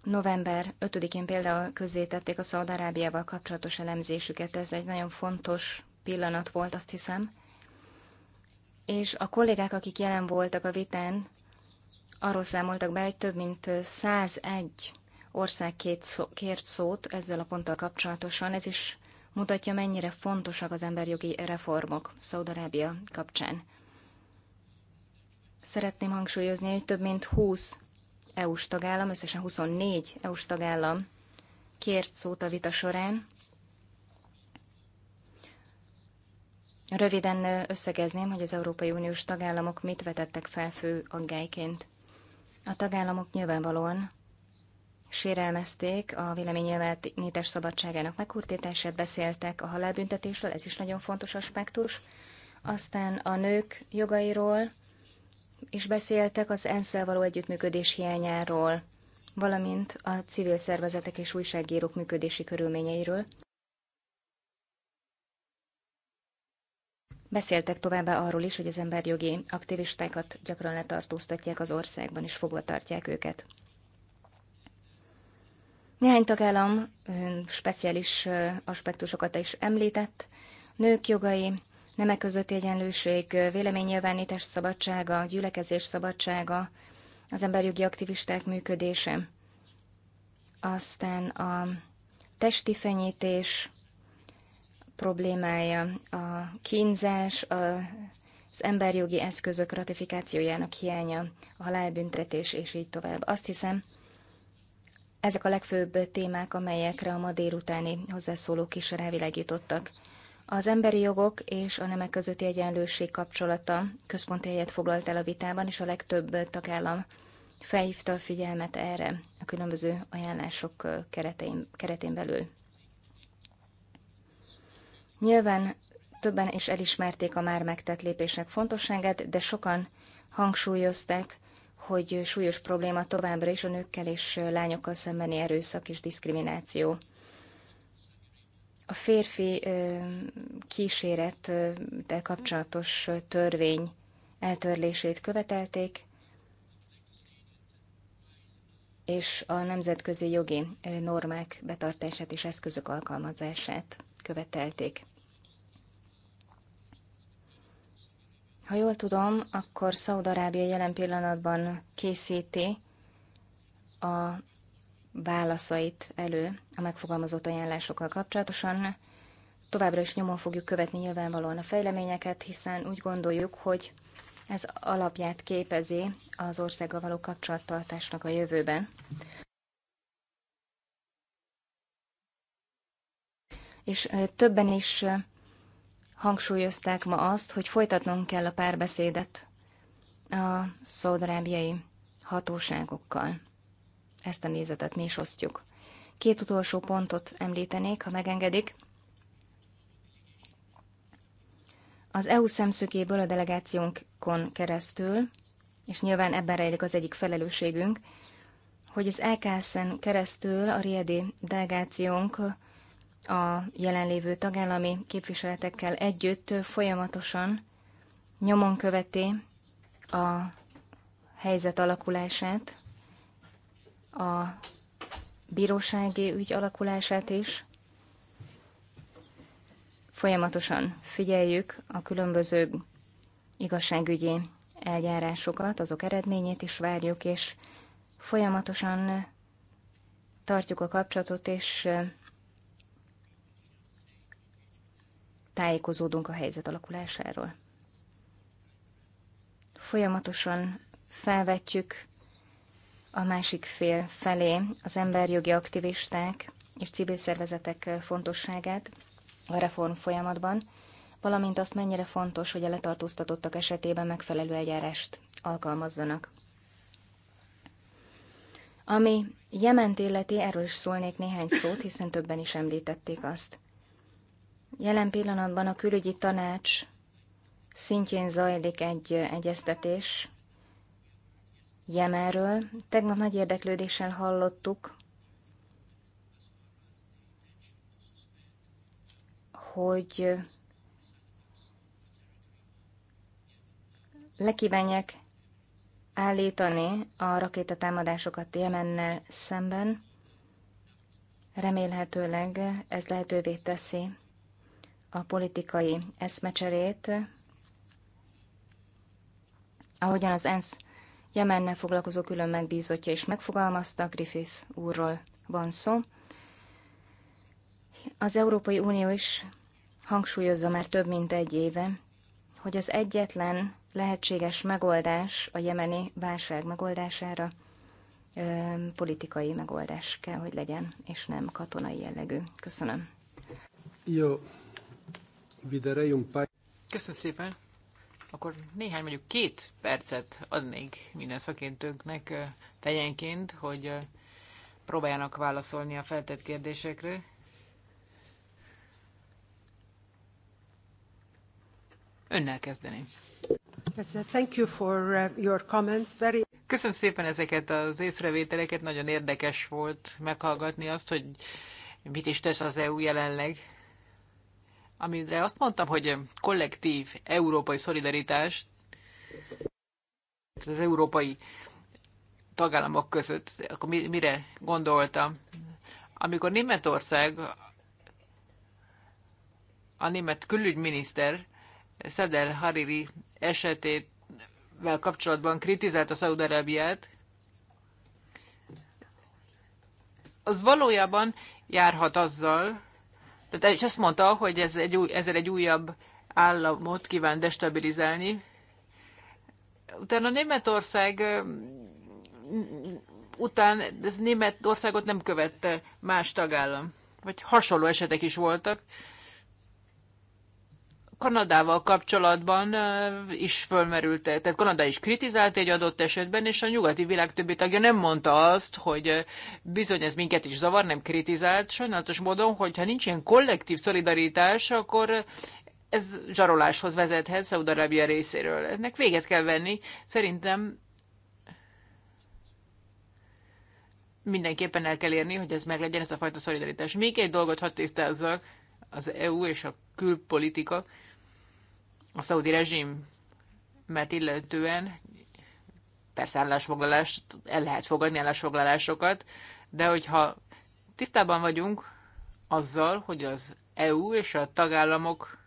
November 5-én például közzétették a Szaudarábiával kapcsolatos elemzésüket, ez egy nagyon fontos pillanat volt, azt hiszem. És a kollégák, akik jelen voltak a vitán, arról számoltak be, hogy több mint 101 ország két szó, kért szót ezzel a ponttal kapcsolatosan. Ez is mutatja, mennyire fontosak az emberjogi reformok Szaudarábia kapcsán. Szeretném hangsúlyozni, hogy több mint 20 EU-s tagállam, összesen 24 EU-s tagállam kért szót a vita során. Röviden összegezném, hogy az Európai Uniós tagállamok mit vetettek fel fő aggályként. A tagállamok nyilvánvalóan sérelmezték a véleménynyilvánítás szabadságának megkurtítását, beszéltek a halálbüntetésről, ez is nagyon fontos aspektus. Aztán a nők jogairól is beszéltek, az ensz való együttműködés hiányáról, valamint a civil szervezetek és újságírók működési körülményeiről. Beszéltek továbbá arról is, hogy az emberjogi aktivistákat gyakran letartóztatják az országban, és fogva tartják őket. Néhány tagállam speciális aspektusokat is említett, nők jogai, nemek közötti egyenlőség, véleménynyilvánítás szabadsága, gyülekezés szabadsága, az emberjogi aktivisták működése, aztán a testi fenyítés problémája, a kínzás, az emberjogi eszközök ratifikációjának hiánya, a halálbüntetés és így tovább. Azt hiszem, ezek a legfőbb témák, amelyekre a ma délutáni hozzászólók is rávilágítottak. Az emberi jogok és a nemek közötti egyenlőség kapcsolata központi helyet foglalt el a vitában, és a legtöbb tagállam felhívta a figyelmet erre a különböző ajánlások keretein, keretén belül. Nyilván többen is elismerték a már megtett lépések fontosságát, de sokan hangsúlyozták, hogy súlyos probléma továbbra is a nőkkel és lányokkal szembeni erőszak és diszkrimináció. A férfi kísérettel kapcsolatos törvény eltörlését követelték, és a nemzetközi jogi normák betartását és eszközök alkalmazását követelték. Ha jól tudom, akkor Szaudarábia jelen pillanatban készíti a válaszait elő a megfogalmazott ajánlásokkal kapcsolatosan. Továbbra is nyomon fogjuk követni nyilvánvalóan a fejleményeket, hiszen úgy gondoljuk, hogy ez alapját képezi az országgal való kapcsolattartásnak a jövőben. És többen is hangsúlyozták ma azt, hogy folytatnunk kell a párbeszédet a szaudarábiai hatóságokkal. Ezt a nézetet mi is osztjuk. Két utolsó pontot említenék, ha megengedik. Az EU szemszögéből a delegációnkon keresztül, és nyilván ebben rejlik az egyik felelősségünk, hogy az EKSZ-en keresztül a Riedi delegációnk a jelenlévő tagállami képviseletekkel együtt folyamatosan nyomon követi a helyzet alakulását, a bírósági ügy alakulását is. Folyamatosan figyeljük a különböző igazságügyi eljárásokat, azok eredményét is várjuk, és folyamatosan tartjuk a kapcsolatot, és tájékozódunk a helyzet alakulásáról. Folyamatosan felvetjük a másik fél felé az emberjogi aktivisták és civil szervezetek fontosságát a reform folyamatban, valamint azt mennyire fontos, hogy a letartóztatottak esetében megfelelő eljárást alkalmazzanak. Ami Jement illeti, erről is szólnék néhány szót, hiszen többen is említették azt. Jelen pillanatban a külügyi tanács szintjén zajlik egy egyeztetés Jemenről. Tegnap nagy érdeklődéssel hallottuk, hogy lekívánják állítani a rakétatámadásokat Jemennel szemben. Remélhetőleg ez lehetővé teszi a politikai eszmecserét, ahogyan az ENSZ Jemennel foglalkozó külön megbízottja is megfogalmazta, Griffith úrról van szó. Az Európai Unió is hangsúlyozza már több mint egy éve, hogy az egyetlen lehetséges megoldás a jemeni válság megoldására ö, politikai megoldás kell, hogy legyen, és nem katonai jellegű. Köszönöm. Jó. Köszönöm szépen. Akkor néhány, mondjuk két percet adnék minden szakértőnknek fejenként, hogy próbáljanak válaszolni a feltett kérdésekre. Önnel kezdeném. Uh, Köszönöm szépen ezeket az észrevételeket, nagyon érdekes volt meghallgatni azt, hogy mit is tesz az EU jelenleg amire azt mondtam, hogy kollektív európai szolidaritás az európai tagállamok között, akkor mire gondoltam? Amikor Németország, a német külügyminiszter Szedel Hariri esetével kapcsolatban kritizálta a arábiát az valójában járhat azzal, tehát, és azt mondta, hogy ez egy új, ezzel egy újabb államot kíván destabilizálni. Utána Németország után ez Németországot nem követte más tagállam. Vagy hasonló esetek is voltak. Kanadával kapcsolatban is fölmerült, tehát Kanada is kritizált egy adott esetben, és a nyugati világ többi tagja nem mondta azt, hogy bizony ez minket is zavar, nem kritizált. Sajnálatos módon, hogyha nincs ilyen kollektív szolidaritás, akkor ez zsaroláshoz vezethet Szaudarábia részéről. Ennek véget kell venni. Szerintem mindenképpen el kell érni, hogy ez meglegyen, ez a fajta szolidaritás. Még egy dolgot hadd tisztázzak, az EU és a külpolitika a szaudi mert illetően persze állásfoglalást el lehet fogadni, állásfoglalásokat, de hogyha tisztában vagyunk azzal, hogy az EU és a tagállamok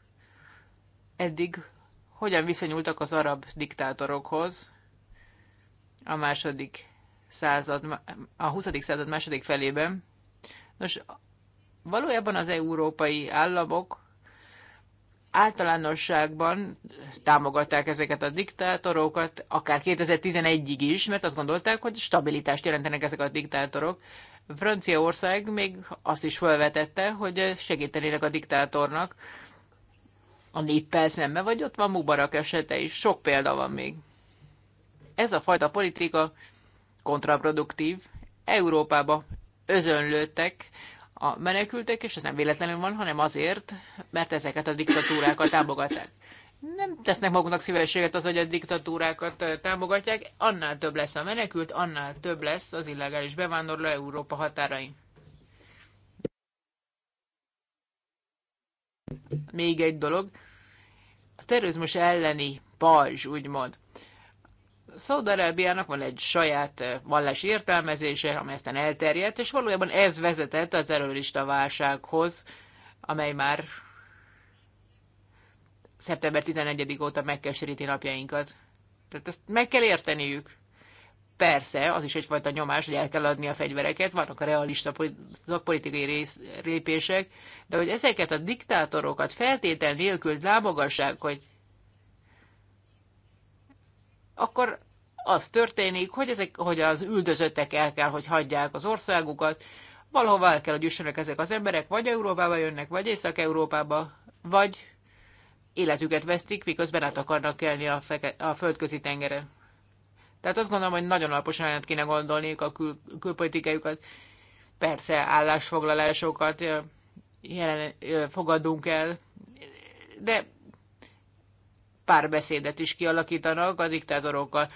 eddig hogyan viszonyultak az arab diktátorokhoz a második század, a 20. század második felében. Nos, valójában az európai államok általánosságban támogatták ezeket a diktátorokat, akár 2011-ig is, mert azt gondolták, hogy stabilitást jelentenek ezek a diktátorok. Franciaország még azt is felvetette, hogy segítenének a diktátornak a néppel szemben, vagy ott van Mubarak esete is, sok példa van még. Ez a fajta politika kontraproduktív, Európába özönlődtek, a menekültek, és ez nem véletlenül van, hanem azért, mert ezeket a diktatúrákat támogatják. Nem tesznek maguknak szívességet az, hogy a diktatúrákat támogatják, annál több lesz a menekült, annál több lesz az illegális bevándorló Európa határain. Még egy dolog, a terrorizmus elleni pajzs, úgymond. Szaudarábiának van egy saját eh, vallási értelmezése, amely aztán elterjedt, és valójában ez vezetett a terrorista válsághoz, amely már szeptember 11 óta megkeseríti napjainkat. Tehát ezt meg kell érteniük. Persze, az is egyfajta nyomás, hogy el kell adni a fegyvereket, vannak a realista szakpolitikai lépések, de hogy ezeket a diktátorokat feltétel nélkül lámogassák, hogy akkor az történik, hogy, ezek, hogy az üldözöttek el kell, hogy hagyják az országukat, valahova el kell, hogy üssenek ezek az emberek, vagy Európába jönnek, vagy Észak-Európába, vagy életüket vesztik, miközben át akarnak kelni a, feke- a földközi tengeren. Tehát azt gondolom, hogy nagyon alaposan át kéne gondolniuk a kül- külpolitikájukat. Persze állásfoglalásokat jelen, fogadunk el, de párbeszédet is kialakítanak a diktátorokkal.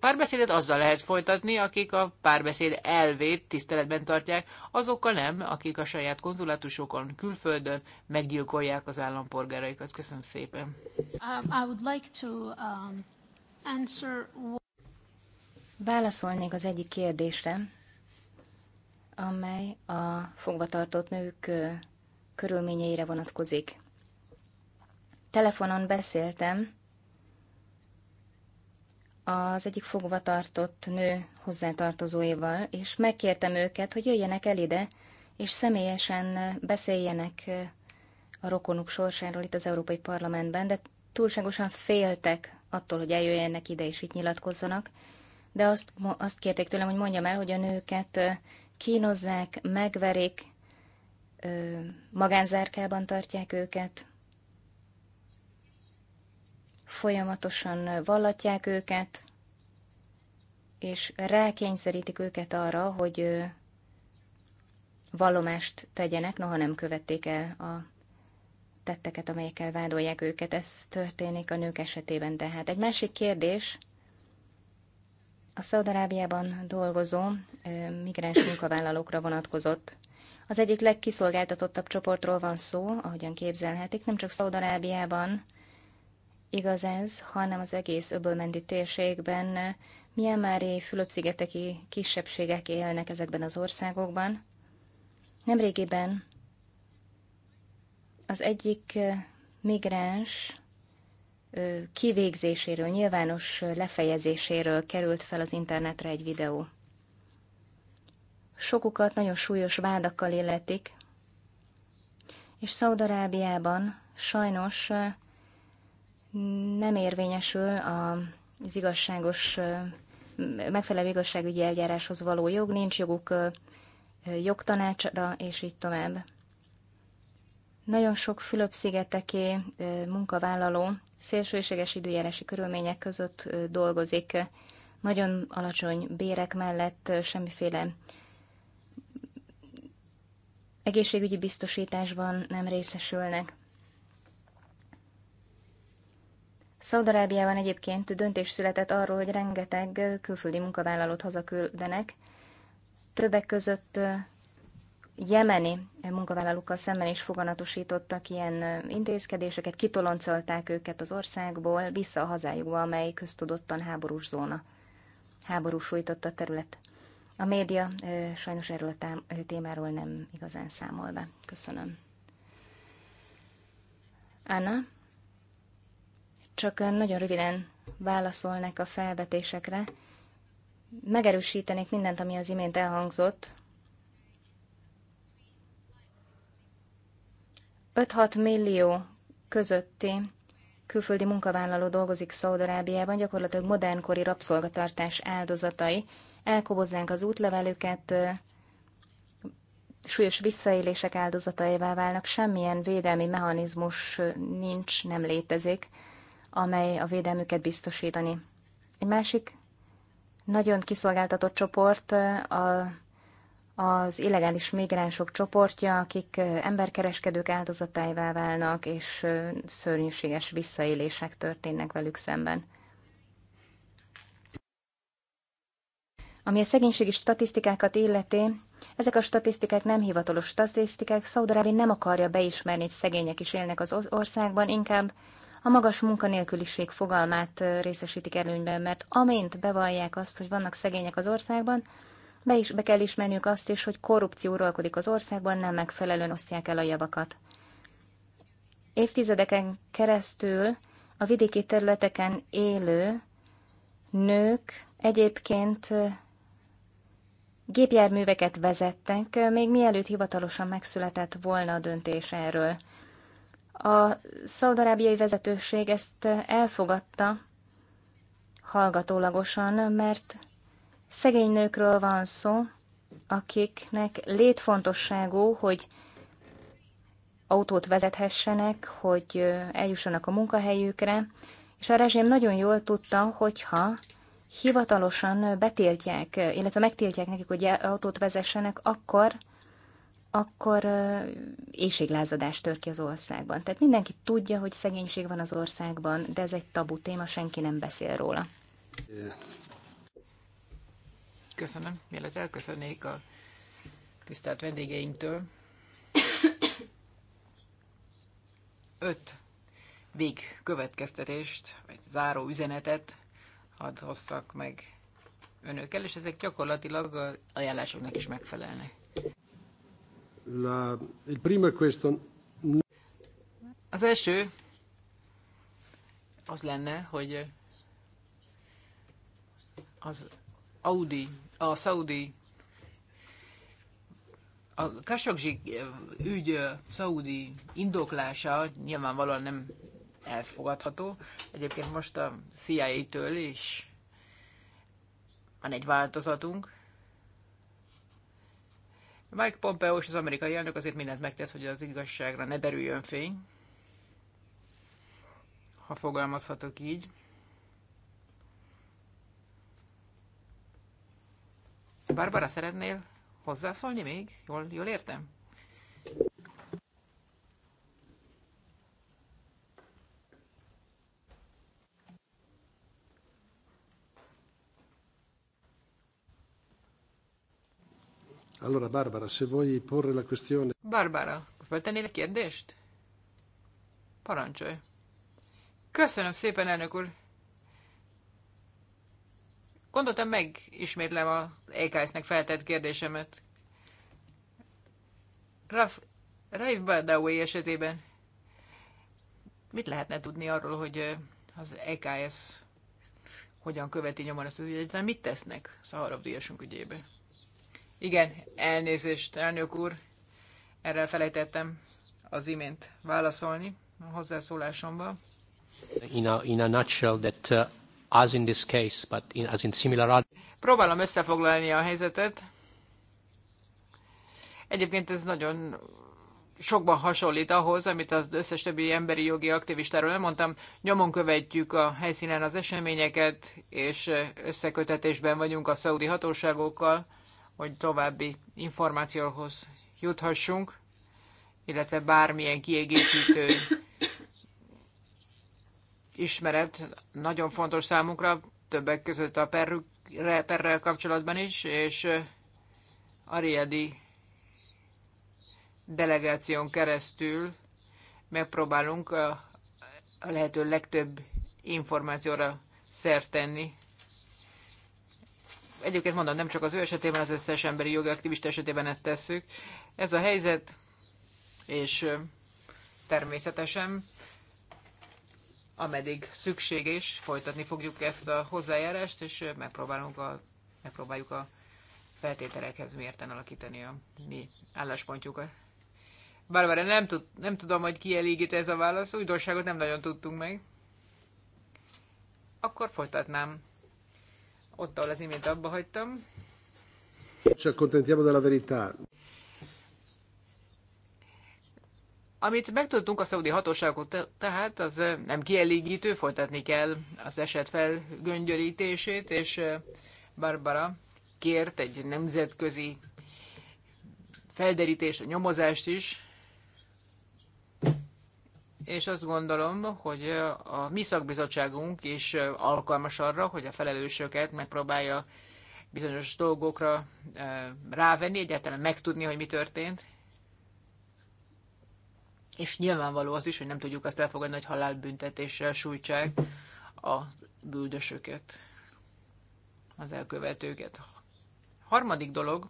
Párbeszédet azzal lehet folytatni, akik a párbeszéd elvét tiszteletben tartják, azokkal nem, akik a saját konzulátusokon, külföldön meggyilkolják az állampolgáraikat. Köszönöm szépen. Um, um, Válaszolnék az egyik kérdésre, amely a fogvatartott nők körülményeire vonatkozik telefonon beszéltem az egyik fogvatartott nő hozzátartozóival, és megkértem őket, hogy jöjjenek el ide, és személyesen beszéljenek a rokonuk sorsáról itt az Európai Parlamentben, de túlságosan féltek attól, hogy eljöjjenek ide és itt nyilatkozzanak, de azt, azt kérték tőlem, hogy mondjam el, hogy a nőket kínozzák, megverik, magánzárkában tartják őket, folyamatosan vallatják őket, és rákényszerítik őket arra, hogy vallomást tegyenek, noha nem követték el a tetteket, amelyekkel vádolják őket. Ez történik a nők esetében tehát. Egy másik kérdés, a Szaudarábiában dolgozó migráns munkavállalókra vonatkozott. Az egyik legkiszolgáltatottabb csoportról van szó, ahogyan képzelhetik, nem csak Szaudarábiában, igaz ez, hanem az egész öbölmendi térségben eh, milyen fülöp fülöpszigeteki kisebbségek élnek ezekben az országokban. Nemrégiben az egyik eh, migráns eh, kivégzéséről, nyilvános lefejezéséről került fel az internetre egy videó. Sokukat nagyon súlyos vádakkal illetik, és Szaudarábiában sajnos nem érvényesül az igazságos, megfelelő igazságügyi eljáráshoz való jog, nincs joguk jogtanácsra, és így tovább. Nagyon sok fülöp szigeteké munkavállaló szélsőséges időjárási körülmények között dolgozik, nagyon alacsony bérek mellett semmiféle egészségügyi biztosításban nem részesülnek. Szaudarábiában egyébként döntés született arról, hogy rengeteg külföldi munkavállalót hazaküldenek, többek között jemeni munkavállalókkal szemben is foganatosítottak ilyen intézkedéseket, kitoloncolták őket az országból vissza a hazájukba, amely köztudottan háborús zóna, háborúsújtott a terület. A média sajnos erről a témáról nem igazán számol be. Köszönöm. Anna? csak nagyon röviden válaszolnék a felvetésekre. Megerősítenék mindent, ami az imént elhangzott. 5-6 millió közötti külföldi munkavállaló dolgozik Szaudarábiában, gyakorlatilag modernkori rabszolgatartás áldozatai. Elkobozzánk az útlevelüket, súlyos visszaélések áldozataival válnak, semmilyen védelmi mechanizmus nincs, nem létezik amely a védelmüket biztosítani. Egy másik nagyon kiszolgáltatott csoport a, az illegális migránsok csoportja, akik emberkereskedők áldozatává válnak, és szörnyűséges visszaélések történnek velük szemben. Ami a szegénységi statisztikákat illeti, ezek a statisztikák nem hivatalos statisztikák, Szaudarábi nem akarja beismerni, hogy szegények is élnek az országban, inkább a magas munkanélküliség fogalmát részesítik előnyben, mert amint bevallják azt, hogy vannak szegények az országban, be is be kell ismerniük azt is, hogy korrupció uralkodik az országban, nem megfelelően osztják el a javakat. Évtizedeken keresztül a vidéki területeken élő nők egyébként gépjárműveket vezettek, még mielőtt hivatalosan megszületett volna a döntés erről. A szaudarábiai vezetőség ezt elfogadta hallgatólagosan, mert szegény nőkről van szó, akiknek létfontosságú, hogy autót vezethessenek, hogy eljussanak a munkahelyükre, és a rezsém nagyon jól tudta, hogyha hivatalosan betiltják, illetve megtiltják nekik, hogy autót vezessenek, akkor akkor éjséglázadás tör ki az országban. Tehát mindenki tudja, hogy szegénység van az országban, de ez egy tabu téma, senki nem beszél róla. Köszönöm, mielőtt elköszönnék a tisztelt vendégeinktől. Öt vég következtetést, vagy záró üzenetet hadd hozzak meg önökkel, és ezek gyakorlatilag ajánlásoknak is megfelelnek. Az első az lenne, hogy az Audi, a Saudi, a Kasakzsi ügy Saudi indoklása nyilvánvalóan nem elfogadható. Egyébként most a CIA-től is van egy változatunk, Mike Pompeo és az amerikai elnök azért mindent megtesz, hogy az igazságra ne derüljön fény, ha fogalmazhatok így. Barbara, szeretnél hozzászólni még? Jól, jól értem? Allora, Barbara, se vuoi porre la questione... Barbara, feltennél a kérdést? Parancsolj. Köszönöm szépen, elnök úr. Gondoltam, megismétlem az EKS-nek feltett kérdésemet. Raf, Raif Badawi esetében mit lehetne tudni arról, hogy az EKS hogyan követi nyomon ezt az ügyet, mit tesznek Szaharov díjasunk ügyében? Igen, elnézést, elnök úr, erre felejtettem az imént válaszolni a hozzászólásomban. In a, in a nutshell that uh, as in this case, but in, as in similar other... Próbálom összefoglalni a helyzetet. Egyébként ez nagyon sokban hasonlít ahhoz, amit az összes többi emberi jogi aktivistáról elmondtam. Nyomon követjük a helyszínen az eseményeket, és összekötetésben vagyunk a szaudi hatóságokkal hogy további információhoz juthassunk, illetve bármilyen kiegészítő ismeret nagyon fontos számunkra, többek között a perrel, perrel kapcsolatban is, és a Riedi delegáción keresztül megpróbálunk a lehető legtöbb információra szert tenni Egyébként mondom, nem csak az ő esetében, az összes emberi jogi aktivista esetében ezt tesszük. Ez a helyzet, és természetesen ameddig szükséges, folytatni fogjuk ezt a hozzájárást, és megpróbálunk a, megpróbáljuk a feltételekhez mérten alakítani a mi álláspontjukat. Barbara, nem, tud, nem tudom, hogy kielégít ez a válasz, újdonságot nem nagyon tudtunk meg. Akkor folytatnám ott, ahol az imént abba hagytam. della verità. Amit megtudtunk a szaudi hatóságok, tehát az eh, nem kielégítő, folytatni kell az eset felgöngyörítését, és eh, Barbara kért egy nemzetközi felderítést, a nyomozást is és azt gondolom, hogy a mi szakbizottságunk is alkalmas arra, hogy a felelősöket megpróbálja bizonyos dolgokra rávenni, egyáltalán megtudni, hogy mi történt. És nyilvánvaló az is, hogy nem tudjuk azt elfogadni, hogy halálbüntetéssel sújtsák a büldösöket, az elkövetőket. Harmadik dolog,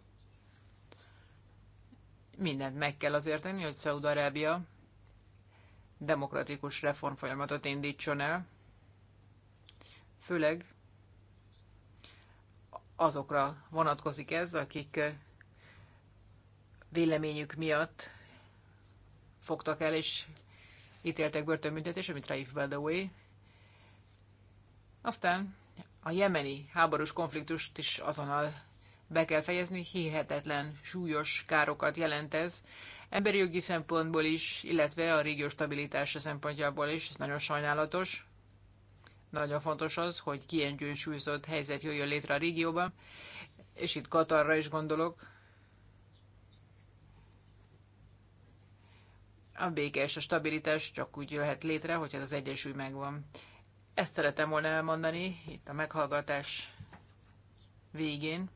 mindent meg kell azért tenni, hogy Szaúd-Arábia demokratikus reformfolyamatot indítson el, főleg azokra vonatkozik ez, akik véleményük miatt fogtak el és ítéltek börtönbüntetésre, mint Raif Badawi. Aztán a jemeni háborús konfliktust is azonnal be kell fejezni, hihetetlen súlyos károkat jelent ez emberi jogi szempontból is, illetve a régió stabilitása szempontjából is, ez nagyon sajnálatos. Nagyon fontos az, hogy kiegyensúlyozott helyzet jöjjön létre a régióban, és itt Katarra is gondolok. A béke és a stabilitás csak úgy jöhet létre, hogyha az egyensúly megvan. Ezt szeretem volna elmondani itt a meghallgatás végén,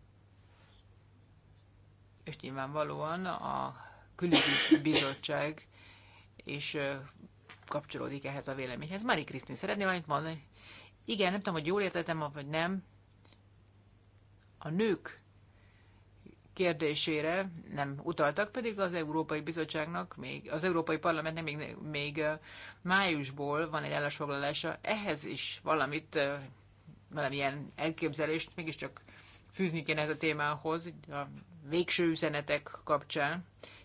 és nyilvánvalóan a külügyi bizottság és kapcsolódik ehhez a véleményhez. Mari Krisztin, szeretné valamit mondani? Igen, nem tudom, hogy jól értettem, vagy nem. A nők kérdésére nem utaltak, pedig az Európai Bizottságnak, még, az Európai Parlamentnek még, még májusból van egy állásfoglalása. Ehhez is valamit, valamilyen elképzelést mégiscsak fűzni kéne ez a témához, a végső üzenetek kapcsán.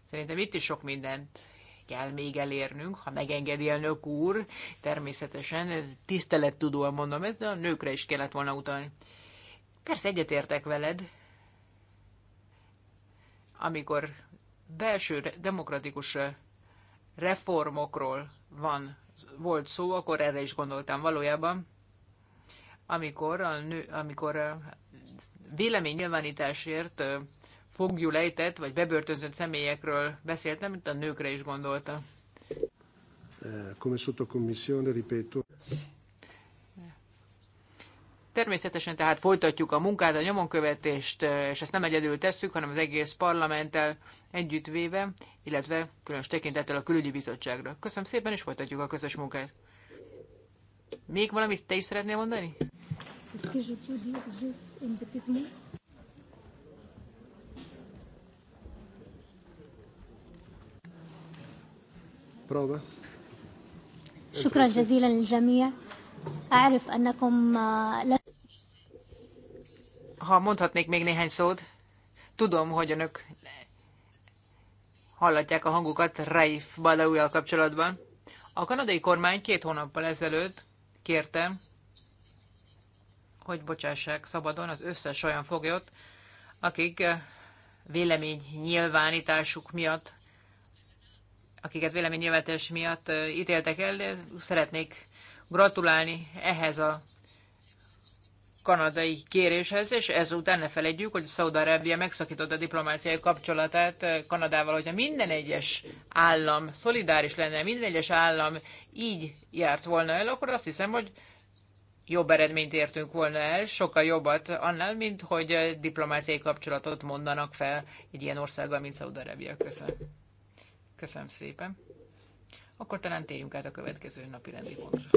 Szerintem itt is sok mindent kell még elérnünk, ha megengedi nök úr. Természetesen tisztelettudóan mondom ezt, de a nőkre is kellett volna utalni. Persze egyetértek veled, amikor belső demokratikus reformokról van, volt szó, akkor erre is gondoltam valójában, amikor a, nő, amikor a véleménynyilvánításért lejtett, vagy bebörtönzött személyekről beszéltem, mint a nőkre is gondolta. Eh, come ripeto. Természetesen tehát folytatjuk a munkát, a nyomonkövetést, eh, és ezt nem egyedül tesszük, hanem az egész parlamenttel együttvéve, illetve különös tekintettel a külügyi bizottságra. Köszönöm szépen, és folytatjuk a közös munkát. Még valamit te is szeretnél mondani? Prova. شكرا جزيلا للجميع أعرف أنكم Ha mondhatnék még néhány szót, tudom, hogy önök hallatják a hangukat Raif badawi kapcsolatban. A kanadai kormány két hónappal ezelőtt kérte, hogy bocsássák szabadon az összes olyan foglyot, akik eh, vélemény nyilvánításuk miatt akiket véleménynyilvánítás miatt ítéltek el. Szeretnék gratulálni ehhez a kanadai kéréshez, és ezután ne felejtjük, hogy Szaudarábia megszakította a diplomáciai kapcsolatát Kanadával, hogyha minden egyes állam szolidáris lenne, minden egyes állam így járt volna el, akkor azt hiszem, hogy jobb eredményt értünk volna el, sokkal jobbat annál, mint hogy diplomáciai kapcsolatot mondanak fel egy ilyen országgal, mint Szaudarábia. Köszönöm. Köszönöm szépen. Akkor talán térjünk át a következő napi rendi pontra.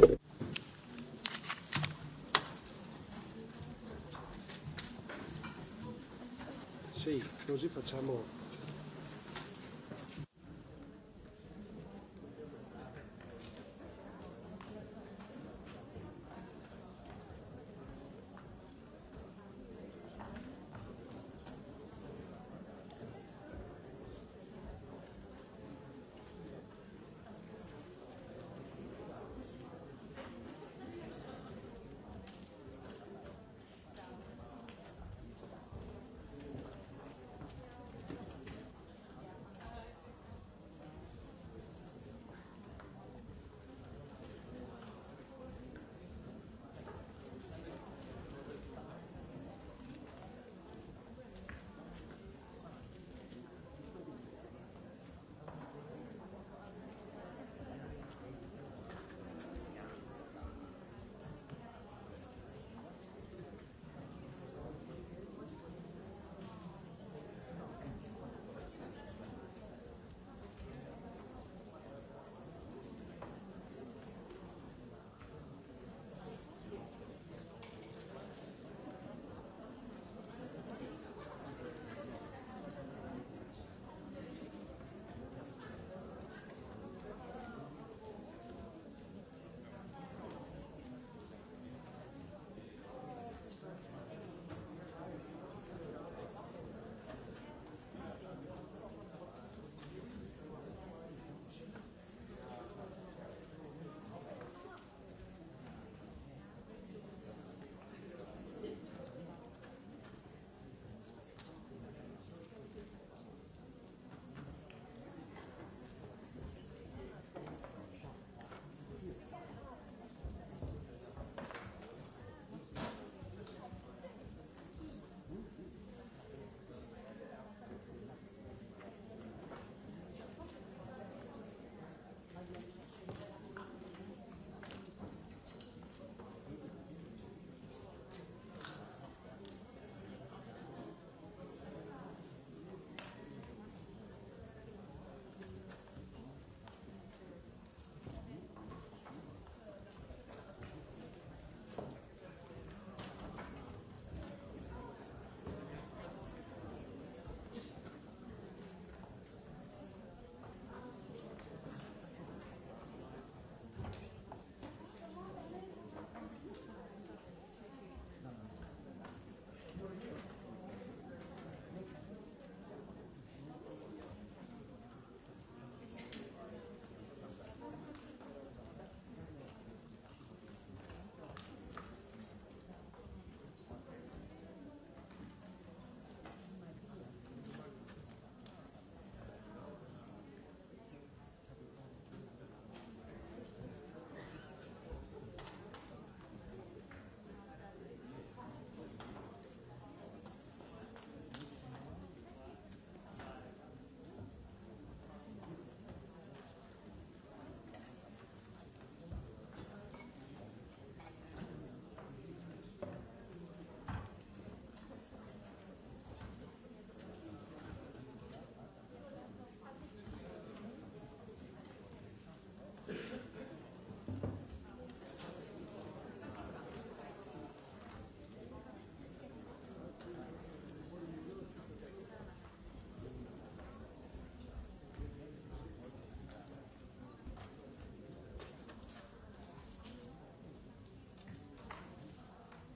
Sì, così facciamo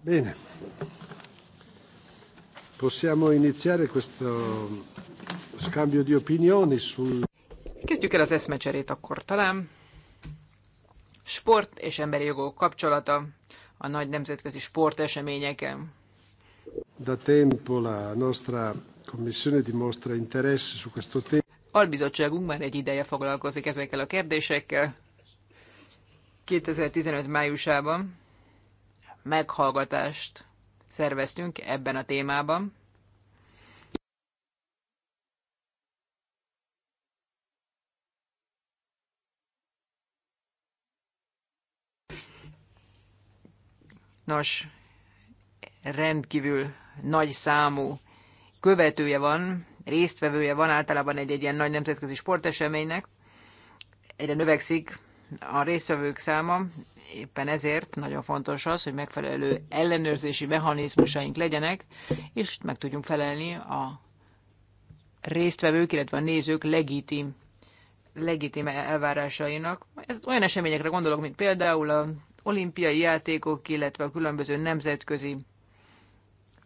Bene. Possiamo iniziare questo scambio di opinioni sul... Kezdjük el az eszmecserét akkor talán. Sport és emberi jogok kapcsolata a nagy nemzetközi sporteseményeken. Da tempo la nostra commissione dimostra interesse su questo tema. Albizottságunk már egy ideje foglalkozik ezekkel a kérdésekkel. 2015 májusában meghallgatást szerveztünk ebben a témában. Nos, rendkívül nagy számú követője van, résztvevője van általában egy, egy ilyen nagy nemzetközi sporteseménynek. Egyre növekszik a résztvevők száma, éppen ezért nagyon fontos az, hogy megfelelő ellenőrzési mechanizmusaink legyenek, és meg tudjunk felelni a résztvevők, illetve a nézők legitim, legitim elvárásainak. Ez olyan eseményekre gondolok, mint például a olimpiai játékok, illetve a különböző nemzetközi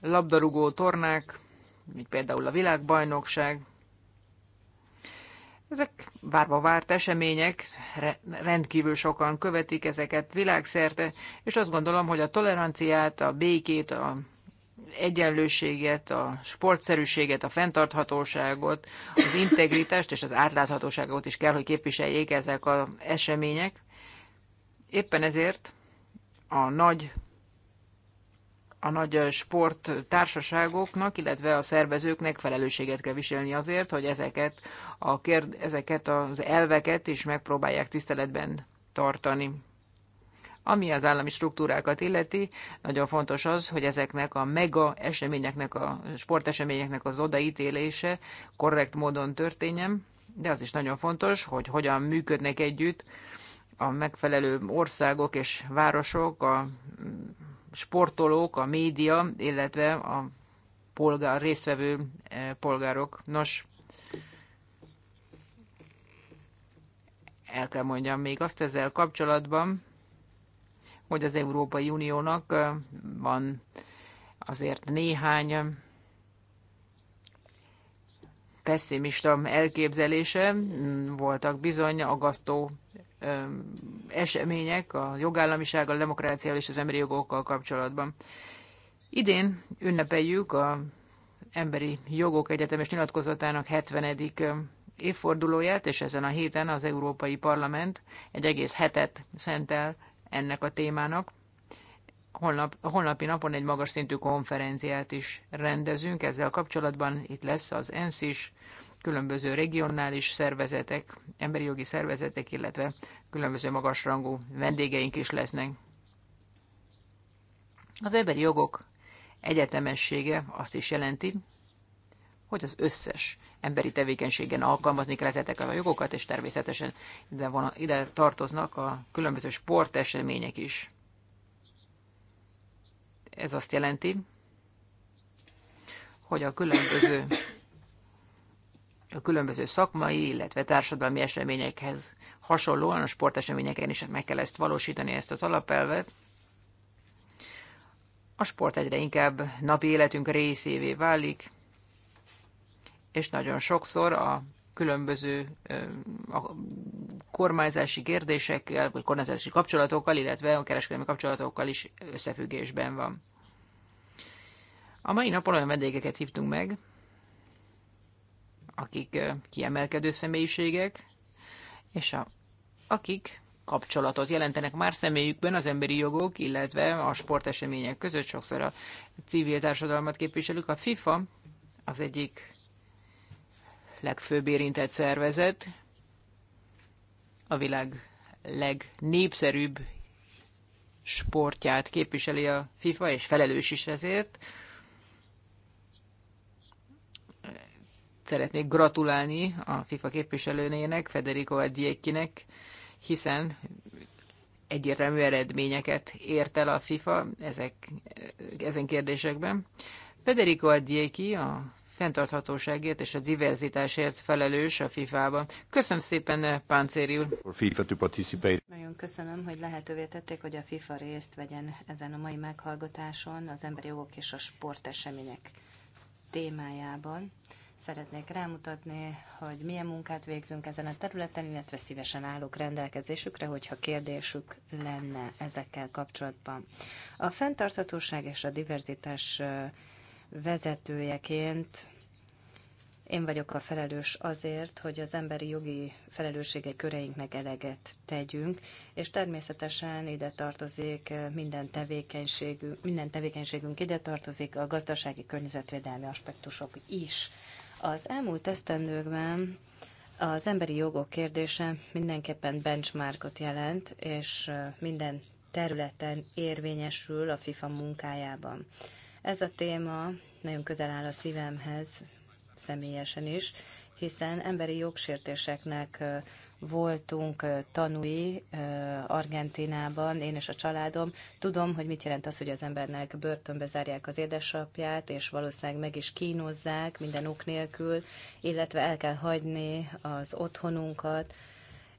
labdarúgó tornák, mint például a világbajnokság, ezek várva várt események, rendkívül sokan követik ezeket világszerte, és azt gondolom, hogy a toleranciát, a békét, a egyenlőséget, a sportszerűséget, a fenntarthatóságot, az integritást és az átláthatóságot is kell, hogy képviseljék ezek az események. Éppen ezért a nagy a nagy sporttársaságoknak, illetve a szervezőknek felelősséget kell viselni azért, hogy ezeket, a kérd, ezeket az elveket is megpróbálják tiszteletben tartani. Ami az állami struktúrákat illeti, nagyon fontos az, hogy ezeknek a mega eseményeknek, a sporteseményeknek az odaítélése korrekt módon történjen, de az is nagyon fontos, hogy hogyan működnek együtt a megfelelő országok és városok a sportolók, a média, illetve a polgár, résztvevő eh, polgárok. Nos, el kell mondjam még azt ezzel kapcsolatban, hogy az Európai Uniónak eh, van azért néhány pessimista elképzelése, voltak bizony agasztó események a jogállamisággal, a demokráciával és az emberi jogokkal kapcsolatban. Idén ünnepeljük a Emberi Jogok Egyetemes Nyilatkozatának 70. évfordulóját, és ezen a héten az Európai Parlament egy egész hetet szentel ennek a témának. Holnap, a holnapi napon egy magas szintű konferenciát is rendezünk ezzel kapcsolatban. Itt lesz az ENSZ is, különböző regionális szervezetek, emberi jogi szervezetek, illetve különböző magasrangú vendégeink is lesznek. Az emberi jogok egyetemessége azt is jelenti, hogy az összes emberi tevékenységen alkalmazni kell ezeket a jogokat, és természetesen ide, van, ide tartoznak a különböző sportesemények is. Ez azt jelenti, hogy a különböző a különböző szakmai, illetve társadalmi eseményekhez hasonlóan a sporteseményeken is meg kell ezt valósítani, ezt az alapelvet. A sport egyre inkább napi életünk részévé válik, és nagyon sokszor a különböző a kormányzási kérdésekkel, vagy kormányzási kapcsolatokkal, illetve a kereskedelmi kapcsolatokkal is összefüggésben van. A mai napon olyan vendégeket hívtunk meg, akik kiemelkedő személyiségek, és a, akik kapcsolatot jelentenek már személyükben az emberi jogok, illetve a sportesemények között sokszor a civil társadalmat képviselők. A FIFA az egyik legfőbb érintett szervezet, a világ legnépszerűbb sportját képviseli a FIFA, és felelős is ezért. szeretnék gratulálni a FIFA képviselőnének, Federico Adjékinek, hiszen egyértelmű eredményeket ért el a FIFA ezek, ezen kérdésekben. Federico Adjéki a fenntarthatóságért és a diverzitásért felelős a FIFA-ban. Köszönöm szépen, Páncéri úr! Nagyon köszönöm, hogy lehetővé tették, hogy a FIFA részt vegyen ezen a mai meghallgatáson az emberi jogok és a sportesemények témájában. Szeretnék rámutatni, hogy milyen munkát végzünk ezen a területen, illetve szívesen állok rendelkezésükre, hogyha kérdésük lenne ezekkel kapcsolatban. A fenntarthatóság és a diverzitás vezetőjeként én vagyok a felelős azért, hogy az emberi jogi felelőssége köreinknek eleget tegyünk, és természetesen ide tartozik minden tevékenységünk, minden tevékenységünk ide tartozik a gazdasági környezetvédelmi aspektusok is. Az elmúlt esztendőkben az emberi jogok kérdése mindenképpen benchmarkot jelent, és minden területen érvényesül a FIFA munkájában. Ez a téma nagyon közel áll a szívemhez, személyesen is, hiszen emberi jogsértéseknek voltunk tanúi Argentinában, én és a családom. Tudom, hogy mit jelent az, hogy az embernek börtönbe zárják az édesapját, és valószínűleg meg is kínozzák minden ok nélkül, illetve el kell hagyni az otthonunkat,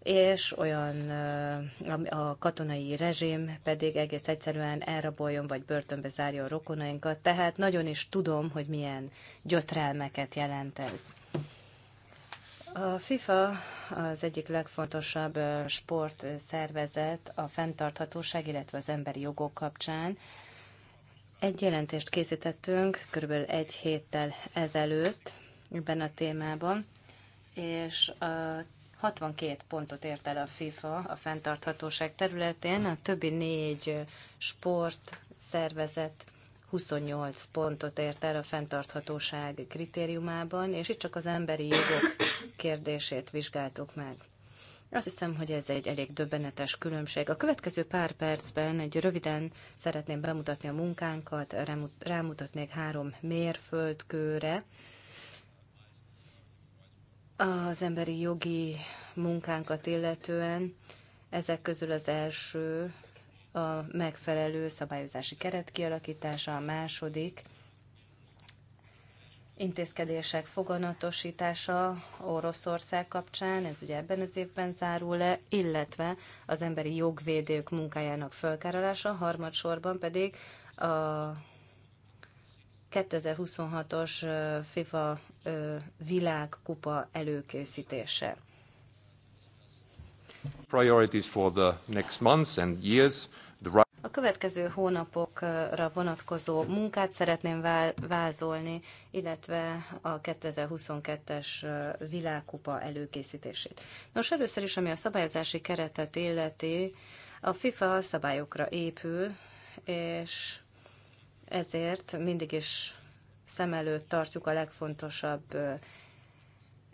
és olyan a katonai rezsim pedig egész egyszerűen elraboljon vagy börtönbe zárja a rokonainkat, tehát nagyon is tudom, hogy milyen gyötrelmeket jelent ez. A FIFA az egyik legfontosabb sportszervezet a fenntarthatóság, illetve az emberi jogok kapcsán. Egy jelentést készítettünk körülbelül egy héttel ezelőtt ebben a témában, és a 62 pontot ért el a FIFA a fenntarthatóság területén, a többi négy sport szervezet 28 pontot ért el a fenntarthatóság kritériumában, és itt csak az emberi jogok kérdését vizsgáltuk meg. Azt hiszem, hogy ez egy elég döbbenetes különbség. A következő pár percben egy röviden szeretném bemutatni a munkánkat, rámutatnék három mérföldkőre. Az emberi jogi munkánkat illetően ezek közül az első a megfelelő szabályozási keret kialakítása, a második intézkedések foganatosítása Oroszország kapcsán, ez ugye ebben az évben zárul le, illetve az emberi jogvédők munkájának fölkárolása, harmadsorban pedig a 2026-os FIFA világkupa előkészítése. Priorities for the next months and years. A következő hónapokra vonatkozó munkát szeretném vázolni, illetve a 2022-es világkupa előkészítését. Nos, először is, ami a szabályozási keretet illeti, a FIFA szabályokra épül, és ezért mindig is szem előtt tartjuk a legfontosabb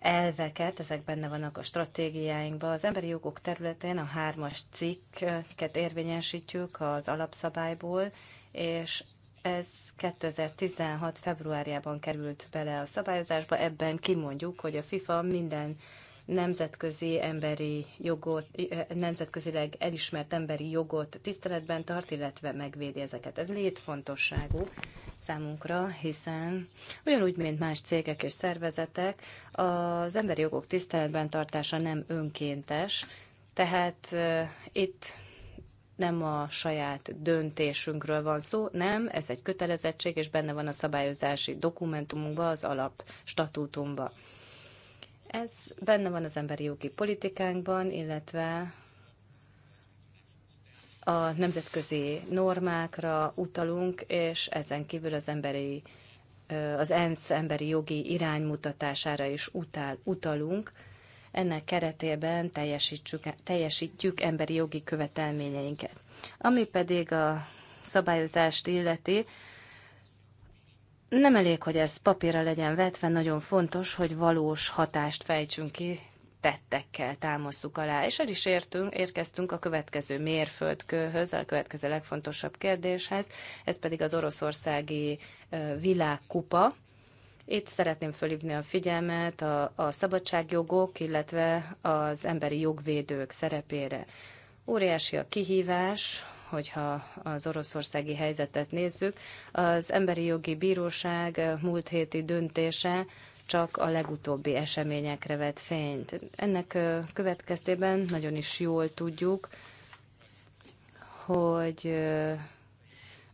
elveket, ezek benne vannak a stratégiáinkban. Az emberi jogok területén a hármas cikket érvényesítjük az alapszabályból, és ez 2016. februárjában került bele a szabályozásba. Ebben kimondjuk, hogy a FIFA minden nemzetközi emberi jogot, nemzetközileg elismert emberi jogot tiszteletben tart, illetve megvédi ezeket. Ez létfontosságú számunkra, hiszen ugyanúgy, mint más cégek és szervezetek, az emberi jogok tiszteletben tartása nem önkéntes, tehát uh, itt nem a saját döntésünkről van szó, nem, ez egy kötelezettség, és benne van a szabályozási dokumentumunkban, az alap statútumba. Ez benne van az emberi jogi politikánkban, illetve a nemzetközi normákra utalunk, és ezen kívül az emberi az ENSZ emberi jogi iránymutatására is utál, utalunk. Ennek keretében teljesítsük, teljesítjük emberi jogi követelményeinket. Ami pedig a szabályozást illeti, nem elég, hogy ez papírra legyen vetve, nagyon fontos, hogy valós hatást fejtsünk ki tettekkel támaszuk alá. És el is értünk, érkeztünk a következő mérföldkőhöz, a következő legfontosabb kérdéshez, ez pedig az oroszországi világkupa. Itt szeretném fölhívni a figyelmet a, a szabadságjogok, illetve az emberi jogvédők szerepére. Óriási a kihívás, hogyha az oroszországi helyzetet nézzük. Az Emberi Jogi Bíróság eh, múlt héti döntése csak a legutóbbi eseményekre vett fényt. Ennek eh, következtében nagyon is jól tudjuk, hogy eh,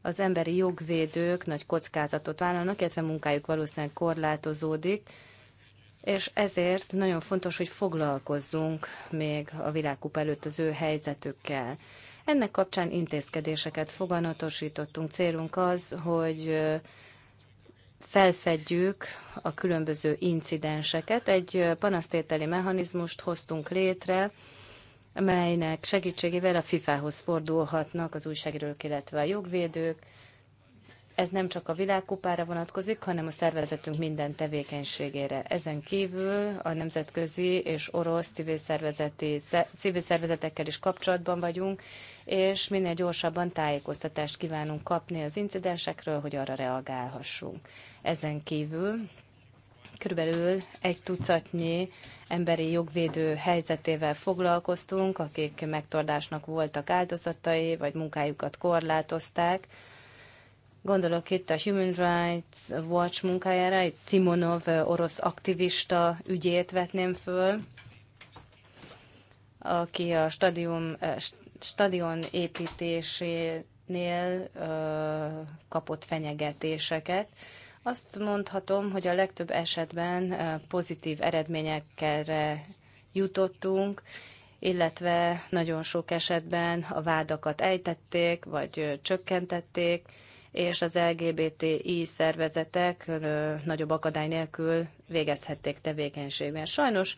az emberi jogvédők nagy kockázatot vállalnak, illetve munkájuk valószínűleg korlátozódik, és ezért nagyon fontos, hogy foglalkozzunk még a világkupa előtt az ő helyzetükkel. Ennek kapcsán intézkedéseket foganatosítottunk. Célunk az, hogy felfedjük a különböző incidenseket. Egy panasztételi mechanizmust hoztunk létre, melynek segítségével a FIFA-hoz fordulhatnak az újságírók, illetve a jogvédők. Ez nem csak a világkupára vonatkozik, hanem a szervezetünk minden tevékenységére. Ezen kívül a nemzetközi és orosz civil, szervezeti, civil szervezetekkel is kapcsolatban vagyunk, és minél gyorsabban tájékoztatást kívánunk kapni az incidensekről, hogy arra reagálhassunk. Ezen kívül körülbelül egy tucatnyi emberi jogvédő helyzetével foglalkoztunk, akik megtordásnak voltak áldozatai, vagy munkájukat korlátozták. Gondolok itt a Human Rights Watch munkájára, egy Simonov orosz aktivista ügyét vetném föl, aki a stadium, eh, stadion építésénél ö, kapott fenyegetéseket. Azt mondhatom, hogy a legtöbb esetben pozitív eredményekre jutottunk, illetve nagyon sok esetben a vádakat ejtették, vagy csökkentették, és az LGBTI szervezetek nagyobb akadály nélkül végezhették tevékenységben. Sajnos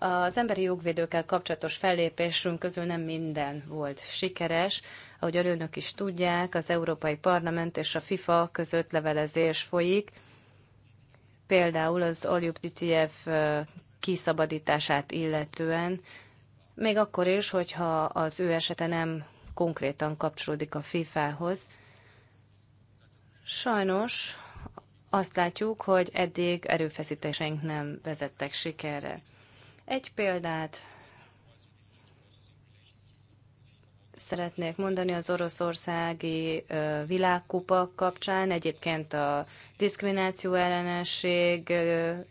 az emberi jogvédőkkel kapcsolatos fellépésünk közül nem minden volt sikeres. Ahogy a önök is tudják, az Európai Parlament és a FIFA között levelezés folyik. Például az Olyub Titiev kiszabadítását illetően, még akkor is, hogyha az ő esete nem konkrétan kapcsolódik a FIFA-hoz. Sajnos azt látjuk, hogy eddig erőfeszítéseink nem vezettek sikerre. Egy példát szeretnék mondani az oroszországi világkupa kapcsán. Egyébként a diszkrimináció ellenességet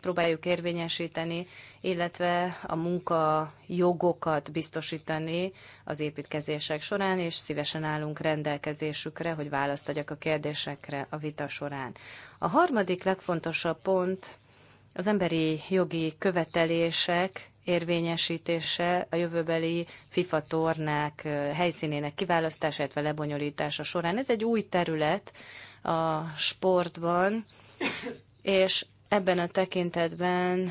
próbáljuk érvényesíteni, illetve a munka jogokat biztosítani az építkezések során, és szívesen állunk rendelkezésükre, hogy választ adjak a kérdésekre a vita során. A harmadik legfontosabb pont az emberi jogi követelések érvényesítése a jövőbeli FIFA tornák helyszínének kiválasztása, illetve lebonyolítása során. Ez egy új terület a sportban, és ebben a tekintetben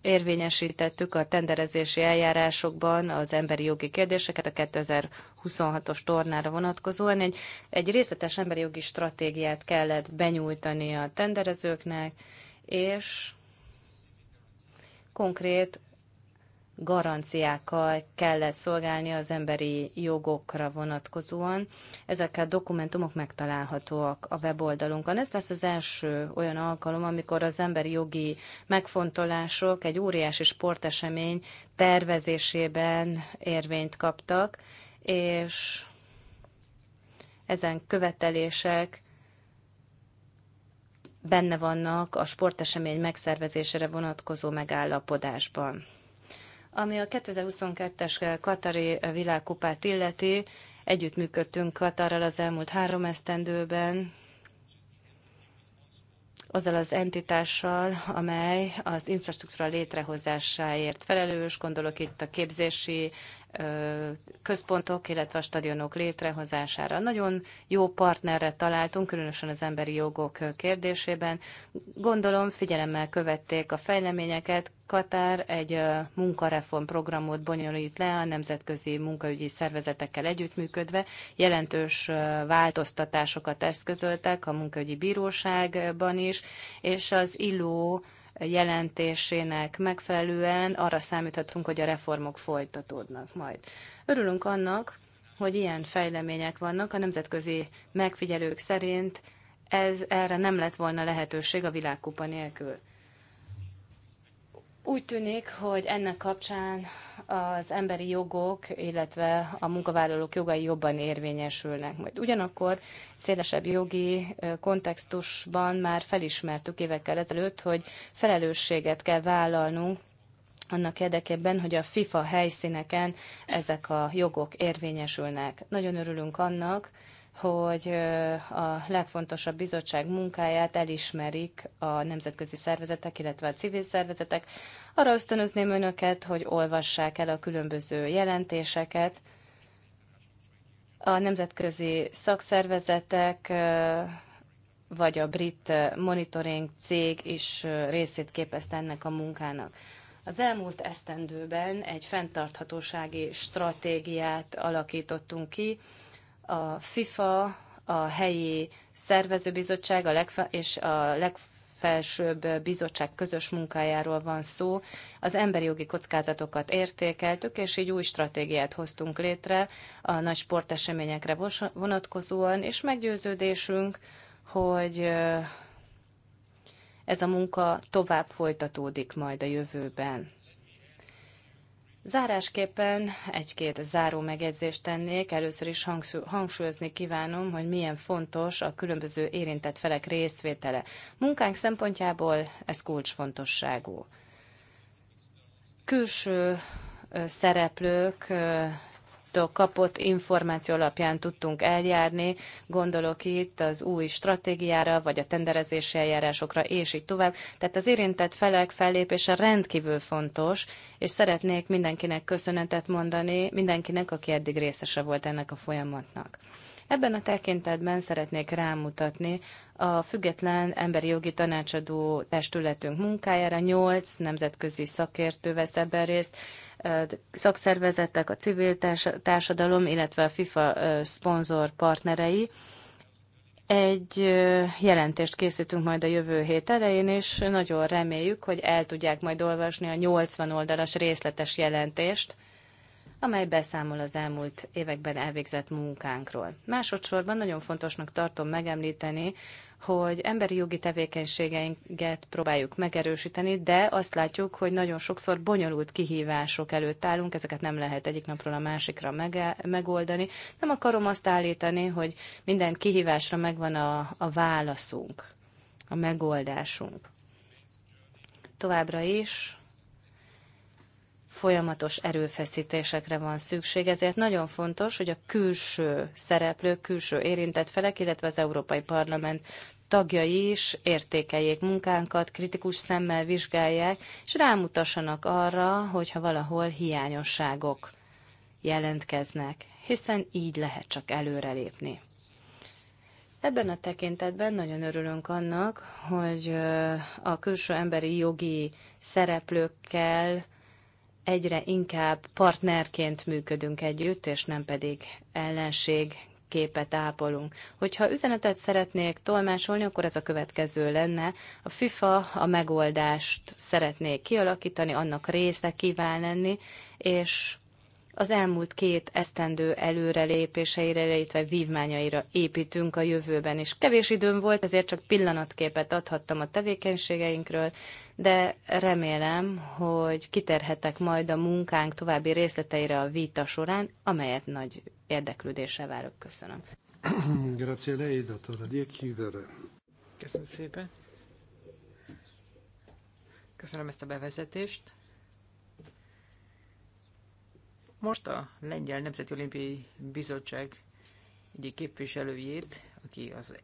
érvényesítettük a tenderezési eljárásokban az emberi jogi kérdéseket a 2026-os tornára vonatkozóan. Egy, egy részletes emberi jogi stratégiát kellett benyújtani a tenderezőknek, és konkrét garanciákkal kellett szolgálni az emberi jogokra vonatkozóan. Ezek a dokumentumok megtalálhatóak a weboldalunkon. Ez lesz az első olyan alkalom, amikor az emberi jogi megfontolások egy óriási sportesemény tervezésében érvényt kaptak, és ezen követelések benne vannak a sportesemény megszervezésére vonatkozó megállapodásban. Ami a 2022-es Katari világkupát illeti, együttműködtünk Katarral az elmúlt három esztendőben, azzal az entitással, amely az infrastruktúra létrehozásáért felelős, gondolok itt a képzési központok, illetve a stadionok létrehozására. Nagyon jó partnerre találtunk, különösen az emberi jogok kérdésében. Gondolom figyelemmel követték a fejleményeket. Katár egy munkareform programot bonyolít le a nemzetközi munkaügyi szervezetekkel együttműködve. Jelentős változtatásokat eszközöltek a munkaügyi bíróságban is, és az illó jelentésének megfelelően arra számíthatunk, hogy a reformok folytatódnak majd. Örülünk annak, hogy ilyen fejlemények vannak. A nemzetközi megfigyelők szerint ez erre nem lett volna lehetőség a világkupa nélkül. Úgy tűnik, hogy ennek kapcsán az emberi jogok, illetve a munkavállalók jogai jobban érvényesülnek majd. Ugyanakkor szélesebb jogi kontextusban már felismertük évekkel ezelőtt, hogy felelősséget kell vállalnunk annak érdekében, hogy a FIFA helyszíneken ezek a jogok érvényesülnek. Nagyon örülünk annak, hogy a legfontosabb bizottság munkáját elismerik a nemzetközi szervezetek, illetve a civil szervezetek. Arra ösztönözném önöket, hogy olvassák el a különböző jelentéseket. A nemzetközi szakszervezetek vagy a brit monitoring cég is részét képezte ennek a munkának. Az elmúlt esztendőben egy fenntarthatósági stratégiát alakítottunk ki, a FIFA, a helyi szervezőbizottság a legfe- és a legfelsőbb bizottság közös munkájáról van szó. Az emberi jogi kockázatokat értékeltük, és így új stratégiát hoztunk létre a nagy sporteseményekre vonatkozóan, és meggyőződésünk, hogy ez a munka tovább folytatódik majd a jövőben. Zárásképpen egy-két záró megjegyzést tennék. Először is hangsúlyozni kívánom, hogy milyen fontos a különböző érintett felek részvétele. Munkánk szempontjából ez kulcsfontosságú. Külső szereplők kapott, kapott információ alapján tudtunk eljárni, gondolok itt az új stratégiára, vagy a tenderezési eljárásokra, és így tovább. Tehát az érintett felek fellépése rendkívül fontos, és szeretnék mindenkinek köszönetet mondani, mindenkinek, aki eddig részese volt ennek a folyamatnak. Ebben a tekintetben szeretnék rámutatni a független emberi jogi tanácsadó testületünk munkájára. Nyolc nemzetközi szakértő vesz ebben részt, szakszervezetek, a civil társadalom, illetve a FIFA szponzor partnerei. Egy jelentést készítünk majd a jövő hét elején, és nagyon reméljük, hogy el tudják majd olvasni a 80 oldalas részletes jelentést, amely beszámol az elmúlt években elvégzett munkánkról. Másodszorban nagyon fontosnak tartom megemlíteni, hogy emberi jogi tevékenységeinket próbáljuk megerősíteni, de azt látjuk, hogy nagyon sokszor bonyolult kihívások előtt állunk, ezeket nem lehet egyik napról a másikra megoldani. Nem akarom azt állítani, hogy minden kihívásra megvan a, a válaszunk, a megoldásunk. Továbbra is folyamatos erőfeszítésekre van szükség, ezért nagyon fontos, hogy a külső szereplők, külső érintett felek, illetve az Európai Parlament tagjai is értékeljék munkánkat, kritikus szemmel vizsgálják, és rámutassanak arra, hogyha valahol hiányosságok jelentkeznek, hiszen így lehet csak előrelépni. Ebben a tekintetben nagyon örülünk annak, hogy a külső emberi jogi szereplőkkel egyre inkább partnerként működünk együtt, és nem pedig ellenség képet ápolunk. Hogyha üzenetet szeretnék tolmásolni, akkor ez a következő lenne. A FIFA a megoldást szeretnék kialakítani, annak része kíván lenni, és az elmúlt két esztendő előrelépéseire, illetve vívmányaira építünk a jövőben, is. kevés időm volt, ezért csak pillanatképet adhattam a tevékenységeinkről, de remélem, hogy kiterhetek majd a munkánk további részleteire a vita során, amelyet nagy érdeklődéssel várok. Köszönöm. Grazie lei, dottora Diekivere. Köszönöm szépen. Köszönöm ezt a bevezetést. Most a Lengyel Nemzeti Olimpiai Bizottság egyik képviselőjét, aki az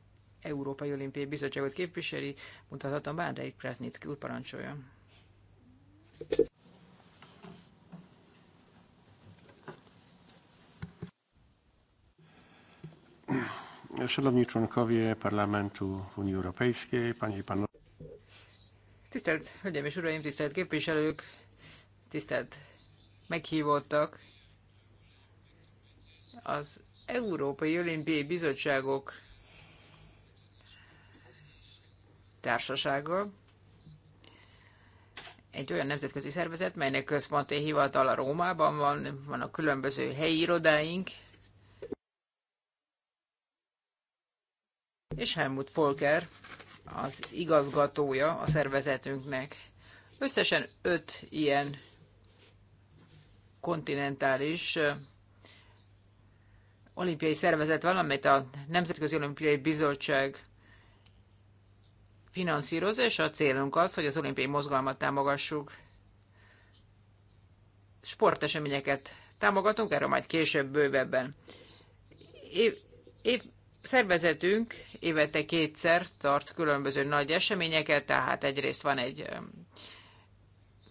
Európai Olimpiai Bizottságot képviseli. Mutathatom Bárdai Krasnicki úr, parancsoljon. Szanowni członkowie Parlamentu Unii Europejskiej, Panie i Panowie. Tisztelt Hölgyeim és Uraim, tisztelt képviselők, tisztelt meghívottak. Az Európai Olimpiai Bizottságok társasága, egy olyan nemzetközi szervezet, melynek központi hivatala Rómában van, van a különböző helyi irodáink, és Helmut Folker az igazgatója a szervezetünknek. Összesen öt ilyen kontinentális olimpiai szervezet van, amit a Nemzetközi Olimpiai Bizottság finanszírozza, és a célunk az, hogy az olimpiai mozgalmat támogassuk. Sporteseményeket támogatunk, erről majd később bővebben. Év, év, szervezetünk évente kétszer tart különböző nagy eseményeket, tehát egyrészt van egy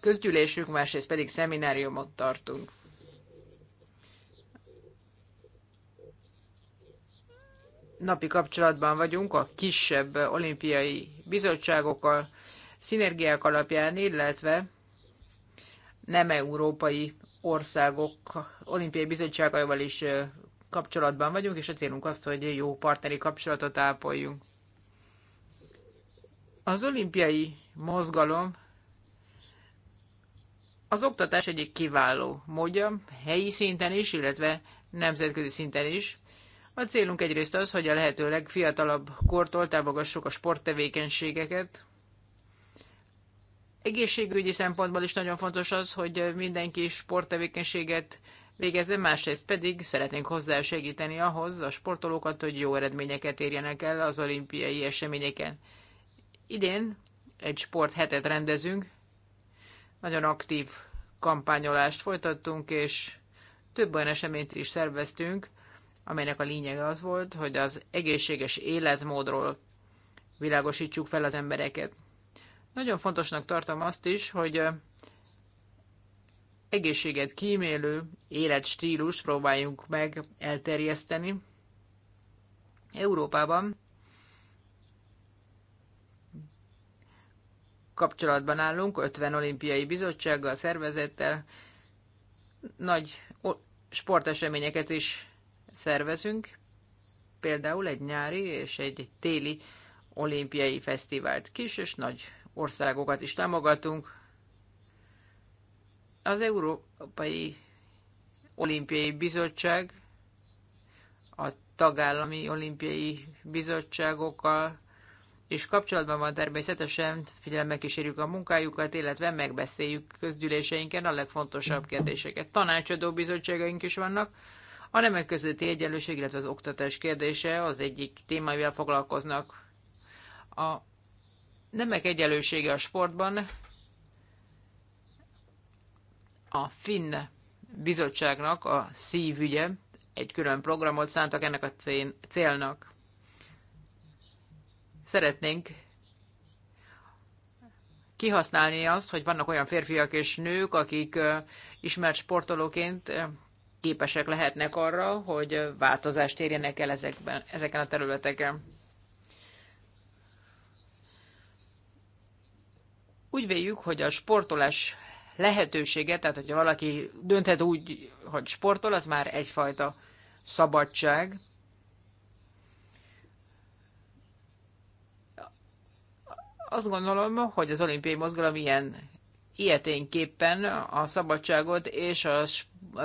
közgyűlésünk, másrészt pedig szemináriumot tartunk. napi kapcsolatban vagyunk a kisebb olimpiai bizottságokkal, szinergiák alapján, illetve nem európai országok olimpiai bizottságaival is kapcsolatban vagyunk, és a célunk az, hogy jó partneri kapcsolatot ápoljunk. Az olimpiai mozgalom az oktatás egyik kiváló módja, helyi szinten is, illetve nemzetközi szinten is. A célunk egyrészt az, hogy a lehető legfiatalabb kortól támogassuk a sporttevékenységeket. Egészségügyi szempontból is nagyon fontos az, hogy mindenki sporttevékenységet végezzen, másrészt pedig szeretnénk hozzá segíteni ahhoz a sportolókat, hogy jó eredményeket érjenek el az olimpiai eseményeken. Idén egy sporthetet rendezünk, nagyon aktív kampányolást folytattunk, és több olyan eseményt is szerveztünk, amelynek a lényege az volt, hogy az egészséges életmódról világosítsuk fel az embereket. Nagyon fontosnak tartom azt is, hogy egészséget kímélő életstílust próbáljunk meg elterjeszteni. Európában kapcsolatban állunk 50 olimpiai bizottsággal, szervezettel, nagy sporteseményeket is szervezünk, például egy nyári és egy téli olimpiai fesztivált. Kis és nagy országokat is támogatunk. Az Európai Olimpiai Bizottság a tagállami olimpiai bizottságokkal és kapcsolatban van természetesen, figyelembe kísérjük a munkájukat, illetve megbeszéljük közgyűléseinken a legfontosabb kérdéseket. Tanácsadó bizottságaink is vannak, a nemek közötti egyenlőség, illetve az oktatás kérdése az egyik témájával foglalkoznak. A nemek egyenlősége a sportban a Finn bizottságnak a szívügye, egy külön programot szántak ennek a célnak. Szeretnénk kihasználni azt, hogy vannak olyan férfiak és nők, akik ismert sportolóként képesek lehetnek arra, hogy változást érjenek el ezekben, ezeken a területeken. Úgy véljük, hogy a sportolás lehetősége, tehát hogyha valaki dönthet úgy, hogy sportol, az már egyfajta szabadság. Azt gondolom, hogy az olimpiai mozgalom ilyen ilyeténképpen a szabadságot és az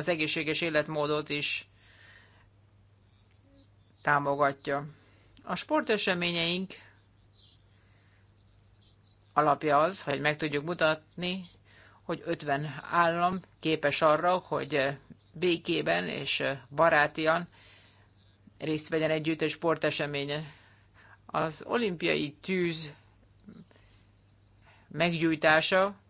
egészséges életmódot is támogatja. A sporteseményeink alapja az, hogy meg tudjuk mutatni, hogy 50 állam képes arra, hogy békében és barátian részt vegyen együtt egy sporteseményen. Az olimpiai tűz meggyújtása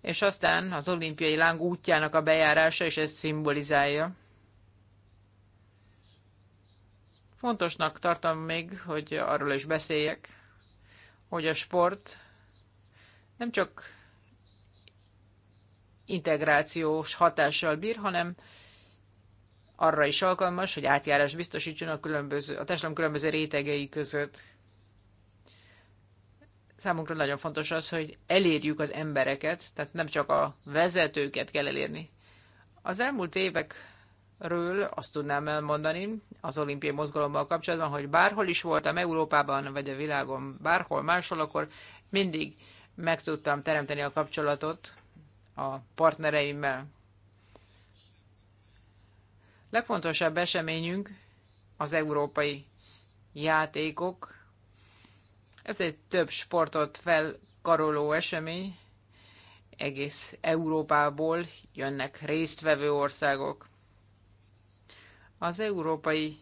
és aztán az olimpiai láng útjának a bejárása, és ez szimbolizálja. Fontosnak tartom még, hogy arról is beszéljek, hogy a sport nem csak integrációs hatással bír, hanem arra is alkalmas, hogy átjárás biztosítson a, különböző, a testem különböző rétegei között számunkra nagyon fontos az, hogy elérjük az embereket, tehát nem csak a vezetőket kell elérni. Az elmúlt évekről azt tudnám elmondani az olimpiai mozgalommal kapcsolatban, hogy bárhol is voltam Európában, vagy a világon, bárhol máshol, akkor mindig meg tudtam teremteni a kapcsolatot a partnereimmel. Legfontosabb eseményünk az európai játékok, ez egy több sportot felkaroló esemény. Egész Európából jönnek résztvevő országok. Az európai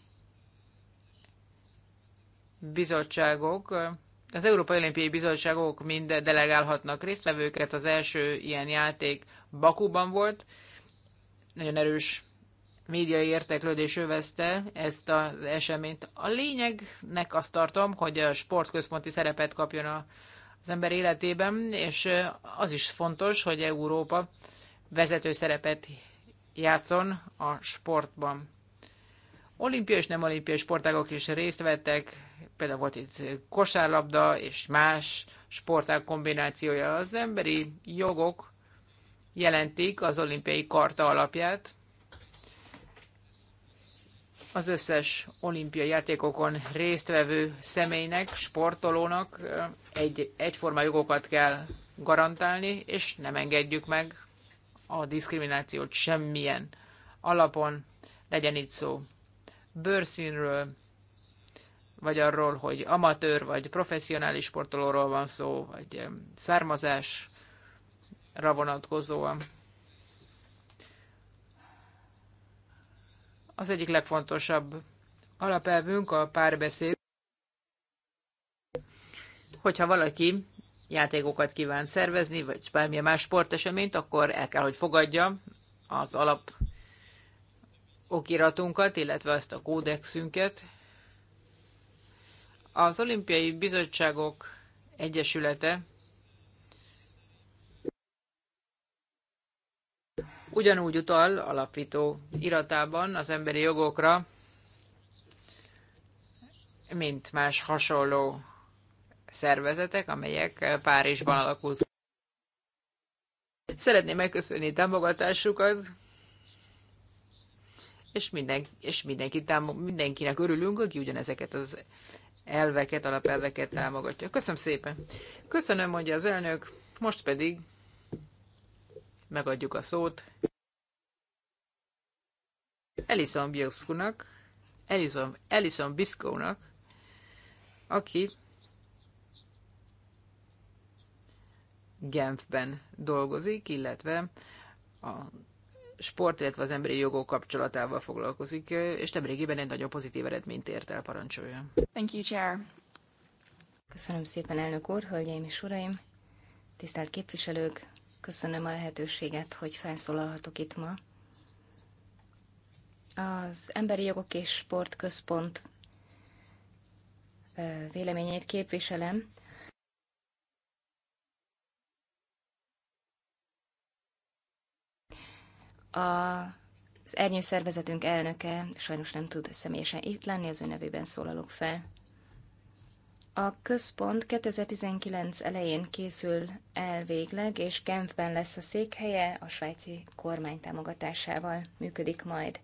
bizottságok, az Európai Olimpiai Bizottságok mind delegálhatnak résztvevőket. Az első ilyen játék Bakuban volt. Nagyon erős médiai érteklődés övezte ezt az eseményt. A lényegnek azt tartom, hogy a sportközponti szerepet kapjon a, az ember életében, és az is fontos, hogy Európa vezető szerepet játszon a sportban. Olimpiai és nem olimpiai sportágok is részt vettek, például volt itt kosárlabda és más sportág kombinációja. Az emberi jogok jelentik az olimpiai karta alapját, az összes olimpiai játékokon résztvevő személynek, sportolónak egy, egyforma jogokat kell garantálni, és nem engedjük meg a diszkriminációt semmilyen alapon, legyen itt szó bőrszínről, vagy arról, hogy amatőr vagy professzionális sportolóról van szó, vagy származásra vonatkozóan. Az egyik legfontosabb alapelvünk a párbeszéd. Hogyha valaki játékokat kíván szervezni, vagy bármilyen más sporteseményt, akkor el kell, hogy fogadja az alap okiratunkat, illetve ezt a kódexünket. Az Olimpiai Bizottságok Egyesülete ugyanúgy utal alapító iratában az emberi jogokra, mint más hasonló szervezetek, amelyek Párizsban alakult. Szeretném megköszönni támogatásukat, és, minden, és mindenki támog, mindenkinek örülünk, aki ugyanezeket az elveket, alapelveket támogatja. Köszönöm szépen. Köszönöm, mondja az elnök, most pedig megadjuk a szót. Elison Bioskunak, Elison, Elison Biskónak, aki Genfben dolgozik, illetve a sport, illetve az emberi jogok kapcsolatával foglalkozik, és nemrégiben egy nagyon pozitív eredményt ért el, parancsolja. Thank you, Chair. Köszönöm szépen, elnök úr, hölgyeim és uraim, tisztelt képviselők, Köszönöm a lehetőséget, hogy felszólalhatok itt ma. Az Emberi Jogok és Sport Központ véleményét képviselem. A az ernyőszervezetünk szervezetünk elnöke sajnos nem tud személyesen itt lenni, az ő nevében szólalok fel. A központ 2019 elején készül el végleg, és Genfben lesz a székhelye, a svájci kormány támogatásával működik majd.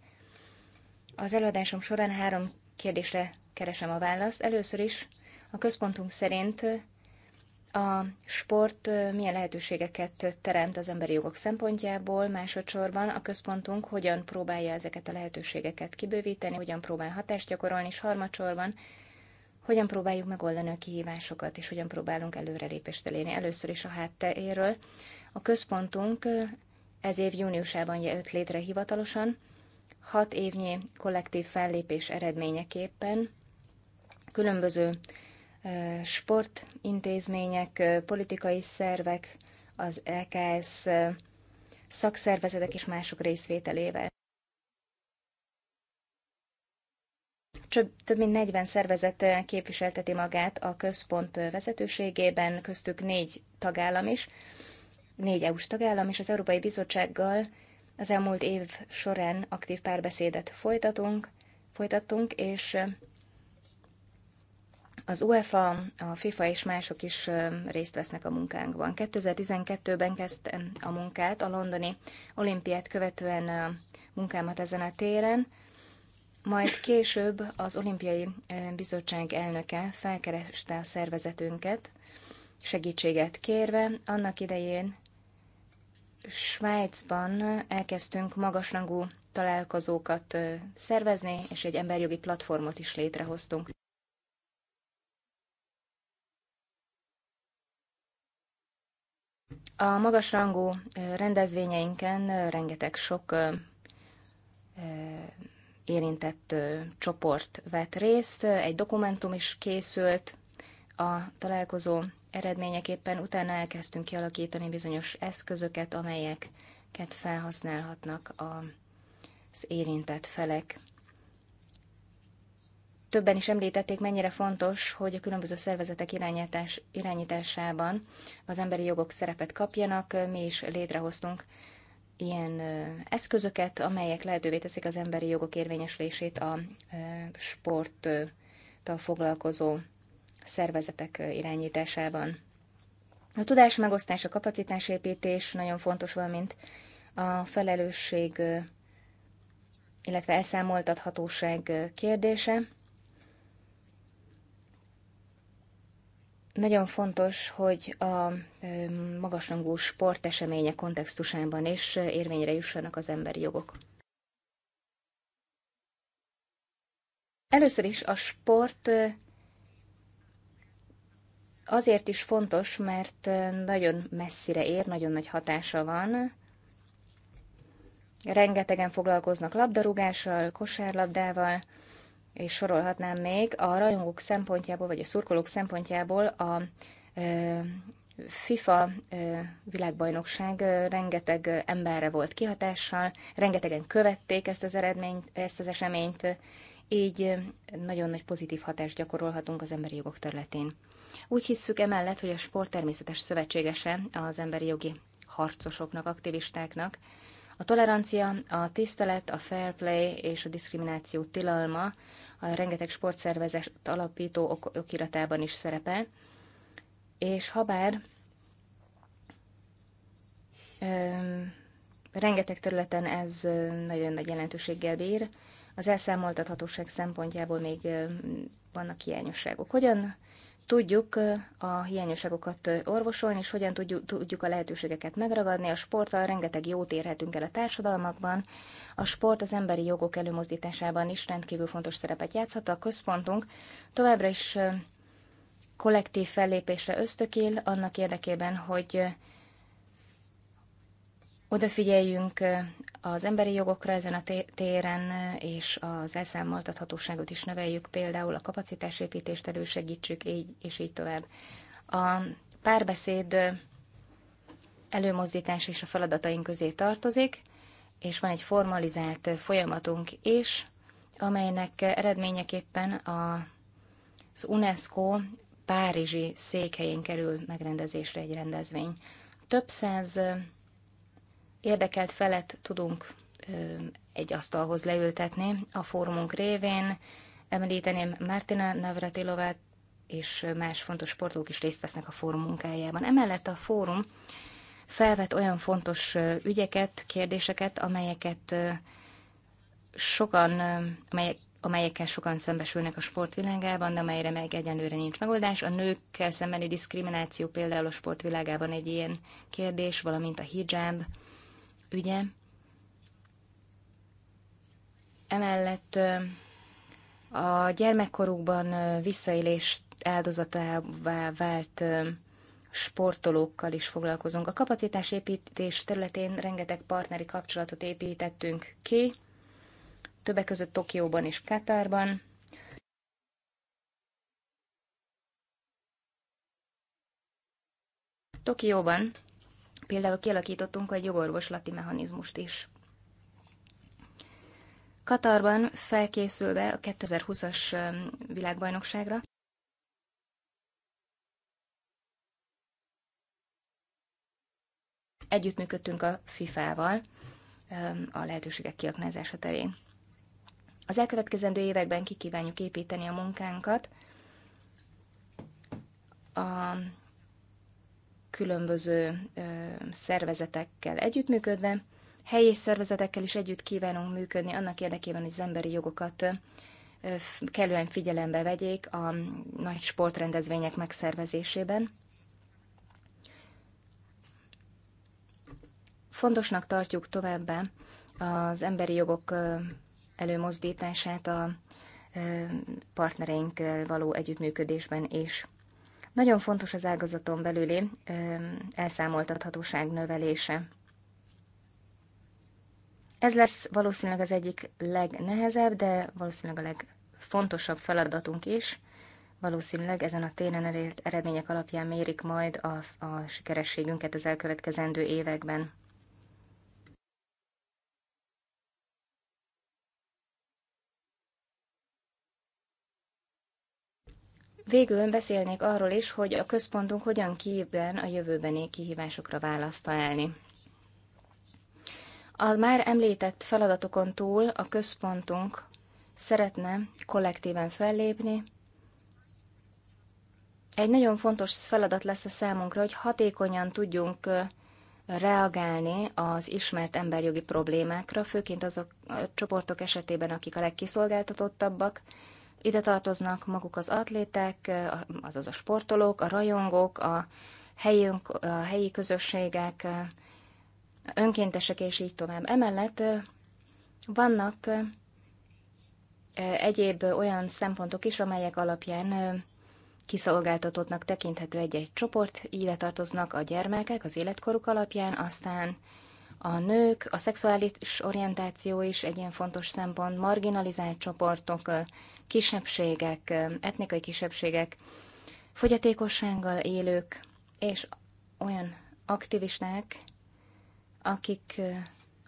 Az előadásom során három kérdésre keresem a választ. Először is a központunk szerint a sport milyen lehetőségeket teremt az emberi jogok szempontjából, másodszorban a központunk hogyan próbálja ezeket a lehetőségeket kibővíteni, hogyan próbál hatást gyakorolni, és harmadsorban hogyan próbáljuk megoldani a kihívásokat, és hogyan próbálunk előrelépést elérni. Először is a hátteréről. A központunk ez év júniusában jött létre hivatalosan, hat évnyi kollektív fellépés eredményeképpen különböző sportintézmények, politikai szervek, az EKS szakszervezetek és mások részvételével. több mint 40 szervezet eh, képviselteti magát a központ eh, vezetőségében, köztük négy tagállam is, négy EU-s tagállam, és az Európai Bizottsággal az elmúlt év során aktív párbeszédet folytatunk, folytattunk, és eh, az UEFA, a FIFA és mások is részt vesznek a munkánkban. 2012-ben kezdtem a munkát, a londoni olimpiát követően munkámat ezen a téren, majd később az olimpiai bizottság elnöke felkereste a szervezetünket, segítséget kérve. Annak idején Svájcban elkezdtünk magasrangú találkozókat szervezni, és egy emberjogi platformot is létrehoztunk. A magasrangú rendezvényeinken rengeteg sok érintett csoport vett részt, egy dokumentum is készült a találkozó eredményeképpen, utána elkezdtünk kialakítani bizonyos eszközöket, amelyeket felhasználhatnak az érintett felek. Többen is említették, mennyire fontos, hogy a különböző szervezetek irányítás, irányításában az emberi jogok szerepet kapjanak. Mi is létrehoztunk ilyen eszközöket, amelyek lehetővé teszik az emberi jogok érvényesülését a sporttal foglalkozó szervezetek irányításában. A tudás megosztás, a kapacitásépítés nagyon fontos, valamint a felelősség, illetve elszámoltathatóság kérdése. Nagyon fontos, hogy a magasrangú sportesemények kontextusában is érvényre jussanak az emberi jogok. Először is a sport azért is fontos, mert nagyon messzire ér, nagyon nagy hatása van. Rengetegen foglalkoznak labdarúgással, kosárlabdával, és sorolhatnám még, a rajongók szempontjából, vagy a szurkolók szempontjából a FIFA világbajnokság rengeteg emberre volt kihatással, rengetegen követték ezt az eredményt, ezt az eseményt, így nagyon nagy pozitív hatást gyakorolhatunk az emberi jogok területén. Úgy hisszük emellett, hogy a sport természetes szövetségese az emberi jogi harcosoknak, aktivistáknak. A tolerancia, a tisztelet, a fair play és a diszkrimináció tilalma a rengeteg sportszervezet alapító ok okiratában is szerepel. És habár öm, rengeteg területen ez nagyon nagy jelentőséggel bír, az elszámoltathatóság szempontjából még vannak hiányosságok. Hogyan tudjuk a hiányosságokat orvosolni, és hogyan tudjuk, tudjuk a lehetőségeket megragadni. A sporttal rengeteg jót érhetünk el a társadalmakban. A sport az emberi jogok előmozdításában is rendkívül fontos szerepet játszhat. A központunk továbbra is kollektív fellépésre ösztökél annak érdekében, hogy odafigyeljünk az emberi jogokra ezen a téren, és az elszámoltathatóságot is növeljük, például a kapacitásépítést elősegítsük, így, és így tovább. A párbeszéd előmozdítás is a feladataink közé tartozik, és van egy formalizált folyamatunk is, amelynek eredményeképpen a, az UNESCO Párizsi székhelyén kerül megrendezésre egy rendezvény. Több száz érdekelt felet tudunk egy asztalhoz leültetni a fórumunk révén. Említeném Martina Navratilovát, és más fontos sportolók is részt vesznek a fórum munkájában. Emellett a fórum felvet olyan fontos ügyeket, kérdéseket, amelyeket sokan, amelyek, amelyekkel sokan szembesülnek a sportvilágában, de amelyre meg egyenlőre nincs megoldás. A nőkkel szembeni diszkrimináció például a sportvilágában egy ilyen kérdés, valamint a hijab, ügye. Emellett a gyermekkorukban visszaélés áldozatává vált sportolókkal is foglalkozunk. A kapacitásépítés területén rengeteg partneri kapcsolatot építettünk ki, többek között Tokióban és Katárban. Tokióban Például kialakítottunk egy jogorvoslati mechanizmust is. Katarban felkészülve a 2020-as világbajnokságra, együttműködtünk a FIFA-val a lehetőségek kiaknázása terén. Az elkövetkezendő években kikívánjuk építeni a munkánkat, a különböző szervezetekkel együttműködve, helyi szervezetekkel is együtt kívánunk működni annak érdekében, hogy az emberi jogokat kellően figyelembe vegyék a nagy sportrendezvények megszervezésében. Fontosnak tartjuk továbbá az emberi jogok előmozdítását a partnereinkkel való együttműködésben is. Nagyon fontos az ágazaton belüli elszámoltathatóság növelése. Ez lesz valószínűleg az egyik legnehezebb, de valószínűleg a legfontosabb feladatunk is. Valószínűleg ezen a téren elért eredmények alapján mérik majd a, a sikerességünket az elkövetkezendő években. Végül beszélnék arról is, hogy a központunk hogyan képben a jövőbeni kihívásokra választ találni. A már említett feladatokon túl a központunk szeretne kollektíven fellépni. Egy nagyon fontos feladat lesz a számunkra, hogy hatékonyan tudjunk reagálni az ismert emberjogi problémákra, főként azok a csoportok esetében, akik a legkiszolgáltatottabbak, ide tartoznak maguk az atléták, azaz a sportolók, a rajongók, a helyi, a helyi közösségek, önkéntesek és így tovább. Emellett vannak egyéb olyan szempontok is, amelyek alapján kiszolgáltatottnak tekinthető egy-egy csoport, ide tartoznak a gyermekek az életkoruk alapján, aztán a nők, a szexuális orientáció is egy ilyen fontos szempont, marginalizált csoportok, kisebbségek, etnikai kisebbségek, fogyatékossággal élők, és olyan aktivisták, akik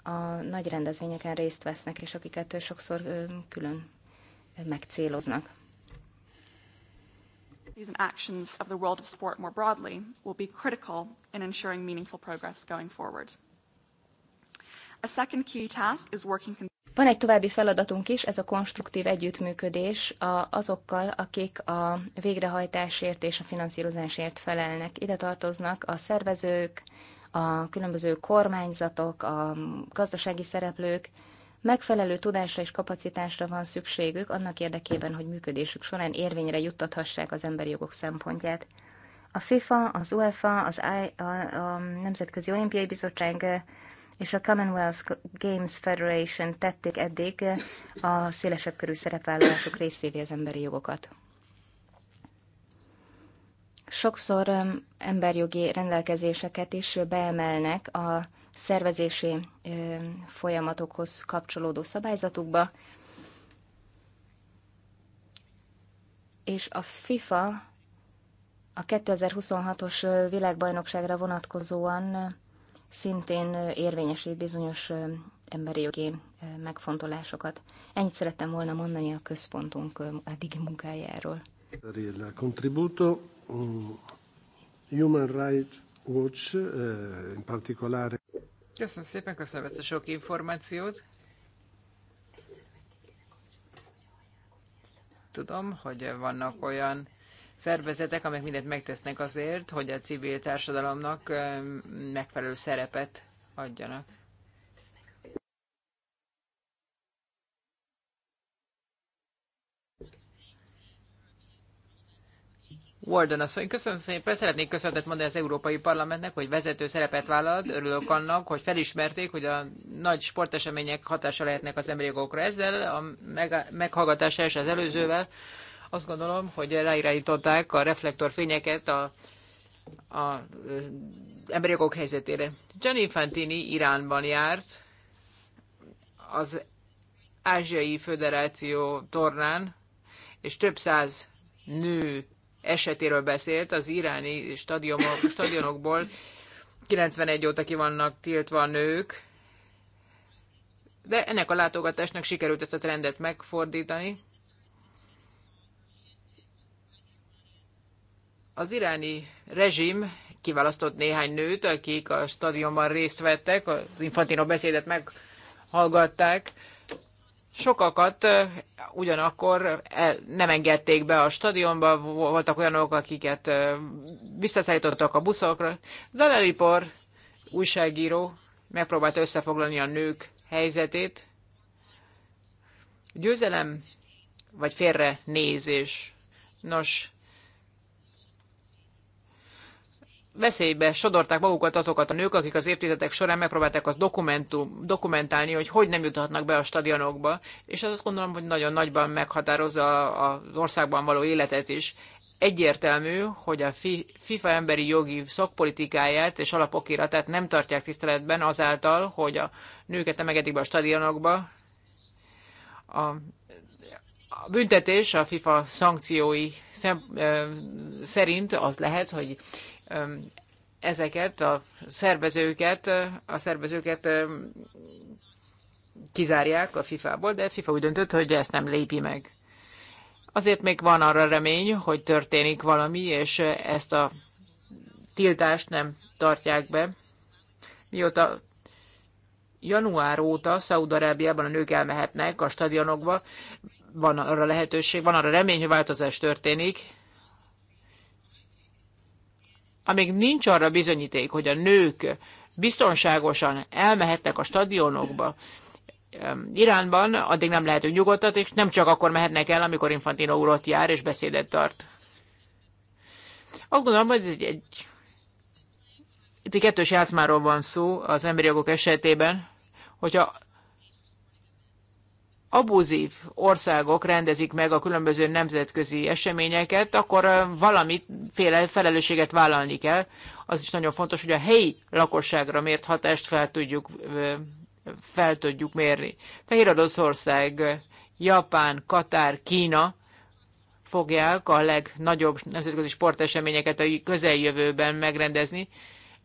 a nagy rendezvényeken részt vesznek, és akiket sokszor külön megcéloznak. These actions of the world of sport more broadly will be critical in ensuring meaningful progress going forward. Van egy további feladatunk is, ez a konstruktív együttműködés a, azokkal, akik a végrehajtásért és a finanszírozásért felelnek. Ide tartoznak a szervezők, a különböző kormányzatok, a gazdasági szereplők. Megfelelő tudásra és kapacitásra van szükségük annak érdekében, hogy működésük során érvényre juttathassák az emberi jogok szempontját. A FIFA, az UEFA, az I, a, a Nemzetközi Olimpiai Bizottság és a Commonwealth Games Federation tették eddig a szélesebb körű szerepvállalások részévé az emberi jogokat. Sokszor um, emberjogi rendelkezéseket is beemelnek a szervezési um, folyamatokhoz kapcsolódó szabályzatukba, és a FIFA a 2026-os uh, világbajnokságra vonatkozóan szintén érvényesít bizonyos emberi jogi megfontolásokat. Ennyit szerettem volna mondani a központunk eddig munkájáról. Contributo mm, Human Rights Watch, in particolare. Köszönöm szépen, köszönöm ezt a sok információt. Tudom, hogy vannak olyan szervezetek, amelyek mindent megtesznek azért, hogy a civil társadalomnak megfelelő szerepet adjanak. Warden asszony, köszönöm szépen. Szeretnék köszönetet mondani az Európai Parlamentnek, hogy vezető szerepet vállalt. Örülök annak, hogy felismerték, hogy a nagy sportesemények hatása lehetnek az emberi jogokra. Ezzel a meghallgatása és az előzővel azt gondolom, hogy ráirányították a reflektorfényeket a, a emberi jogok helyzetére. Gianni Fantini Iránban járt az Ázsiai Föderáció tornán, és több száz nő esetéről beszélt az iráni stadionokból. 91 óta ki vannak tiltva a nők, de ennek a látogatásnak sikerült ezt a trendet megfordítani. Az iráni rezsim kiválasztott néhány nőt, akik a stadionban részt vettek, az Infantino beszédet meghallgatták. Sokakat ugyanakkor el, nem engedték be a stadionba, voltak olyanok, akiket visszaszállítottak a buszokra. Zalelipor újságíró megpróbálta összefoglalni a nők helyzetét. Győzelem vagy félre nézés. Nos, veszélybe sodorták magukat azokat a nők, akik az évtizedek során megpróbálták az dokumentum, dokumentálni, hogy hogy nem juthatnak be a stadionokba, és az azt gondolom, hogy nagyon nagyban meghatározza az országban való életet is. Egyértelmű, hogy a FIFA emberi jogi szakpolitikáját és alapokiratát nem tartják tiszteletben azáltal, hogy a nőket nem engedik be a stadionokba. A a büntetés a FIFA szankciói szem, ö, szerint az lehet, hogy ezeket a szervezőket, a szervezőket kizárják a FIFA-ból, de FIFA úgy döntött, hogy ezt nem lépi meg. Azért még van arra remény, hogy történik valami, és ezt a tiltást nem tartják be. Mióta január óta Szaúd-Arábiában a nők elmehetnek a stadionokba, van arra lehetőség, van arra remény, hogy változás történik, amíg nincs arra bizonyíték, hogy a nők biztonságosan elmehetnek a stadionokba, Iránban addig nem lehetünk nyugodtat, és nem csak akkor mehetnek el, amikor Infantino úr ott jár és beszédet tart. Azt gondolom, hogy egy, egy egy kettős játszmáról van szó az emberi jogok esetében, hogyha abúzív országok rendezik meg a különböző nemzetközi eseményeket, akkor valamiféle felelősséget vállalni kell. Az is nagyon fontos, hogy a helyi lakosságra mért hatást fel tudjuk, fel tudjuk mérni. Fehér Oroszország, Japán, Katár, Kína fogják a legnagyobb nemzetközi sporteseményeket a közeljövőben megrendezni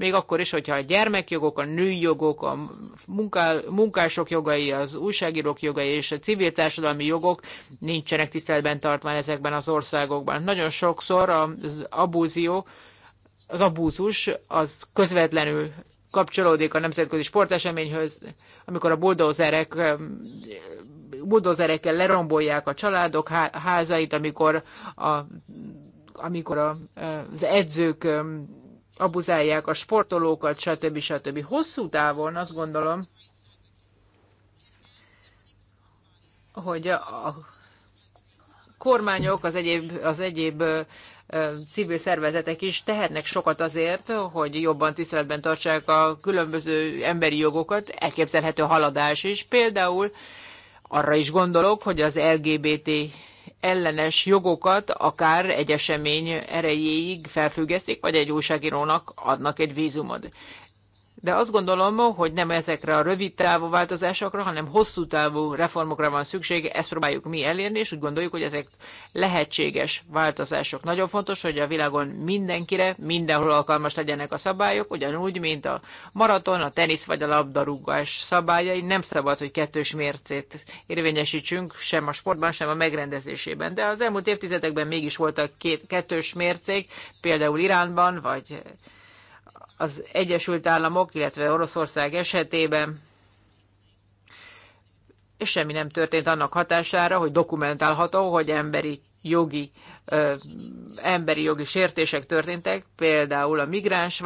még akkor is, hogyha a gyermekjogok, a női jogok, a munká, munkások jogai, az újságírók jogai és a civil társadalmi jogok nincsenek tiszteletben tartva ezekben az országokban. Nagyon sokszor az abúzió, az abúzus az közvetlenül kapcsolódik a nemzetközi sporteseményhöz, amikor a buldózerek buldozerekkel lerombolják a családok házait, amikor, a, amikor a, az edzők abuzálják a sportolókat, stb. stb. Hosszú távon azt gondolom, hogy a kormányok, az egyéb, az egyéb civil szervezetek is tehetnek sokat azért, hogy jobban tiszteletben tartsák a különböző emberi jogokat, elképzelhető haladás is. Például arra is gondolok, hogy az LGBT ellenes jogokat akár egy esemény erejéig felfüggesztik, vagy egy újságírónak adnak egy vízumot de azt gondolom, hogy nem ezekre a rövid távú változásokra, hanem hosszú távú reformokra van szükség, ezt próbáljuk mi elérni, és úgy gondoljuk, hogy ezek lehetséges változások. Nagyon fontos, hogy a világon mindenkire, mindenhol alkalmas legyenek a szabályok, ugyanúgy, mint a maraton, a tenisz vagy a labdarúgás szabályai. Nem szabad, hogy kettős mércét érvényesítsünk sem a sportban, sem a megrendezésében. De az elmúlt évtizedekben mégis voltak két, kettős mércék, például Iránban, vagy az Egyesült Államok, illetve Oroszország esetében, és semmi nem történt annak hatására, hogy dokumentálható, hogy emberi jogi, ö, emberi jogi sértések történtek, például a migráns,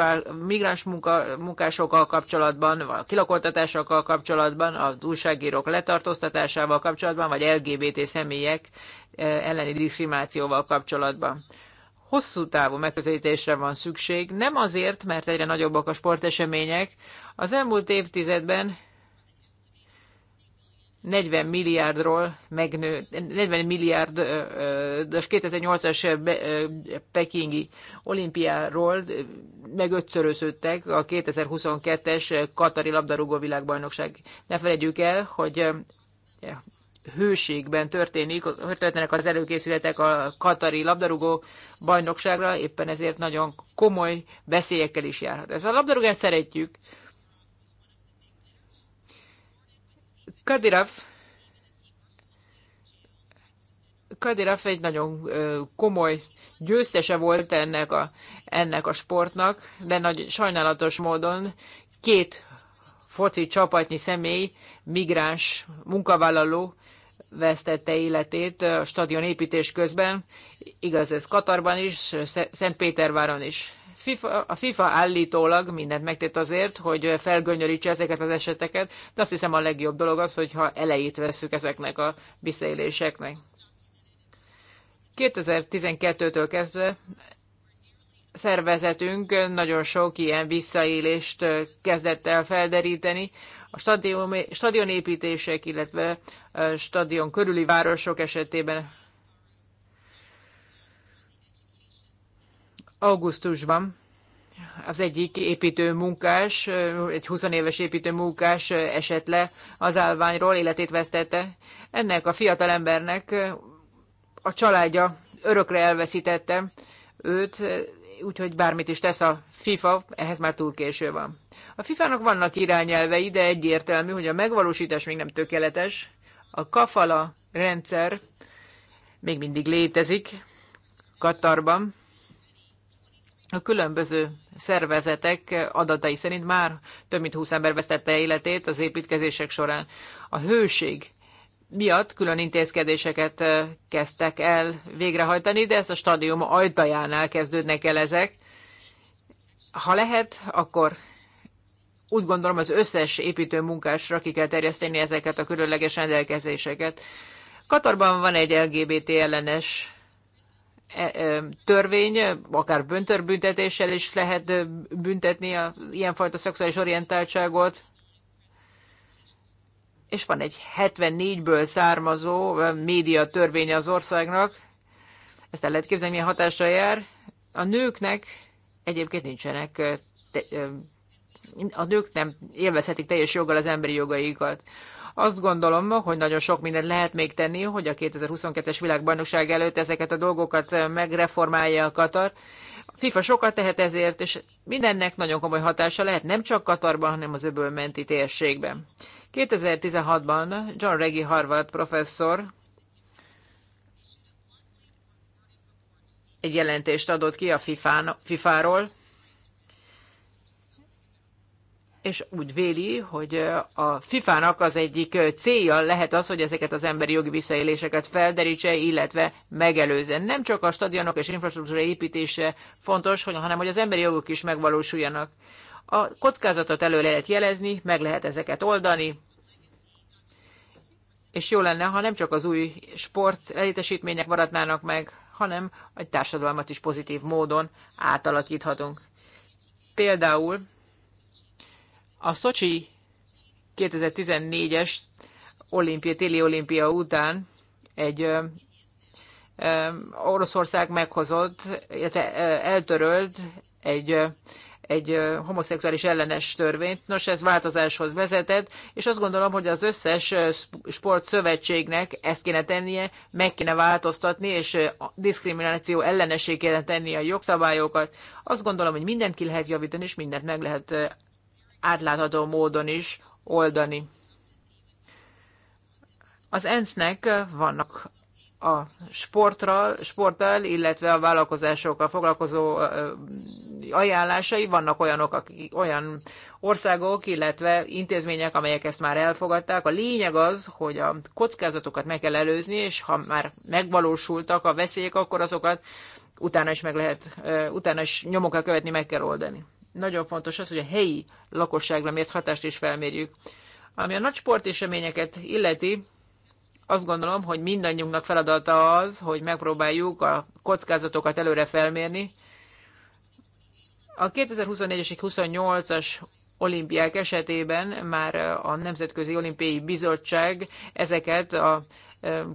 migráns munka, munkásokkal kapcsolatban, vagy a kilakoltatásokkal kapcsolatban, a újságírók letartóztatásával kapcsolatban, vagy LGBT személyek elleni diszkriminációval kapcsolatban hosszú távú megközelítésre van szükség, nem azért, mert egyre nagyobbak a sportesemények. Az elmúlt évtizedben 40 milliárdról megnő, 40 milliárdos 2008-as pekingi olimpiáról meg a 2022-es Katari labdarúgó világbajnokság. Ne felejtjük el, hogy hőségben történik, történnek az előkészületek a katari labdarúgó bajnokságra, éppen ezért nagyon komoly veszélyekkel is járhat. Ez a labdarúgást szeretjük. Kadirav Kadirav egy nagyon komoly győztese volt ennek a, ennek a sportnak, de nagy sajnálatos módon két foci csapatnyi személy, migráns, munkavállaló vesztette életét a stadion építés közben. Igaz ez Katarban is, Szentpéterváron is. FIFA, a FIFA állítólag mindent megtett azért, hogy felgönyörítse ezeket az eseteket, de azt hiszem a legjobb dolog az, hogyha elejét vesszük ezeknek a visszaéléseknek. 2012-től kezdve szervezetünk nagyon sok ilyen visszaélést kezdett el felderíteni a stadion, stadionépítések, illetve a stadion körüli városok esetében augusztusban az egyik építő munkás, egy 20 éves építő munkás esett le az állványról, életét vesztette. Ennek a fiatal embernek a családja örökre elveszítette őt, úgyhogy bármit is tesz a FIFA, ehhez már túl késő van. A FIFA-nak vannak irányelvei, de egyértelmű, hogy a megvalósítás még nem tökéletes. A kafala rendszer még mindig létezik Katarban. A különböző szervezetek adatai szerint már több mint 20 ember vesztette életét az építkezések során. A hőség miatt külön intézkedéseket kezdtek el végrehajtani, de ez a stadium ajtajánál kezdődnek el ezek. Ha lehet, akkor úgy gondolom az összes építő munkásra ki kell terjeszteni ezeket a különleges rendelkezéseket. Katarban van egy LGBT ellenes e, törvény, akár böntörbüntetéssel is lehet büntetni a ilyenfajta szexuális orientáltságot és van egy 74-ből származó média törvénye az országnak. Ezt el lehet képzelni, milyen hatással jár. A nőknek egyébként nincsenek, a nők nem élvezhetik teljes joggal az emberi jogaikat. Azt gondolom, hogy nagyon sok mindent lehet még tenni, hogy a 2022-es világbajnokság előtt ezeket a dolgokat megreformálja a Katar, FIFA sokat tehet ezért, és mindennek nagyon komoly hatása lehet, nem csak Katarban, hanem az öbölmenti térségben. 2016-ban John Reggie Harvard professzor egy jelentést adott ki a FIFA-ról, és úgy véli, hogy a FIFA-nak az egyik célja lehet az, hogy ezeket az emberi jogi visszaéléseket felderítse, illetve megelőzze. Nem csak a stadionok és infrastruktúra építése fontos, hanem hogy az emberi jogok is megvalósuljanak. A kockázatot elő lehet jelezni, meg lehet ezeket oldani, és jó lenne, ha nem csak az új sport elétesítmények maradnának meg, hanem a társadalmat is pozitív módon átalakíthatunk. Például a Szocsi 2014-es olimpia, téli olimpia után egy ö, ö, Oroszország meghozott, illetve eltörölt egy ö, egy homoszexuális ellenes törvényt. Nos, ez változáshoz vezetett, és azt gondolom, hogy az összes sportszövetségnek ezt kéne tennie, meg kéne változtatni, és a diszkrimináció ellenessé kéne tenni a jogszabályokat. Azt gondolom, hogy mindent ki lehet javítani, és mindent meg lehet átlátható módon is oldani. Az ENSZ-nek vannak a sportra, sporttal, illetve a vállalkozásokkal foglalkozó ajánlásai. Vannak olyanok, akik, olyan országok, illetve intézmények, amelyek ezt már elfogadták. A lényeg az, hogy a kockázatokat meg kell előzni, és ha már megvalósultak a veszélyek, akkor azokat utána is, meg lehet, utána is nyomokkal követni meg kell oldani nagyon fontos az, hogy a helyi lakosságra miért hatást is felmérjük. Ami a nagy sporteseményeket illeti, azt gondolom, hogy mindannyiunknak feladata az, hogy megpróbáljuk a kockázatokat előre felmérni. A 2024-es 28-as olimpiák esetében már a Nemzetközi Olimpiai Bizottság ezeket a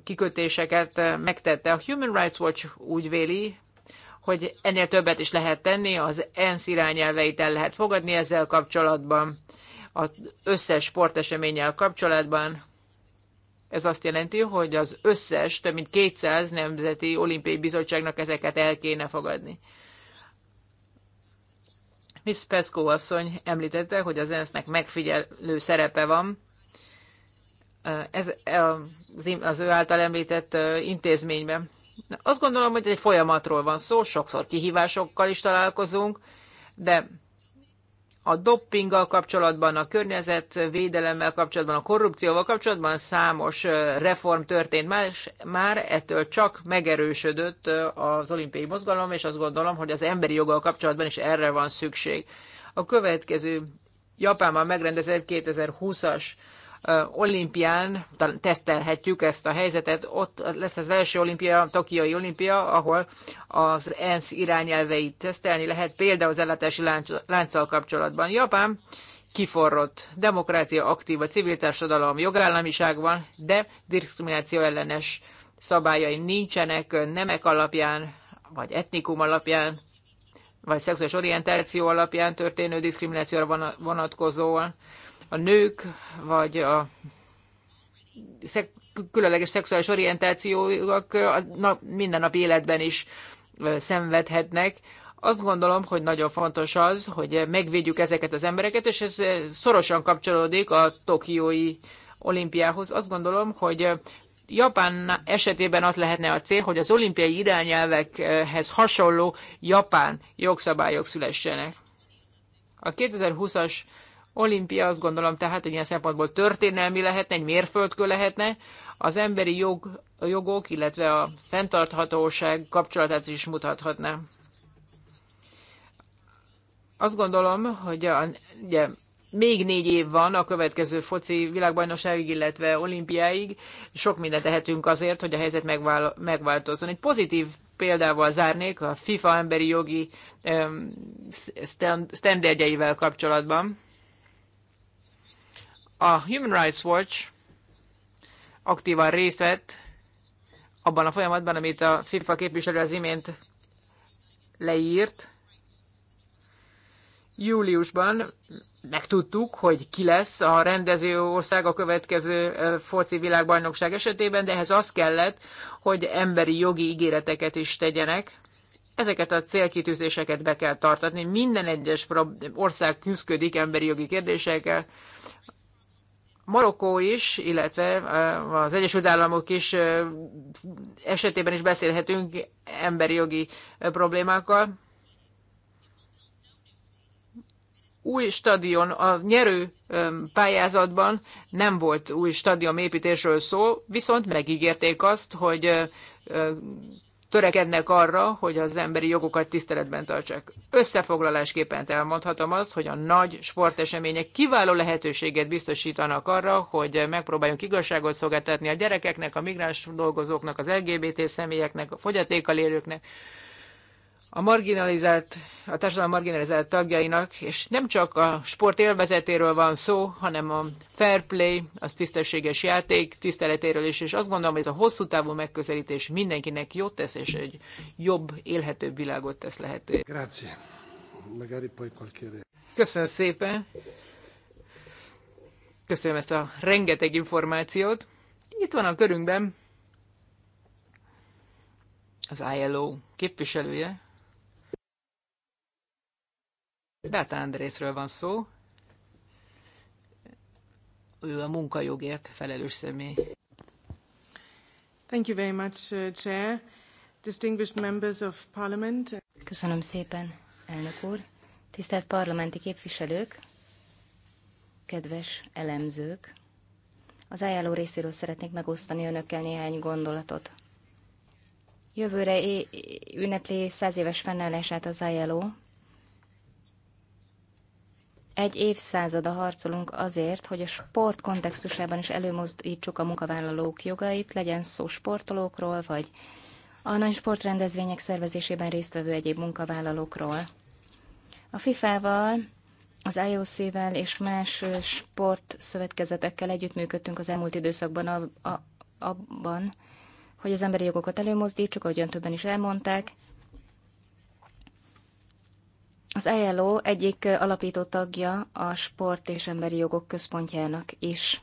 kikötéseket megtette. A Human Rights Watch úgy véli, hogy ennél többet is lehet tenni, az ENSZ irányelveit el lehet fogadni ezzel kapcsolatban, az összes sporteseménnyel kapcsolatban. Ez azt jelenti, hogy az összes, több mint 200 nemzeti olimpiai bizottságnak ezeket el kéne fogadni. Miss Pesco asszony említette, hogy az ENSZ-nek megfigyelő szerepe van. Ez az ő által említett intézményben. Azt gondolom, hogy egy folyamatról van szó, sokszor kihívásokkal is találkozunk, de a doppinggal kapcsolatban, a környezetvédelemmel kapcsolatban, a korrupcióval kapcsolatban számos reform történt és már, ettől csak megerősödött az olimpiai mozgalom, és azt gondolom, hogy az emberi joggal kapcsolatban is erre van szükség. A következő Japánban megrendezett 2020-as olimpián tesztelhetjük ezt a helyzetet. Ott lesz az első olimpia, a tokiai olimpia, ahol az ENSZ irányelveit tesztelni lehet, például az ellátási lánccal kapcsolatban. Japán kiforrott demokrácia, aktív a civil társadalom, jogállamiság van, de diszkrimináció ellenes szabályai nincsenek nemek alapján, vagy etnikum alapján, vagy szexuális orientáció alapján történő diszkriminációra vonatkozóan a nők, vagy a szek- különleges szexuális orientációk a nap, mindennapi életben is szenvedhetnek. Azt gondolom, hogy nagyon fontos az, hogy megvédjük ezeket az embereket, és ez szorosan kapcsolódik a tokiói olimpiához. Azt gondolom, hogy Japán esetében az lehetne a cél, hogy az olimpiai irányelvekhez hasonló japán jogszabályok szülessenek. A 2020-as olimpia, azt gondolom tehát, hogy ilyen szempontból történelmi lehetne, egy mérföldkő lehetne, az emberi jog, a jogok, illetve a fenntarthatóság kapcsolatát is mutathatná. Azt gondolom, hogy a, ugye, még négy év van a következő foci világbajnokságig, illetve olimpiáig. Sok mindent tehetünk azért, hogy a helyzet megvál, megváltozzon. Egy pozitív példával zárnék a FIFA emberi jogi standardjeivel kapcsolatban. A Human Rights Watch aktívan részt vett abban a folyamatban, amit a FIFA képviselő az imént leírt. Júliusban megtudtuk, hogy ki lesz a rendező ország a következő foci világbajnokság esetében, de ehhez az kellett, hogy emberi jogi ígéreteket is tegyenek. Ezeket a célkitűzéseket be kell tartatni. Minden egyes ország küzdködik emberi jogi kérdésekkel. Marokkó is, illetve eh, az Egyesült Államok is eh, esetében is beszélhetünk emberi jogi eh, problémákkal. Új stadion, a nyerő pályázatban nem volt új stadion építésről szó, viszont megígérték azt, hogy törekednek arra, hogy az emberi jogokat tiszteletben tartsák. Összefoglalásképpen elmondhatom azt, hogy a nagy sportesemények kiváló lehetőséget biztosítanak arra, hogy megpróbáljunk igazságot szolgáltatni a gyerekeknek, a migráns dolgozóknak, az LGBT személyeknek, a fogyatékkal élőknek, a marginalizált, a társadalom marginalizált tagjainak, és nem csak a sport élvezetéről van szó, hanem a fair play, az tisztességes játék tiszteletéről is, és azt gondolom, hogy ez a hosszú távú megközelítés mindenkinek jót tesz, és egy jobb, élhetőbb világot tesz lehető. Grazie. Köszönöm szépen. Köszönöm ezt a rengeteg információt. Itt van a körünkben az ILO képviselője, Beata Andrészről van szó. Ő a munkajogért felelős személy. Thank you very much, uh, Chair. Distinguished members of parliament. Köszönöm szépen, elnök úr. Tisztelt parlamenti képviselők, kedves elemzők, az ajánló részéről szeretnék megosztani önökkel néhány gondolatot. Jövőre ünnepli száz éves fennállását az ajánló, egy évszázada harcolunk azért, hogy a sport kontextusában is előmozdítsuk a munkavállalók jogait, legyen szó sportolókról, vagy a nagy sportrendezvények szervezésében résztvevő egyéb munkavállalókról. A FIFA-val, az IOC-vel és más sportszövetkezetekkel együttműködtünk az elmúlt időszakban a, a, abban, hogy az emberi jogokat előmozdítsuk, ahogyan többen is elmondták, az ILO egyik alapító tagja a Sport és Emberi Jogok Központjának is.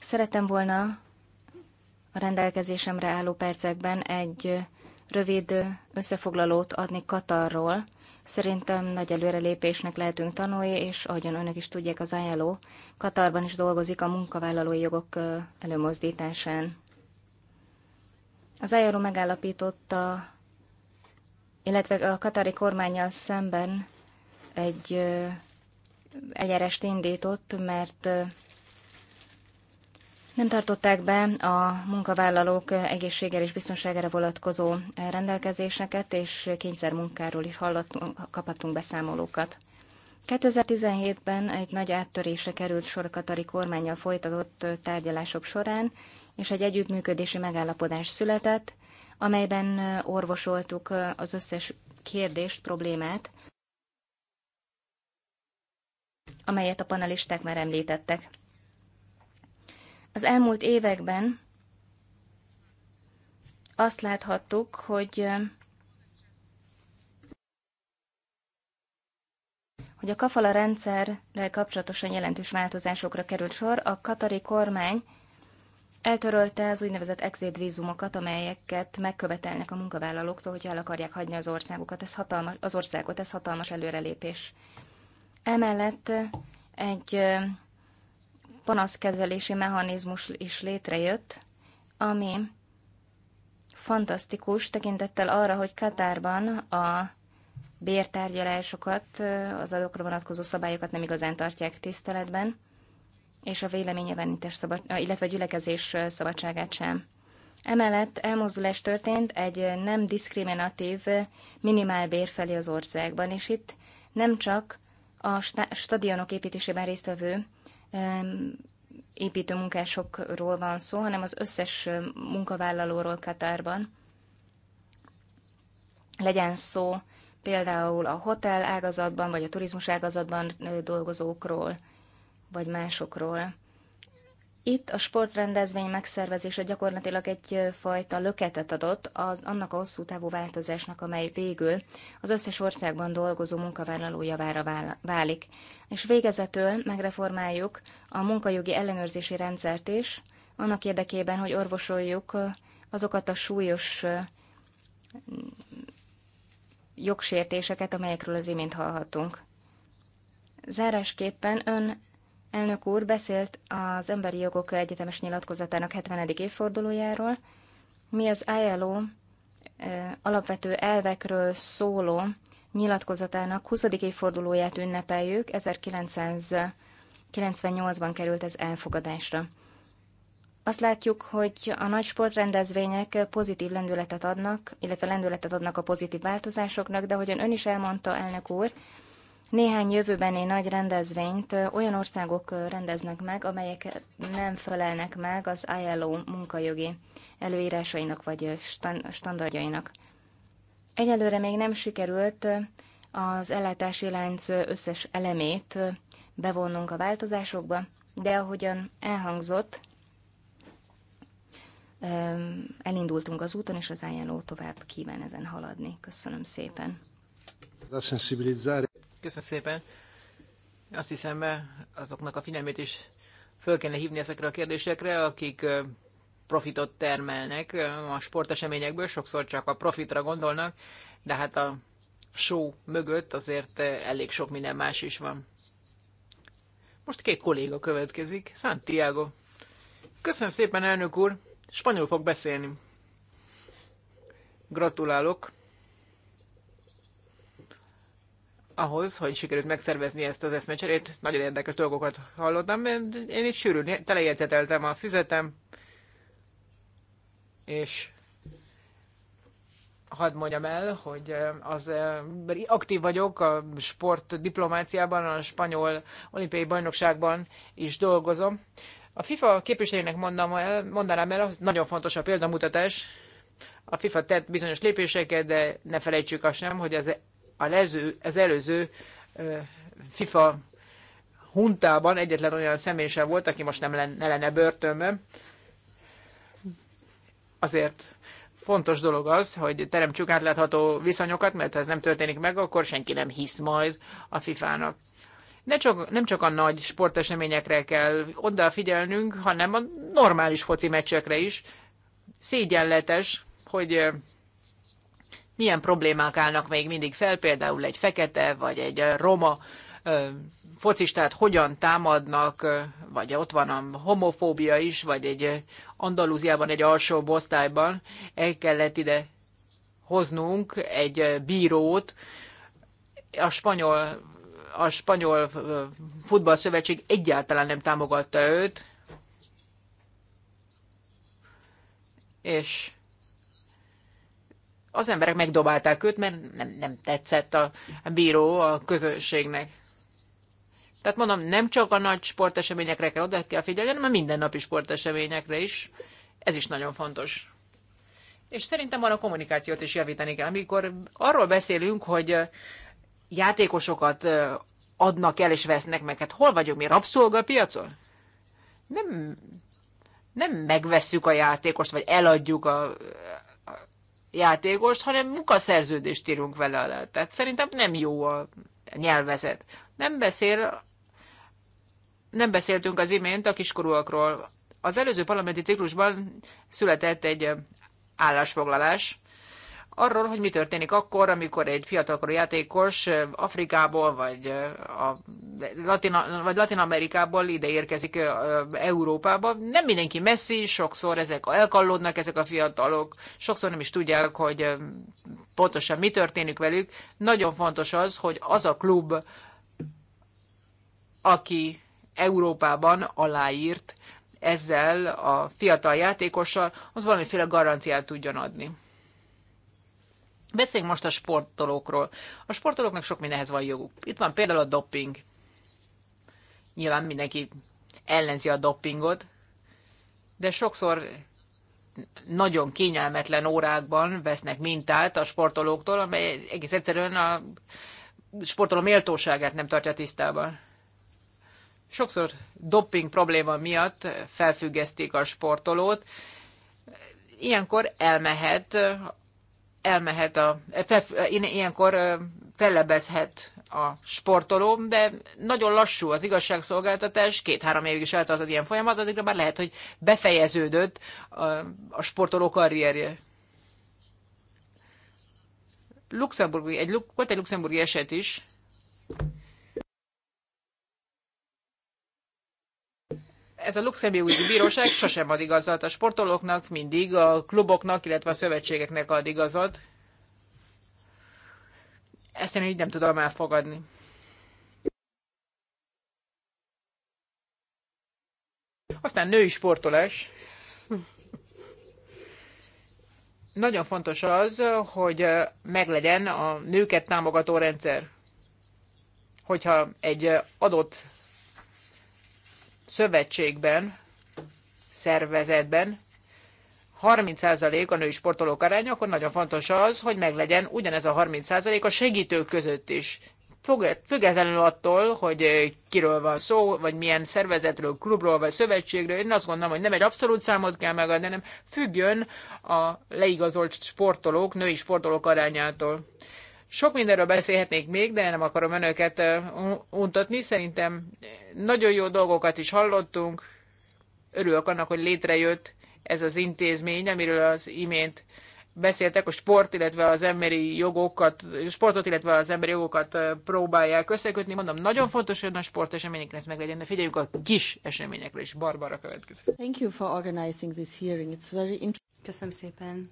Szerettem volna a rendelkezésemre álló percekben egy rövid összefoglalót adni Katarról. Szerintem nagy előrelépésnek lehetünk tanulni, és ahogyan önök is tudják, az ILO Katarban is dolgozik a munkavállalói jogok előmozdításán. Az ILO megállapította illetve a katari kormányjal szemben egy eljárást indított, mert nem tartották be a munkavállalók egészségére és biztonságára vonatkozó rendelkezéseket, és kényszermunkáról is hallottunk, kaphattunk beszámolókat. 2017-ben egy nagy áttörése került sor a katari kormányjal folytatott tárgyalások során, és egy együttműködési megállapodás született, amelyben orvosoltuk az összes kérdést, problémát, amelyet a panelisták már említettek. Az elmúlt években azt láthattuk, hogy hogy a kafala rendszerrel kapcsolatosan jelentős változásokra került sor. A katari kormány Eltörölte az úgynevezett exit vízumokat, amelyeket megkövetelnek a munkavállalóktól, hogyha el akarják hagyni az, országukat. Ez hatalmas, az országot. Ez hatalmas előrelépés. Emellett egy panaszkezelési mechanizmus is létrejött, ami fantasztikus tekintettel arra, hogy Katárban a bértárgyalásokat, az adókra vonatkozó szabályokat nem igazán tartják tiszteletben és a véleményjelentés szabad, illetve a gyülekezés szabadságát sem. Emellett elmozdulás történt egy nem diszkriminatív bér felé az országban, és itt nem csak a stadionok építésében résztvevő építőmunkásokról van szó, hanem az összes munkavállalóról Katárban. Legyen szó például a hotel ágazatban, vagy a turizmus ágazatban dolgozókról, vagy másokról. Itt a sportrendezvény megszervezése gyakorlatilag egyfajta löketet adott az annak a hosszú távú változásnak, amely végül az összes országban dolgozó munkavállaló javára válik. És végezetül megreformáljuk a munkajogi ellenőrzési rendszert is, annak érdekében, hogy orvosoljuk azokat a súlyos jogsértéseket, amelyekről az imént hallhatunk. Zárásképpen ön Elnök úr beszélt az Emberi Jogok Egyetemes Nyilatkozatának 70. évfordulójáról. Mi az ILO alapvető elvekről szóló nyilatkozatának 20. évfordulóját ünnepeljük, 1998-ban került ez elfogadásra. Azt látjuk, hogy a nagy sportrendezvények pozitív lendületet adnak, illetve lendületet adnak a pozitív változásoknak, de ahogyan ön is elmondta, elnök úr, néhány jövőbeni nagy rendezvényt olyan országok rendeznek meg, amelyek nem felelnek meg az ILO munkajogi előírásainak vagy standardjainak. Egyelőre még nem sikerült az ellátási lánc összes elemét bevonnunk a változásokba, de ahogyan elhangzott, elindultunk az úton, és az ILO tovább kíván ezen haladni. Köszönöm szépen. Köszönöm szépen. Azt hiszem, eh, azoknak a figyelmét is föl kellene hívni ezekre a kérdésekre, akik eh, profitot termelnek eh, a sporteseményekből, sokszor csak a profitra gondolnak, de hát a show mögött azért elég sok minden más is van. Most két kolléga következik, Santiago. Köszönöm szépen, elnök úr, spanyol fog beszélni. Gratulálok ahhoz, hogy sikerült megszervezni ezt az eszmecserét. Nagyon érdekes dolgokat hallottam, én itt sűrűn telejegyzeteltem a füzetem, és hadd mondjam el, hogy az eh, aktív vagyok a sport diplomáciában, a spanyol olimpiai bajnokságban is dolgozom. A FIFA képviselőjének mondanám el, mondanám el, hogy nagyon fontos a példamutatás. A FIFA tett bizonyos lépéseket, de ne felejtsük azt sem, hogy az az előző FIFA huntában egyetlen olyan személy sem volt, aki most nem lenne, lenne börtönben. Azért fontos dolog az, hogy teremtsük átlátható viszonyokat, mert ha ez nem történik meg, akkor senki nem hisz majd a FIFA-nak. Ne csak, nem csak a nagy sporteseményekre kell odafigyelnünk, hanem a normális foci meccsekre is. Szégyenletes, hogy milyen problémák állnak még mindig fel, például egy fekete vagy egy roma focistát hogyan támadnak, vagy ott van a homofóbia is, vagy egy Andalúziában, egy alsó osztályban el kellett ide hoznunk egy bírót, a spanyol, a spanyol futballszövetség egyáltalán nem támogatta őt, és az emberek megdobálták őt, mert nem, nem tetszett a bíró a közönségnek. Tehát mondom, nem csak a nagy sporteseményekre kell oda kell figyelni, hanem a mindennapi sporteseményekre is. Ez is nagyon fontos. És szerintem van a kommunikációt is javítani kell. Amikor arról beszélünk, hogy játékosokat adnak el és vesznek meg, hát hol vagyunk mi, rabszolga a piacon? Nem, nem megvesszük a játékost, vagy eladjuk a, játékost, hanem munkaszerződést írunk vele alá. Tehát szerintem nem jó a nyelvezet. Nem beszél, nem beszéltünk az imént a kiskorúakról. Az előző parlamenti ciklusban született egy állásfoglalás arról, hogy mi történik akkor, amikor egy fiatalkorú játékos Afrikából vagy, a Latina, vagy Latin Amerikából ide érkezik Európába. Nem mindenki messzi, sokszor ezek elkallódnak ezek a fiatalok, sokszor nem is tudják, hogy pontosan mi történik velük. Nagyon fontos az, hogy az a klub, aki Európában aláírt ezzel a fiatal játékossal, az valamiféle garanciát tudjon adni. Beszéljünk most a sportolókról. A sportolóknak sok mindenhez van joguk. Itt van például a doping. Nyilván mindenki ellenzi a dopingot, de sokszor nagyon kényelmetlen órákban vesznek mintát a sportolóktól, amely egész egyszerűen a sportoló méltóságát nem tartja tisztában. Sokszor doping probléma miatt felfüggesztik a sportolót, ilyenkor elmehet elmehet a, én ilyenkor fellebezhet a sportoló, de nagyon lassú az igazságszolgáltatás, két-három évig is eltart egy ilyen folyamat, addigra már lehet, hogy befejeződött a, a sportoló karrierje. Luxemburgi, egy, volt egy luxemburgi eset is, ez a luxemburgi bíróság sosem ad igazat. A sportolóknak mindig, a kluboknak, illetve a szövetségeknek ad igazat. Ezt én így nem tudom elfogadni. Aztán női sportolás. Nagyon fontos az, hogy meglegyen a nőket támogató rendszer. Hogyha egy adott szövetségben, szervezetben 30% a női sportolók aránya, akkor nagyon fontos az, hogy meglegyen ugyanez a 30% a segítők között is. Függetlenül attól, hogy eh, kiről van szó, vagy milyen szervezetről, klubról, vagy szövetségről, én azt gondolom, hogy nem egy abszolút számot kell megadni, hanem függjön a leigazolt sportolók, női sportolók arányától. Sok mindenről beszélhetnék még, de nem akarom önöket untatni. Szerintem nagyon jó dolgokat is hallottunk. Örülök annak, hogy létrejött ez az intézmény, amiről az imént beszéltek, a sport, illetve az emberi jogokat, sportot, illetve az emberi jogokat próbálják összekötni. Mondom, nagyon fontos, hogy a sporteseményekre ez meglegyen, de figyeljük a kis eseményekre is. Barbara következik. Thank you for organizing this hearing. It's very Köszönöm szépen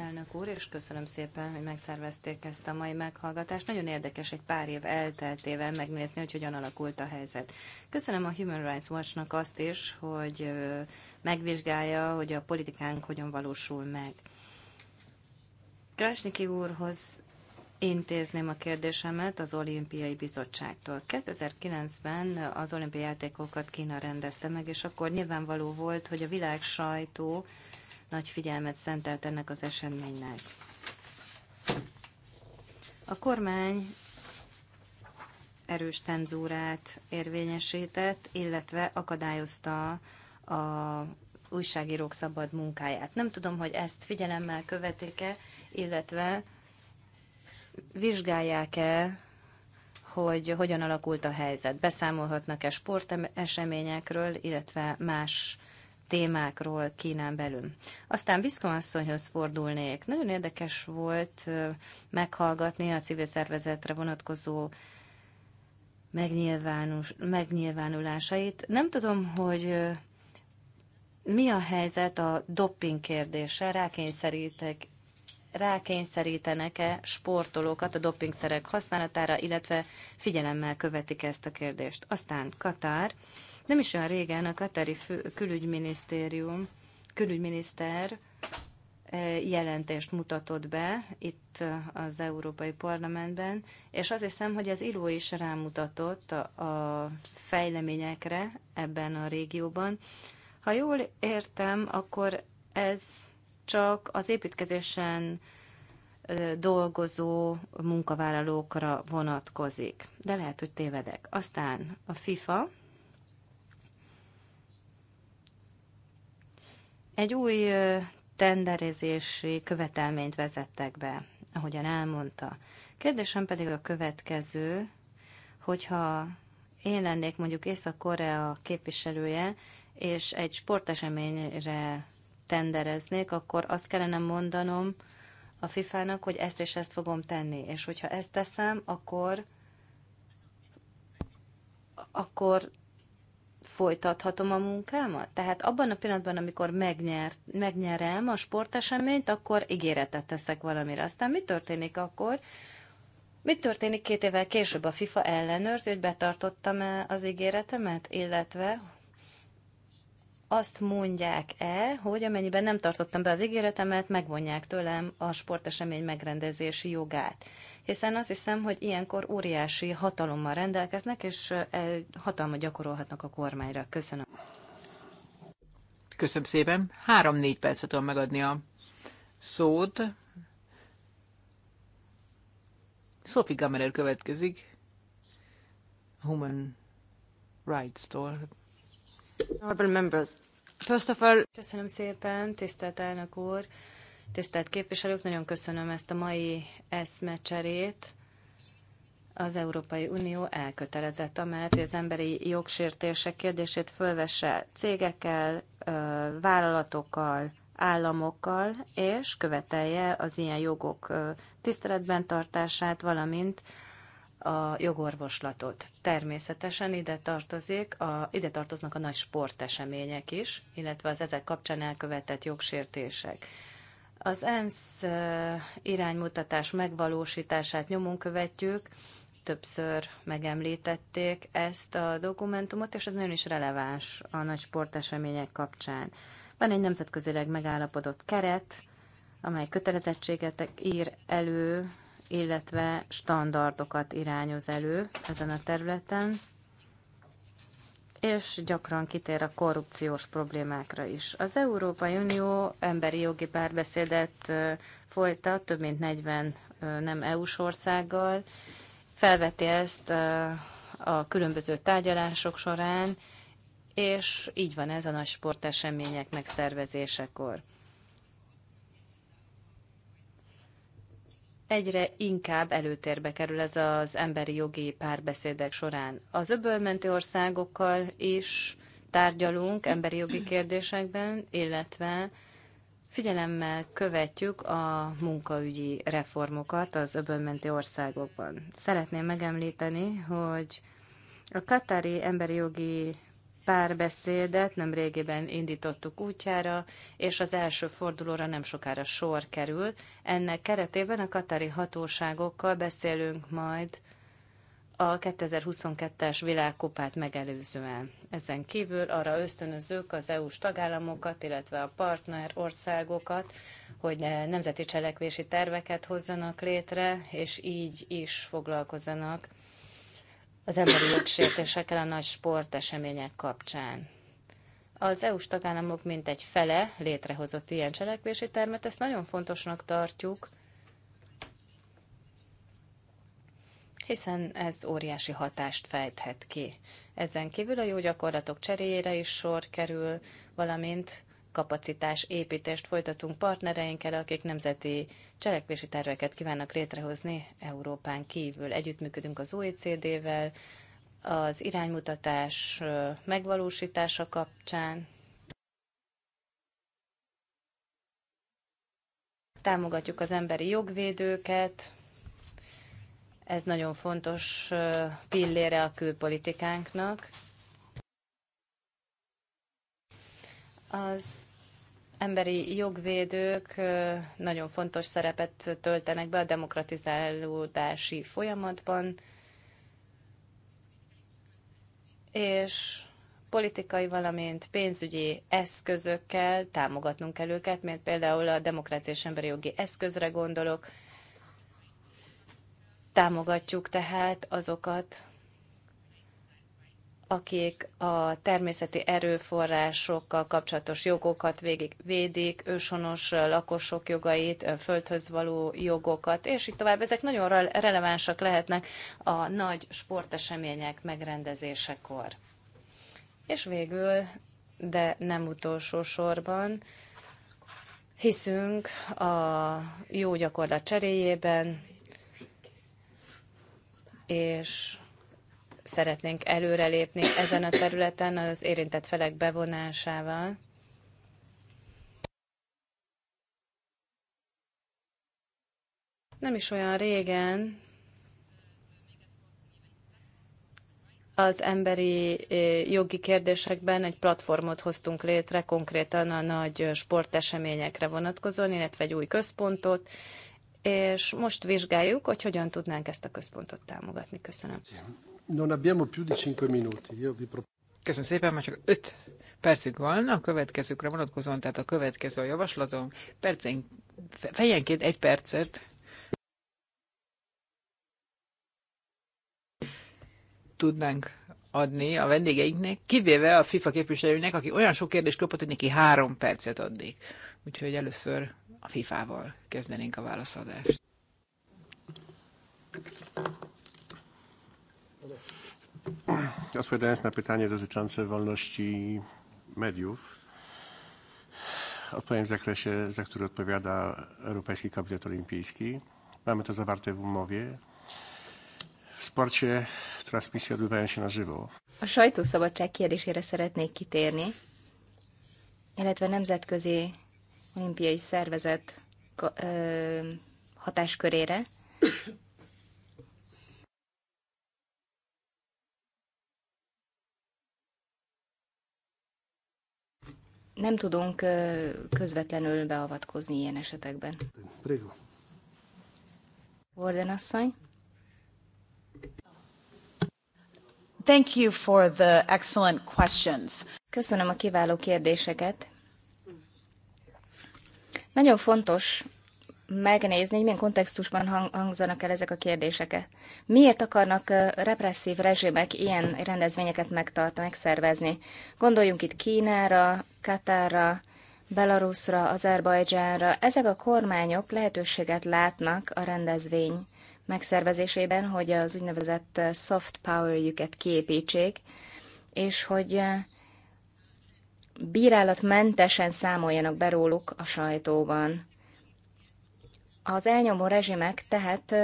elnök úr, és köszönöm szépen, hogy megszervezték ezt a mai meghallgatást. Nagyon érdekes egy pár év elteltével megnézni, hogy hogyan alakult a helyzet. Köszönöm a Human Rights Watchnak azt is, hogy megvizsgálja, hogy a politikánk hogyan valósul meg. Krásniki úrhoz intézném a kérdésemet az Olimpiai Bizottságtól. 2009-ben az olimpiai játékokat Kína rendezte meg, és akkor nyilvánvaló volt, hogy a világ sajtó nagy figyelmet szentelt ennek az eseménynek. A kormány erős cenzúrát érvényesített, illetve akadályozta a újságírók szabad munkáját. Nem tudom, hogy ezt figyelemmel követik-e, illetve vizsgálják-e, hogy hogyan alakult a helyzet. Beszámolhatnak-e sporteseményekről, illetve más témákról Kínán belül. Aztán Biszkonasszonyhoz fordulnék. Nagyon érdekes volt meghallgatni a civil szervezetre vonatkozó megnyilvánus, megnyilvánulásait. Nem tudom, hogy mi a helyzet a dopping kérdése? Rákényszerítek, rákényszerítenek-e sportolókat a dopingszerek használatára, illetve figyelemmel követik ezt a kérdést? Aztán Katár. Nem is olyan régen a Katari fő, külügyminisztérium, külügyminiszter eh, jelentést mutatott be itt eh, az Európai Parlamentben, és azt hiszem, hogy az ILO is rámutatott a fejleményekre ebben a régióban. Ha jól értem, akkor ez csak az építkezésen eh, dolgozó munkavállalókra vonatkozik. De lehet, hogy tévedek. Aztán a FIFA, Egy új tenderezési követelményt vezettek be, ahogyan elmondta. Kérdésem pedig a következő, hogyha én lennék mondjuk Észak-Korea képviselője, és egy sporteseményre tendereznék, akkor azt kellene mondanom a FIFA-nak, hogy ezt és ezt fogom tenni. És hogyha ezt teszem, akkor akkor folytathatom a munkámat? Tehát abban a pillanatban, amikor megnyer, megnyerem a sporteseményt, akkor ígéretet teszek valamire. Aztán mi történik akkor? Mi történik két évvel később? A FIFA ellenőrzi, hogy betartottam-e az ígéretemet, illetve azt mondják-e, hogy amennyiben nem tartottam be az ígéretemet, megvonják tőlem a sportesemény megrendezési jogát hiszen azt hiszem, hogy ilyenkor óriási hatalommal rendelkeznek, és e, hatalmat gyakorolhatnak a kormányra. Köszönöm. Köszönöm szépen. Három-négy percet tudom megadni a szót. Sophie Gamerer következik. Human Rights-tól. Honorable members, first of all... Köszönöm szépen, tisztelt elnök úr. Tisztelt képviselők, nagyon köszönöm ezt a mai eszmecserét. Az Európai Unió elkötelezett amellett, hogy az emberi jogsértések kérdését fölvesse cégekkel, vállalatokkal, államokkal, és követelje az ilyen jogok tiszteletben tartását, valamint a jogorvoslatot. Természetesen ide, tartozik a, ide tartoznak a nagy sportesemények is, illetve az ezek kapcsán elkövetett jogsértések. Az ENSZ iránymutatás megvalósítását nyomon követjük, többször megemlítették ezt a dokumentumot, és ez nagyon is releváns a nagy sportesemények kapcsán. Van egy nemzetközileg megállapodott keret, amely kötelezettséget ír elő, illetve standardokat irányoz elő ezen a területen és gyakran kitér a korrupciós problémákra is. Az Európai Unió emberi jogi párbeszédet folytat több mint 40 nem EU-s országgal, felveti ezt a különböző tárgyalások során, és így van ez a nagy sporteseményeknek szervezésekor. egyre inkább előtérbe kerül ez az emberi jogi párbeszédek során. Az öbölmenti országokkal is tárgyalunk emberi jogi kérdésekben, illetve figyelemmel követjük a munkaügyi reformokat az öbölmenti országokban. Szeretném megemlíteni, hogy a Katari Emberi Jogi párbeszédet nem régiben indítottuk útjára, és az első fordulóra nem sokára sor kerül. Ennek keretében a katari hatóságokkal beszélünk majd a 2022-es világkupát megelőzően. Ezen kívül arra ösztönözzük az EU-s tagállamokat, illetve a partner országokat, hogy nemzeti cselekvési terveket hozzanak létre, és így is foglalkozzanak az emberi jogsértésekkel a nagy sportesemények kapcsán. Az EU-s tagállamok mintegy fele létrehozott ilyen cselekvési termet, ezt nagyon fontosnak tartjuk, hiszen ez óriási hatást fejthet ki. Ezen kívül a jó gyakorlatok cseréjére is sor kerül, valamint kapacitás építést folytatunk partnereinkkel, akik nemzeti cselekvési terveket kívánnak létrehozni Európán kívül. Együttműködünk az OECD-vel, az iránymutatás megvalósítása kapcsán, támogatjuk az emberi jogvédőket, ez nagyon fontos pillére a külpolitikánknak, Az emberi jogvédők nagyon fontos szerepet töltenek be a demokratizálódási folyamatban, és politikai, valamint pénzügyi eszközökkel támogatnunk kell őket, mint például a demokrácia és emberi jogi eszközre gondolok. Támogatjuk tehát azokat akik a természeti erőforrásokkal kapcsolatos jogokat végig védik, őshonos lakosok jogait, földhöz való jogokat, és így tovább. Ezek nagyon relevánsak lehetnek a nagy sportesemények megrendezésekor. És végül, de nem utolsó sorban, hiszünk a jó gyakorlat cseréjében, és szeretnénk előrelépni ezen a területen az érintett felek bevonásával. Nem is olyan régen az emberi jogi kérdésekben egy platformot hoztunk létre konkrétan a nagy sporteseményekre vonatkozóan, illetve egy új központot, és most vizsgáljuk, hogy hogyan tudnánk ezt a központot támogatni. Köszönöm. Non abbiamo più di 5 minuti. Io vi prop... Köszönöm szépen, már csak 5 percük van a következőkre vonatkozóan, tehát a következő a javaslatom. Percen, fejenként egy percet tudnánk adni a vendégeinknek, kivéve a FIFA képviselőnek, aki olyan sok kérdést kapott, hogy neki három percet adnék. Úgyhogy először a FIFA-val kezdenénk a válaszadást. Odpowiadając na pytanie dotyczące wolności mediów, odpowiem w zakresie, za który odpowiada Europejski Komitet Olimpijski. Mamy to zawarte w umowie. W sporcie transmisje odbywają się na żywo. A sajtószabadság kérdésére szeretnék kitérni, illetve Nemzetközi Olimpiai Szervezet hatáskörére. nem tudunk közvetlenül beavatkozni ilyen esetekben. Prego. Warden asszony. Thank you for the excellent questions. Köszönöm a kiváló kérdéseket. Nagyon fontos megnézni, hogy milyen kontextusban hangzanak el ezek a kérdések. Miért akarnak represszív rezsimek ilyen rendezvényeket megtartani, megszervezni? Gondoljunk itt Kínára, Katárra, Belarusra, Azerbajdzsánra. Ezek a kormányok lehetőséget látnak a rendezvény megszervezésében, hogy az úgynevezett soft power-jüket kiépítsék, és hogy bírálatmentesen számoljanak be róluk a sajtóban. Az elnyomó rezsimek tehát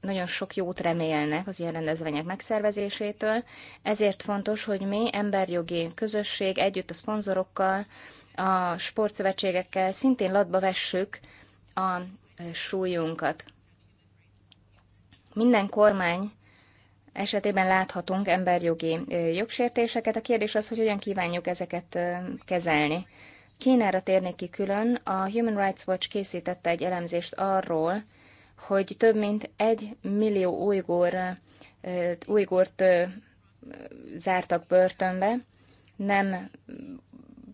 nagyon sok jót remélnek az ilyen rendezvények megszervezésétől, ezért fontos, hogy mi emberjogi közösség együtt a szponzorokkal, a sportszövetségekkel szintén latba vessük a súlyunkat. Minden kormány esetében láthatunk emberjogi jogsértéseket. A kérdés az, hogy hogyan kívánjuk ezeket kezelni. Kínára térnék ki külön, a Human Rights Watch készítette egy elemzést arról, hogy több mint egy millió ujgur, ujgurt zártak börtönbe, nem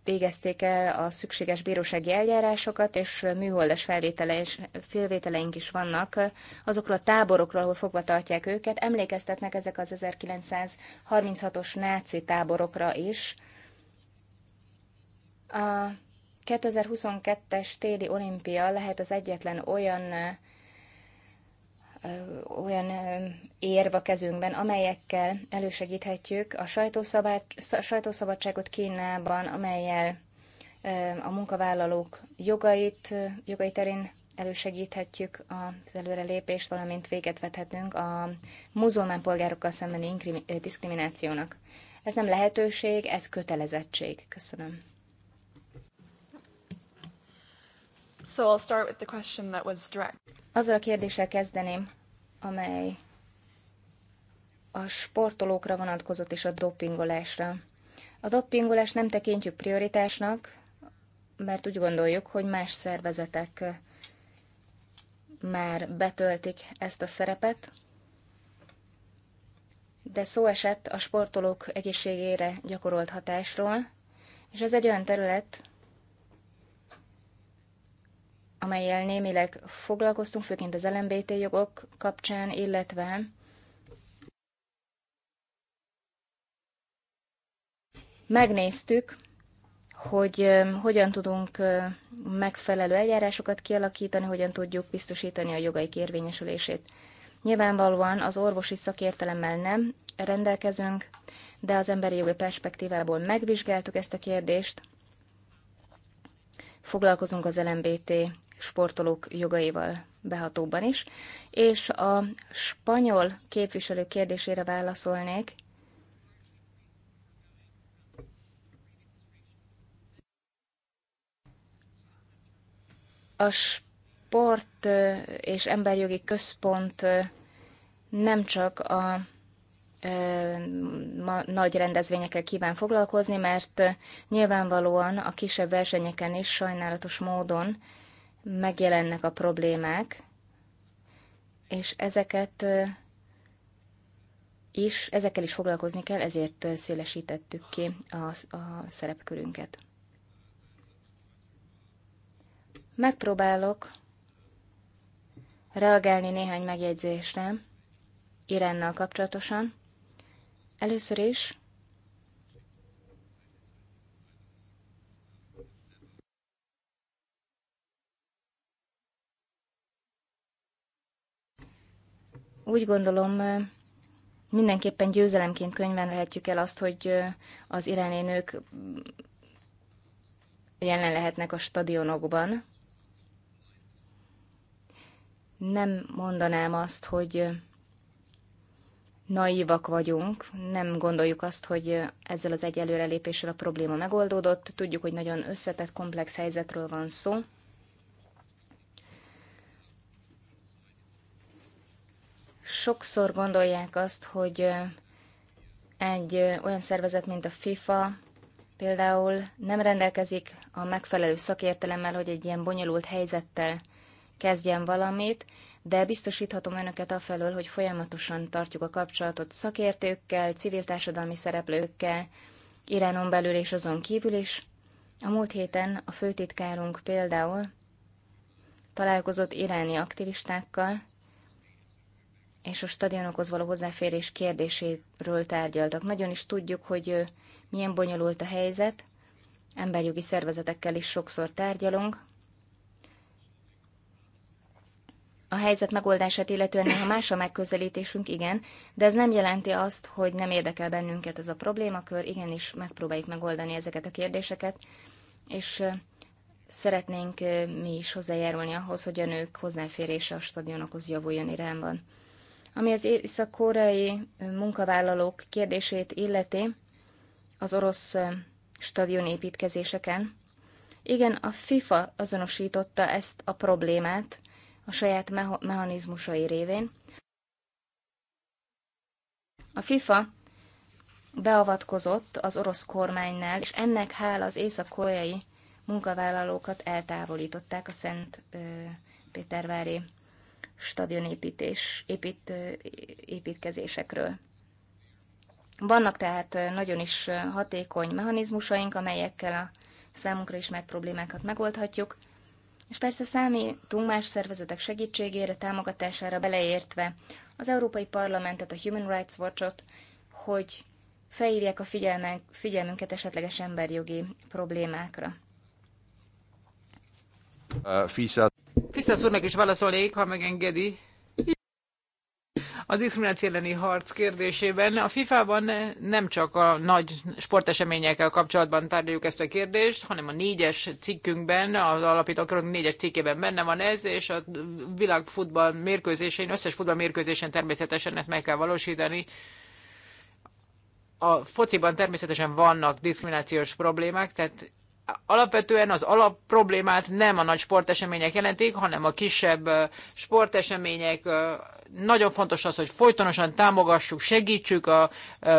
végezték el a szükséges bírósági eljárásokat, és műholdas felvétele és félvételeink is vannak azokról a táborokról, ahol fogva tartják őket. Emlékeztetnek ezek az 1936-os náci táborokra is, a 2022-es téli olimpia lehet az egyetlen olyan olyan érv a kezünkben, amelyekkel elősegíthetjük a sajtószabadságot Kínában, amelyel a munkavállalók jogait, jogai terén elősegíthetjük az előrelépést, valamint véget vethetünk a muzulmán polgárokkal szembeni diszkriminációnak. Ez nem lehetőség, ez kötelezettség. Köszönöm. So I'll start with the question that was direct. Azzal a kérdéssel kezdeném, amely a sportolókra vonatkozott és a dopingolásra. A dopingolást nem tekintjük prioritásnak, mert úgy gondoljuk, hogy más szervezetek már betöltik ezt a szerepet, de szó esett a sportolók egészségére gyakorolt hatásról, és ez egy olyan terület, amelyel némileg foglalkoztunk, főként az LMBT jogok kapcsán, illetve megnéztük, hogy hogyan tudunk megfelelő eljárásokat kialakítani, hogyan tudjuk biztosítani a jogaik érvényesülését. Nyilvánvalóan az orvosi szakértelemmel nem rendelkezünk, de az emberi jogi perspektívából megvizsgáltuk ezt a kérdést. Foglalkozunk az LMBT sportolók jogaival behatóban is. És a spanyol képviselő kérdésére válaszolnék. A sport és emberjogi központ nem csak a ma, nagy rendezvényekkel kíván foglalkozni, mert nyilvánvalóan a kisebb versenyeken is sajnálatos módon megjelennek a problémák, és ezeket is, ezekkel is foglalkozni kell, ezért szélesítettük ki a, a szerepkörünket. Megpróbálok reagálni néhány megjegyzésre Irennel kapcsolatosan. Először is úgy gondolom, mindenképpen győzelemként könyven lehetjük el azt, hogy az iráni nők mm, jelen lehetnek a stadionokban. Nem mondanám azt, hogy naívak vagyunk, nem gondoljuk azt, hogy ezzel az egy előrelépéssel a probléma megoldódott. Tudjuk, hogy nagyon összetett, komplex helyzetről van szó. sokszor gondolják azt, hogy egy olyan szervezet, mint a FIFA például nem rendelkezik a megfelelő szakértelemmel, hogy egy ilyen bonyolult helyzettel kezdjen valamit, de biztosíthatom önöket afelől, hogy folyamatosan tartjuk a kapcsolatot szakértőkkel, civil társadalmi szereplőkkel, Iránon belül és azon kívül is. A múlt héten a főtitkárunk például találkozott iráni aktivistákkal, és a stadionokhoz való hozzáférés kérdéséről tárgyaltak. Nagyon is tudjuk, hogy milyen bonyolult a helyzet, emberjogi szervezetekkel is sokszor tárgyalunk. A helyzet megoldását illetően néha más a megközelítésünk, igen, de ez nem jelenti azt, hogy nem érdekel bennünket ez a problémakör, igenis megpróbáljuk megoldani ezeket a kérdéseket, és szeretnénk mi is hozzájárulni ahhoz, hogy a nők hozzáférése a stadionokhoz javuljon irányban. Ami az észak-koreai munkavállalók kérdését illeti, az orosz építkezéseken. Igen, a FIFA azonosította ezt a problémát a saját mechanizmusai révén. A FIFA beavatkozott az orosz kormánynál, és ennek hála az észak-koreai munkavállalókat eltávolították a Szent Pétervári stadionépítés, épít, építkezésekről. Vannak tehát nagyon is hatékony mechanizmusaink, amelyekkel a számunkra ismert problémákat megoldhatjuk, és persze számítunk más szervezetek segítségére, támogatására beleértve az Európai Parlamentet, a Human Rights Watch-ot, hogy felhívják a figyelmen, figyelmünket esetleges emberjogi problémákra. Fiszász. Fiszász úrnak is válaszolnék, ha megengedi. Az diszkrimináció elleni harc kérdésében a FIFA-ban nem csak a nagy sporteseményekkel kapcsolatban tárgyaljuk ezt a kérdést, hanem a négyes cikkünkben, az alapítókörünk négyes cikkében benne van ez, és a világ futball mérkőzésén, összes futball mérkőzésen természetesen ezt meg kell valósítani. A fociban természetesen vannak diszkriminációs problémák, tehát alapvetően az alap problémát nem a nagy sportesemények jelentik, hanem a kisebb sportesemények. Nagyon fontos az, hogy folytonosan támogassuk, segítsük a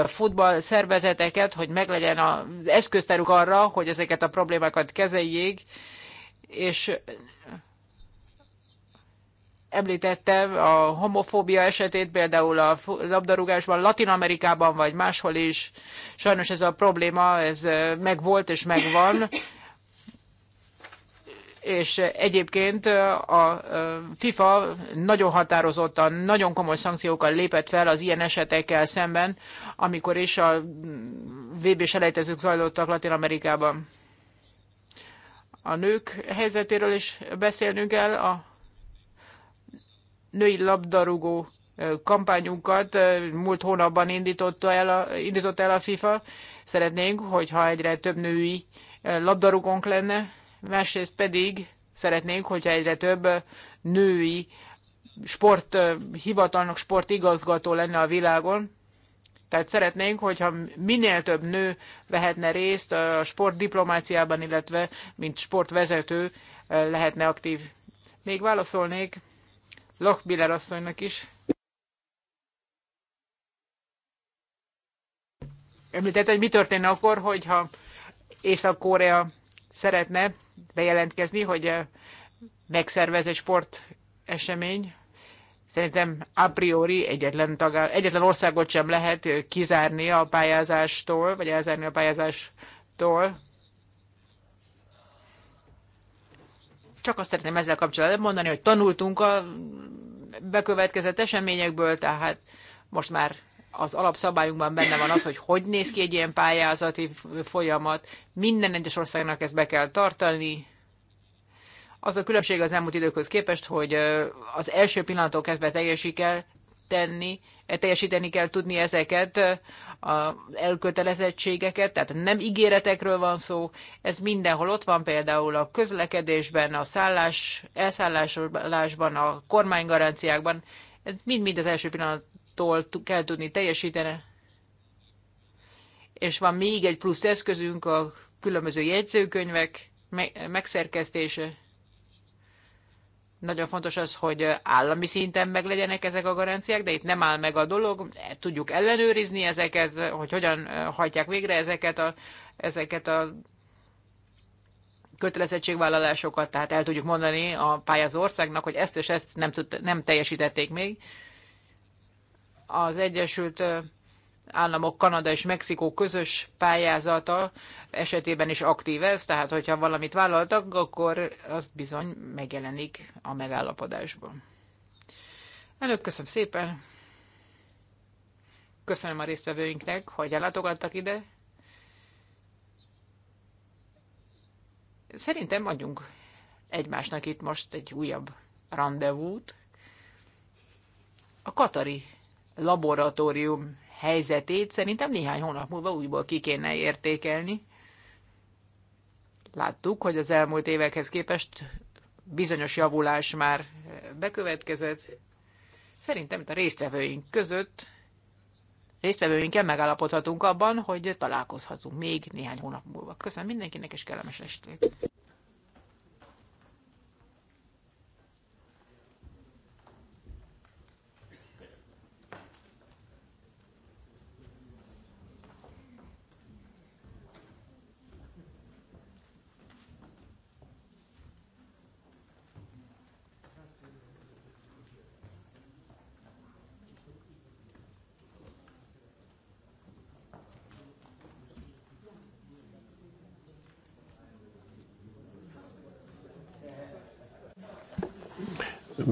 futball szervezeteket, hogy meglegyen az eszköztáruk arra, hogy ezeket a problémákat kezeljék, és Említettem a homofóbia esetét például a labdarúgásban, Latin Amerikában vagy máshol is. Sajnos ez a probléma, ez megvolt és megvan. És egyébként a FIFA nagyon határozottan, nagyon komoly szankciókkal lépett fel az ilyen esetekkel szemben, amikor is a mm, vb selejtezők zajlottak Latin Amerikában a nők helyzetéről is beszélnünk el A női labdarúgó kampányunkat múlt hónapban indította el a, indított el a FIFA. Szeretnénk, hogyha egyre több női labdarúgónk lenne, másrészt pedig szeretnénk, hogyha egyre több női sport, hivatalnok sportigazgató lenne a világon. Tehát szeretnénk, hogyha minél több nő vehetne részt a sportdiplomáciában, illetve mint sportvezető lehetne aktív. Még válaszolnék Lochbiller asszonynak is. Említett, hogy mi történne akkor, hogyha Észak-Korea szeretne bejelentkezni, hogy eh, megszervez egy sportesemény. Szerintem a priori egyetlen, tagá- egyetlen országot sem lehet eh, kizárni a pályázástól, vagy elzárni a pályázástól. csak azt szeretném ezzel kapcsolatban mondani, hogy tanultunk a bekövetkezett eseményekből, tehát most már az alapszabályunkban benne van az, hogy hogy néz ki egy ilyen pályázati folyamat. Minden egyes országnak ezt be kell tartani. Az a különbség az elmúlt időkhöz képest, hogy az első pillanatok kezdve teljesik el, tenni, teljesíteni kell tudni ezeket a elkötelezettségeket, tehát nem ígéretekről van szó, ez mindenhol ott van például a közlekedésben, a szállás, elszállásolásban, a kormánygaranciákban, ez mind-mind az első pillanattól kell tudni teljesíteni. És van még egy plusz eszközünk, a különböző jegyzőkönyvek megszerkesztése. Nagyon fontos az, hogy állami szinten meglegyenek ezek a garanciák, de itt nem áll meg a dolog, tudjuk ellenőrizni ezeket, hogy hogyan hajtják végre ezeket a, ezeket a kötelezettségvállalásokat, tehát el tudjuk mondani a pályázó országnak, hogy ezt és ezt nem, tud, nem teljesítették még. Az Egyesült államok Kanada és Mexikó közös pályázata esetében is aktív ez, tehát hogyha valamit vállaltak, akkor azt bizony megjelenik a megállapodásban. Elnök, köszönöm szépen! Köszönöm a résztvevőinknek, hogy ellátogattak ide. Szerintem adjunk egymásnak itt most egy újabb rendezvút. A Katari Laboratórium helyzetét szerintem néhány hónap múlva újból ki kéne értékelni. Láttuk, hogy az elmúlt évekhez képest bizonyos javulás már bekövetkezett. Szerintem itt a résztvevőink között résztvevőinkkel megállapodhatunk abban, hogy találkozhatunk még néhány hónap múlva. Köszönöm mindenkinek, és kellemes estét!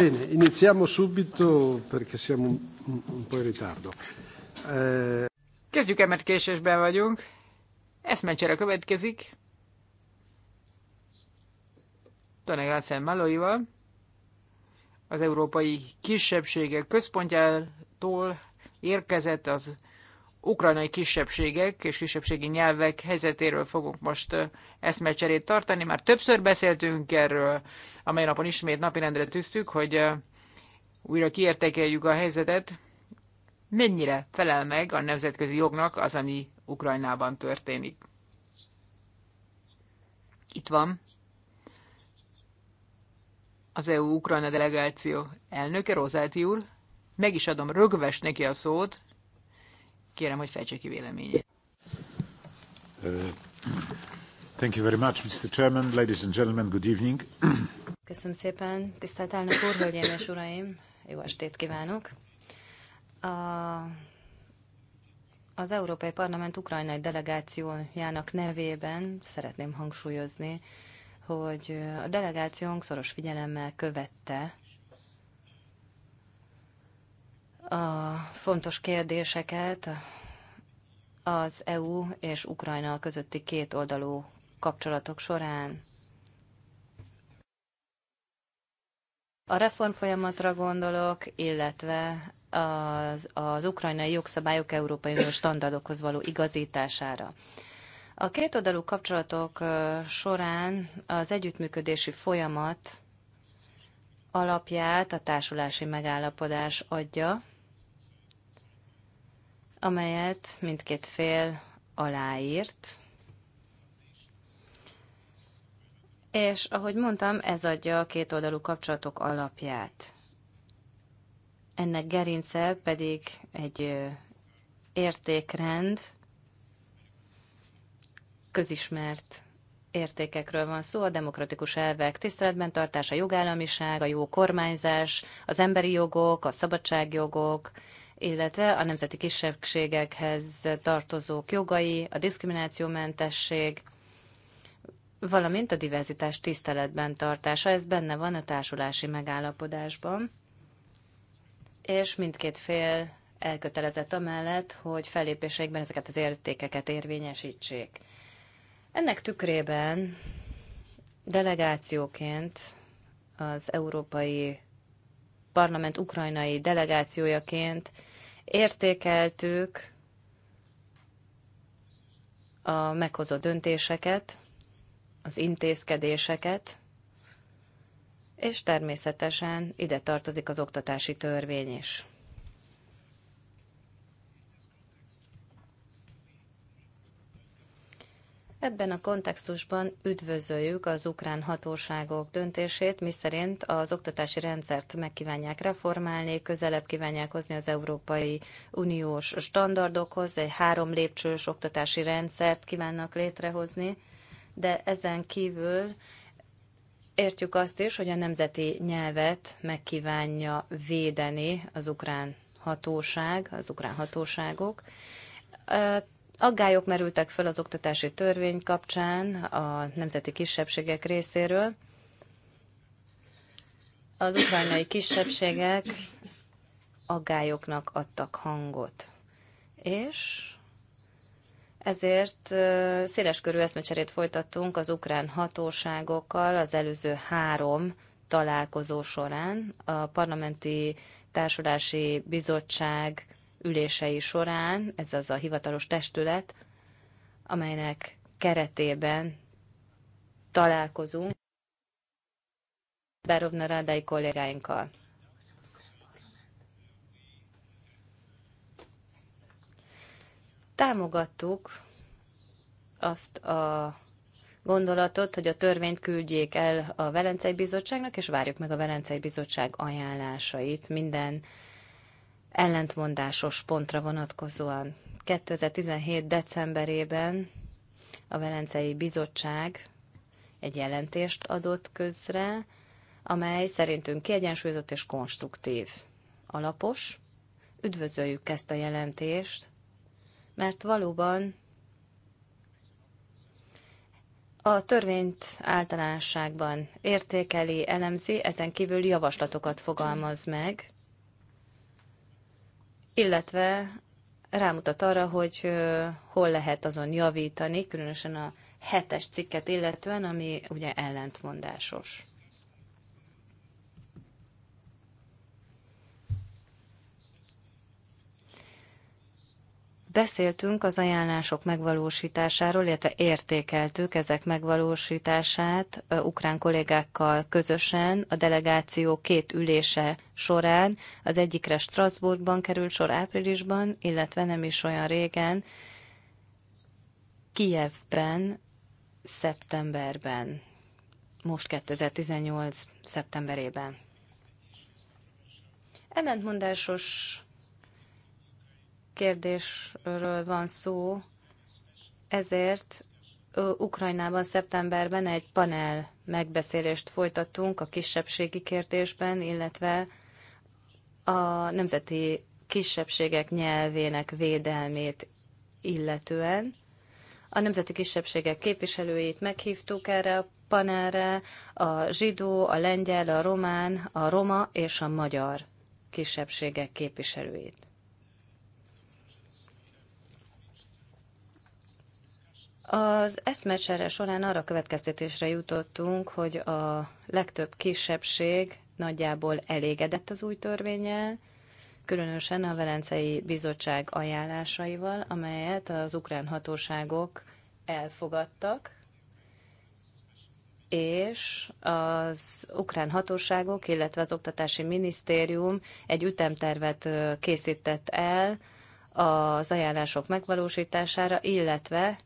Bene, iniziamo subito perché siamo un, un po' in ritardo. Eh... Kezdjük el, mert késésben vagyunk. Eszmencsere következik. Tone Grácián Maloival, az Európai Kisebbségek Központjától érkezett az ukrajnai kisebbségek és kisebbségi nyelvek helyzetéről fogunk most eszmecserét tartani. Már többször beszéltünk erről, amely napon ismét napirendre tűztük, hogy újra kiértékeljük a helyzetet. Mennyire felel meg a nemzetközi jognak az, ami Ukrajnában történik? Itt van az EU-Ukrajna delegáció elnöke, Rozáti úr. Meg is adom rögves neki a szót, Kérem, hogy fejtse ki véleményét. Uh, thank you very much, Mr. Chairman. Ladies and gentlemen, good evening. Köszönöm szépen, tisztelt elnök úr, hölgyeim és uraim. Jó estét kívánok. A, az Európai Parlament ukrajnai delegációjának nevében szeretném hangsúlyozni, hogy a delegációnk szoros figyelemmel követte a fontos kérdéseket az EU és Ukrajna közötti kétoldalú kapcsolatok során. A reform folyamatra gondolok, illetve az, az ukrajnai jogszabályok Európai Unió standardokhoz való igazítására. A kétoldalú kapcsolatok során az együttműködési folyamat alapját a társulási megállapodás adja, amelyet mindkét fél aláírt. És ahogy mondtam, ez adja a kétoldalú kapcsolatok alapját. Ennek gerince pedig egy értékrend, közismert értékekről van szó, a demokratikus elvek tiszteletben tartása, jogállamiság, a jó kormányzás, az emberi jogok, a szabadságjogok, illetve a nemzeti kisebbségekhez tartozók jogai, a diszkriminációmentesség, valamint a diverzitás tiszteletben tartása. Ez benne van a társulási megállapodásban, és mindkét fél elkötelezett amellett, hogy fellépéseikben ezeket az értékeket érvényesítsék. Ennek tükrében delegációként az Európai Parlament ukrajnai delegációjaként Értékeltük a meghozott döntéseket, az intézkedéseket, és természetesen ide tartozik az oktatási törvény is. Ebben a kontextusban üdvözöljük az ukrán hatóságok döntését, miszerint az oktatási rendszert megkívánják reformálni, közelebb kívánják hozni az Európai Uniós standardokhoz, egy három lépcsős oktatási rendszert kívánnak létrehozni, de ezen kívül értjük azt is, hogy a nemzeti nyelvet megkívánja védeni az ukrán hatóság, az ukrán hatóságok Aggályok merültek fel az oktatási törvény kapcsán a nemzeti kisebbségek részéről. Az ukrajnai kisebbségek aggályoknak adtak hangot. És ezért széleskörű eszmecserét folytattunk az ukrán hatóságokkal az előző három találkozó során. A parlamenti társulási bizottság ülései során, ez az a hivatalos testület, amelynek keretében találkozunk Berovna Rádai kollégáinkkal. Támogattuk azt a gondolatot, hogy a törvényt küldjék el a Velencei Bizottságnak, és várjuk meg a Velencei Bizottság ajánlásait minden ellentmondásos pontra vonatkozóan. 2017. decemberében a Velencei Bizottság egy jelentést adott közre, amely szerintünk kiegyensúlyozott és konstruktív. Alapos, üdvözöljük ezt a jelentést, mert valóban a törvényt általánosságban értékeli, elemzi, ezen kívül javaslatokat fogalmaz meg, illetve rámutat arra, hogy hol lehet azon javítani, különösen a hetes cikket illetően, ami ugye ellentmondásos. Beszéltünk az ajánlások megvalósításáról, illetve értékeltük ezek megvalósítását ukrán kollégákkal közösen a delegáció két ülése során. Az egyikre Strasbourgban került sor áprilisban, illetve nem is olyan régen, Kijevben, szeptemberben, most 2018. szeptemberében. Ellentmondásos kérdésről van szó, ezért Ukrajnában szeptemberben egy panel megbeszélést folytattunk a kisebbségi kérdésben, illetve a nemzeti kisebbségek nyelvének védelmét illetően. A nemzeti kisebbségek képviselőit meghívtuk erre a panelre, a zsidó, a lengyel, a román, a roma és a magyar kisebbségek képviselőit. Az eszmecsere során arra következtetésre jutottunk, hogy a legtöbb kisebbség nagyjából elégedett az új törvényel, különösen a Velencei Bizottság ajánlásaival, amelyet az ukrán hatóságok elfogadtak, és az ukrán hatóságok, illetve az Oktatási Minisztérium egy ütemtervet készített el az ajánlások megvalósítására, illetve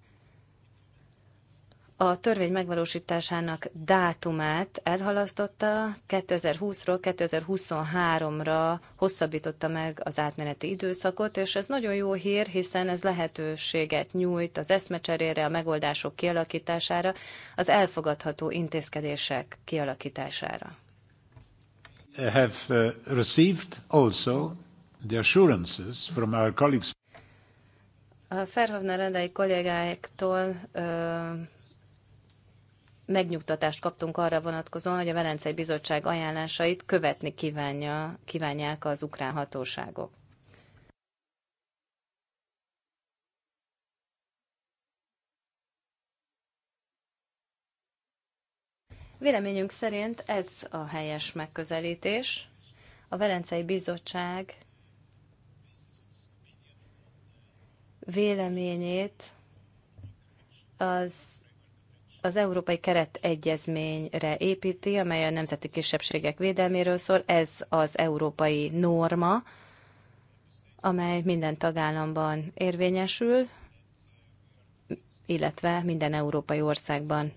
a törvény megvalósításának dátumát elhalasztotta, 2020-ról 2023-ra hosszabbította meg az átmeneti időszakot, és ez nagyon jó hír, hiszen ez lehetőséget nyújt az eszmecserére, a megoldások kialakítására, az elfogadható intézkedések kialakítására. Have uh, received also the assurances from our colleagues. A Ferhovna rendei kollégáktól megnyugtatást kaptunk arra vonatkozóan, hogy a Velencei Bizottság ajánlásait követni kívánja, kívánják az ukrán hatóságok. Véleményünk szerint ez a helyes megközelítés. A Velencei Bizottság véleményét az az Európai Keretegyezményre építi, amely a nemzeti kisebbségek védelméről szól. Ez az európai norma, amely minden tagállamban érvényesül, illetve minden európai országban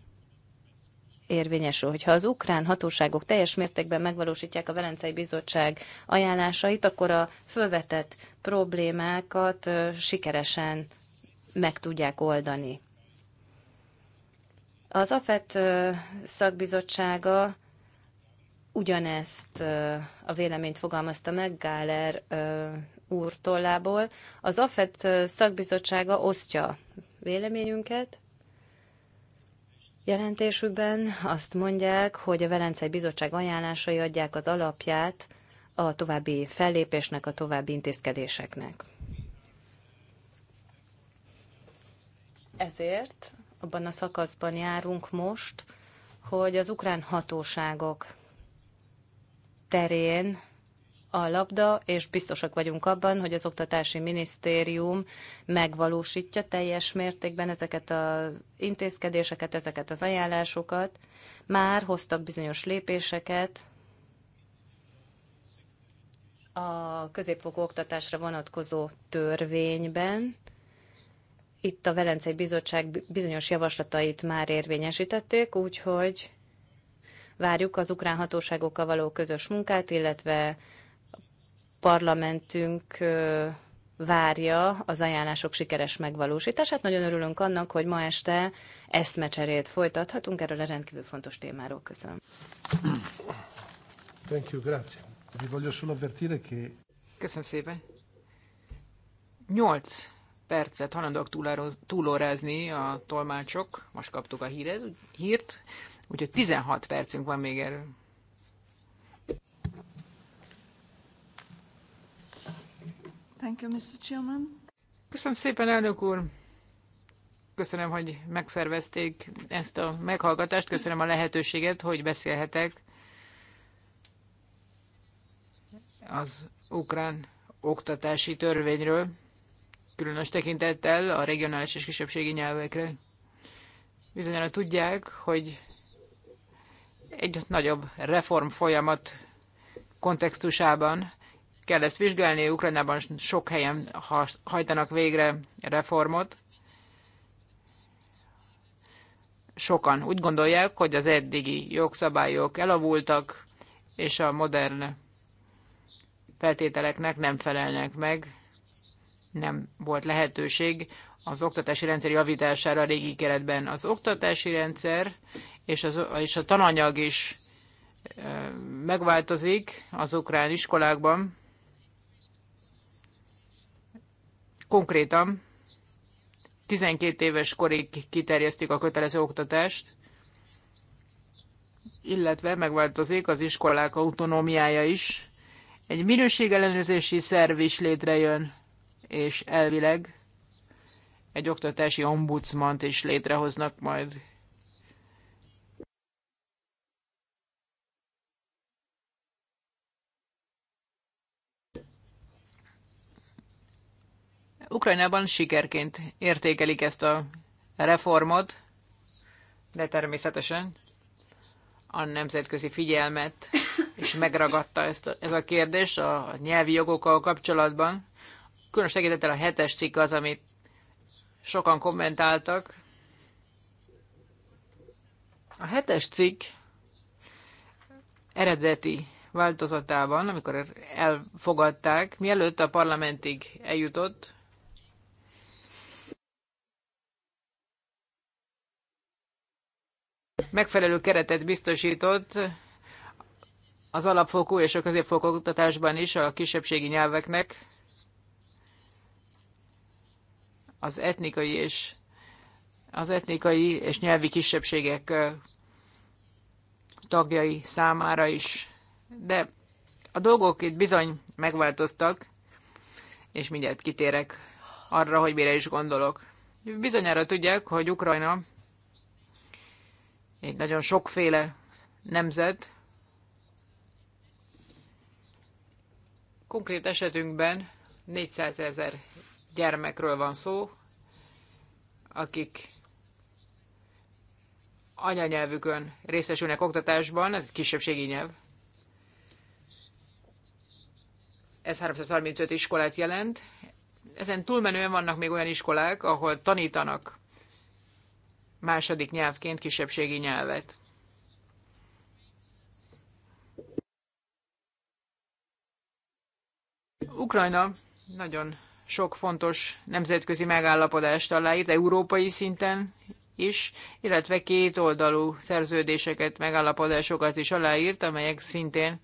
érvényesül. Hogyha az ukrán hatóságok teljes mértékben megvalósítják a Velencei Bizottság ajánlásait, akkor a fölvetett problémákat sikeresen meg tudják oldani. Az AFET szakbizottsága ugyanezt a véleményt fogalmazta meg Gáler úr tollából. Az AFET szakbizottsága osztja véleményünket. Jelentésükben azt mondják, hogy a Velencei Bizottság ajánlásai adják az alapját a további fellépésnek, a további intézkedéseknek. Ezért abban a szakaszban járunk most, hogy az ukrán hatóságok terén a labda, és biztosak vagyunk abban, hogy az Oktatási Minisztérium megvalósítja teljes mértékben ezeket az intézkedéseket, ezeket az ajánlásokat. Már hoztak bizonyos lépéseket a középfokú oktatásra vonatkozó törvényben, itt a Velencei Bizottság bizonyos javaslatait már érvényesítették, úgyhogy várjuk az ukrán hatóságokkal való közös munkát, illetve a parlamentünk várja az ajánlások sikeres megvalósítását. Nagyon örülünk annak, hogy ma este eszmecserét folytathatunk erről a rendkívül fontos témáról. Köszönöm. Thank you, grazie. Vi voglio solo avvertire che... Köszönöm szépen. Nyolc percet halandóak túlórázni a tolmácsok. Most kaptuk a híret, hírt, úgyhogy 16 percünk van még erről. Thank you, Mr. Chairman. Köszönöm szépen, elnök úr! Köszönöm, hogy megszervezték ezt a meghallgatást, köszönöm a lehetőséget, hogy beszélhetek az ukrán oktatási törvényről különös tekintettel a regionális és kisebbségi nyelvekre. Bizonyára tudják, hogy egy nagyobb reform folyamat kontextusában kell ezt vizsgálni. Ukrajnában sok helyen hajtanak végre reformot. Sokan úgy gondolják, hogy az eddigi jogszabályok elavultak, és a modern feltételeknek nem felelnek meg nem volt lehetőség az oktatási rendszer javítására a régi keretben. Az oktatási rendszer és, az, és a tananyag is megváltozik az ukrán iskolákban. Konkrétan 12 éves korig kiterjesztik a kötelező oktatást, illetve megváltozik az iskolák autonómiája is. Egy minőségellenőrzési szerv is létrejön és elvileg egy oktatási ombudsmant is létrehoznak majd. Ukrajnában sikerként értékelik ezt a reformot, de természetesen a nemzetközi figyelmet és megragadta ezt a, ez a kérdés a nyelvi jogokkal kapcsolatban. Különös tekintettel a hetes cikk az, amit sokan kommentáltak. A hetes cikk eredeti változatában, amikor elfogadták, mielőtt a parlamentig eljutott, megfelelő keretet biztosított az alapfokú és a középfokú oktatásban is a kisebbségi nyelveknek, az etnikai és az etnikai és nyelvi kisebbségek tagjai számára is. De a dolgok itt bizony megváltoztak, és mindjárt kitérek arra, hogy mire is gondolok. Bizonyára tudják, hogy Ukrajna egy nagyon sokféle nemzet. Konkrét esetünkben 400 ezer gyermekről van szó, akik anyanyelvükön részesülnek oktatásban, ez kisebbségi nyelv. Ez 335 iskolát jelent. Ezen túlmenően vannak még olyan iskolák, ahol tanítanak második nyelvként kisebbségi nyelvet. Ukrajna nagyon sok fontos nemzetközi megállapodást aláírt, európai szinten is, illetve két oldalú szerződéseket, megállapodásokat is aláírt, amelyek szintén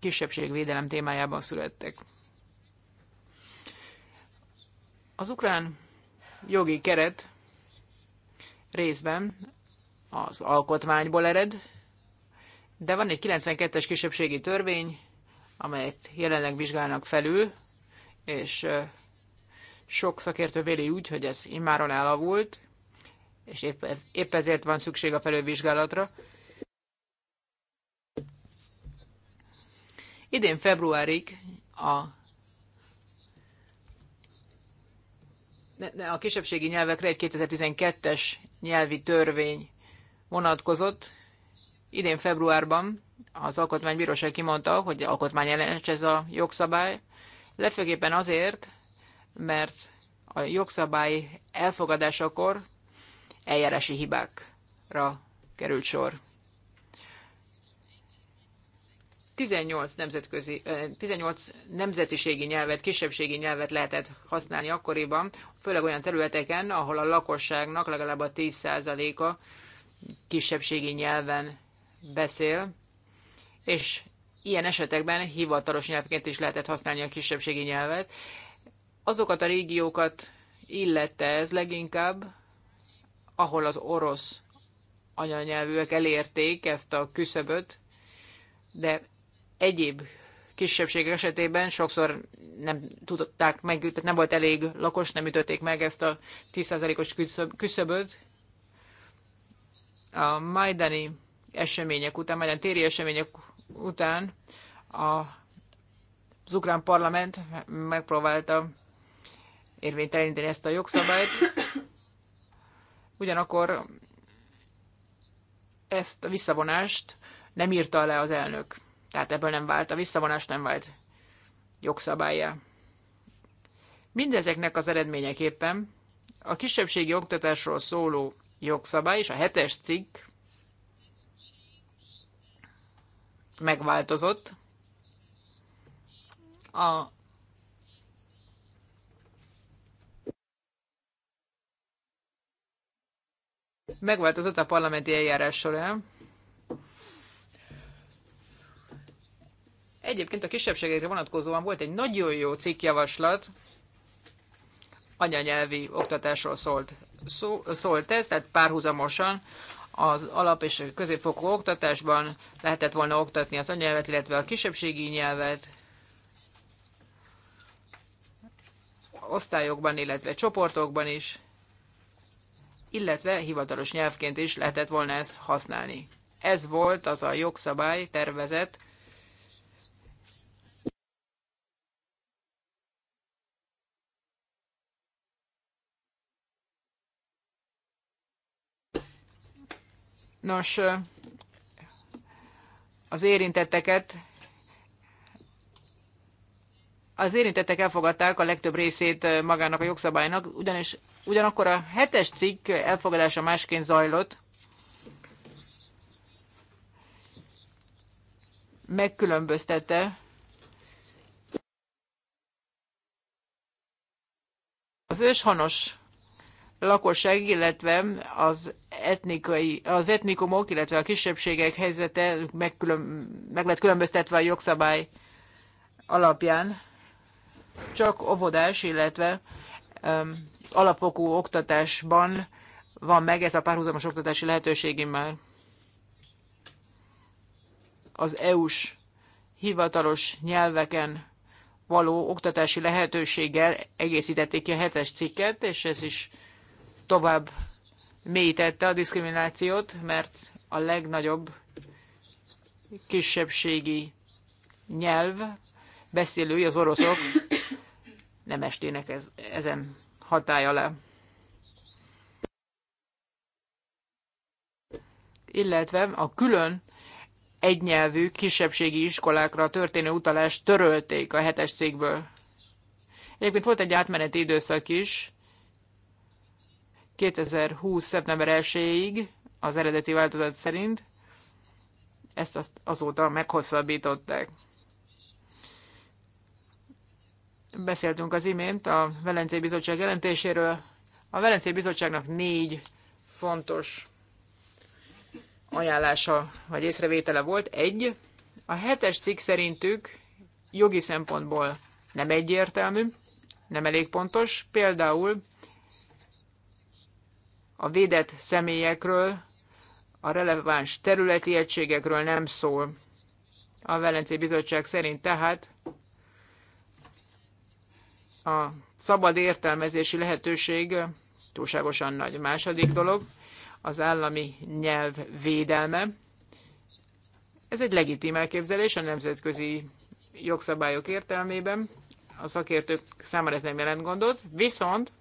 kisebbségvédelem témájában születtek. Az ukrán jogi keret részben az alkotmányból ered, de van egy 92-es kisebbségi törvény, amelyet jelenleg vizsgálnak felül, és sok szakértő véli úgy, hogy ez immáron elavult, és épp, ez, épp ezért van szükség a felővizsgálatra. Idén februárig a, a kisebbségi nyelvekre egy 2012-es nyelvi törvény vonatkozott. Idén februárban az Alkotmánybíróság kimondta, hogy alkotmányellenes ez a jogszabály, Legfőképpen azért, mert a jogszabály elfogadásakor eljárási hibákra került sor. 18, nemzetközi, 18 nemzetiségi nyelvet, kisebbségi nyelvet lehetett használni akkoriban, főleg olyan területeken, ahol a lakosságnak legalább a 10%-a kisebbségi nyelven beszél, és ilyen esetekben hivatalos nyelvként is lehetett használni a kisebbségi nyelvet. Azokat a régiókat illette ez leginkább, ahol az orosz anyanyelvűek elérték ezt a küszöböt, de egyéb kisebbség esetében sokszor nem tudták meg, tehát nem volt elég lakos, nem ütötték meg ezt a 10%-os küszöböt. A majdani események után, majdani téri események után a, az ukrán parlament megpróbálta érvényteleníteni ezt a jogszabályt. Ugyanakkor ezt a visszavonást nem írta le az elnök. Tehát ebből nem vált, a visszavonás nem vált jogszabálya. Mindezeknek az eredményeképpen a kisebbségi oktatásról szóló jogszabály és a hetes cikk megváltozott. A megváltozott a parlamenti eljárás során. Egyébként a kisebbségekre vonatkozóan volt egy nagyon jó cikkjavaslat, anyanyelvi oktatásról szólt, szó, szólt ez, tehát párhuzamosan az alap és középfokú oktatásban lehetett volna oktatni az anyanyelvet, illetve a kisebbségi nyelvet, osztályokban, illetve csoportokban is, illetve hivatalos nyelvként is lehetett volna ezt használni. Ez volt az a jogszabály tervezet, Nos, az érintetteket az érintettek elfogadták a legtöbb részét magának a jogszabálynak, ugyanis ugyanakkor a hetes cikk elfogadása másként zajlott, megkülönböztette az őshonos lakosság, illetve az, etnikai, az etnikumok, illetve a kisebbségek helyzete külön, meg lett különböztetve a jogszabály alapján. Csak óvodás, illetve um, alapfokú oktatásban van meg ez a párhuzamos oktatási lehetőség már. Az EU-s hivatalos nyelveken való oktatási lehetőséggel egészítették ki a hetes cikket, és ez is tovább mélyítette a diszkriminációt, mert a legnagyobb kisebbségi nyelv beszélői az oroszok nem estének ez, ezen hatája le. Illetve a külön egynyelvű kisebbségi iskolákra történő utalást törölték a hetes cégből. Egyébként volt egy átmeneti időszak is, 2020. szeptember 1-ig az eredeti változat szerint, ezt azt azóta meghosszabbították. Beszéltünk az imént a Velencé Bizottság jelentéséről. A Velencé Bizottságnak négy fontos ajánlása vagy észrevétele volt. Egy, a hetes cikk szerintük jogi szempontból nem egyértelmű, nem elég pontos. Például a védett személyekről, a releváns területi egységekről nem szól. A Velencei Bizottság szerint tehát a szabad értelmezési lehetőség túlságosan nagy. Második dolog az állami nyelv védelme. Ez egy legitim elképzelés a nemzetközi jogszabályok értelmében. A szakértők számára ez nem jelent gondot, viszont,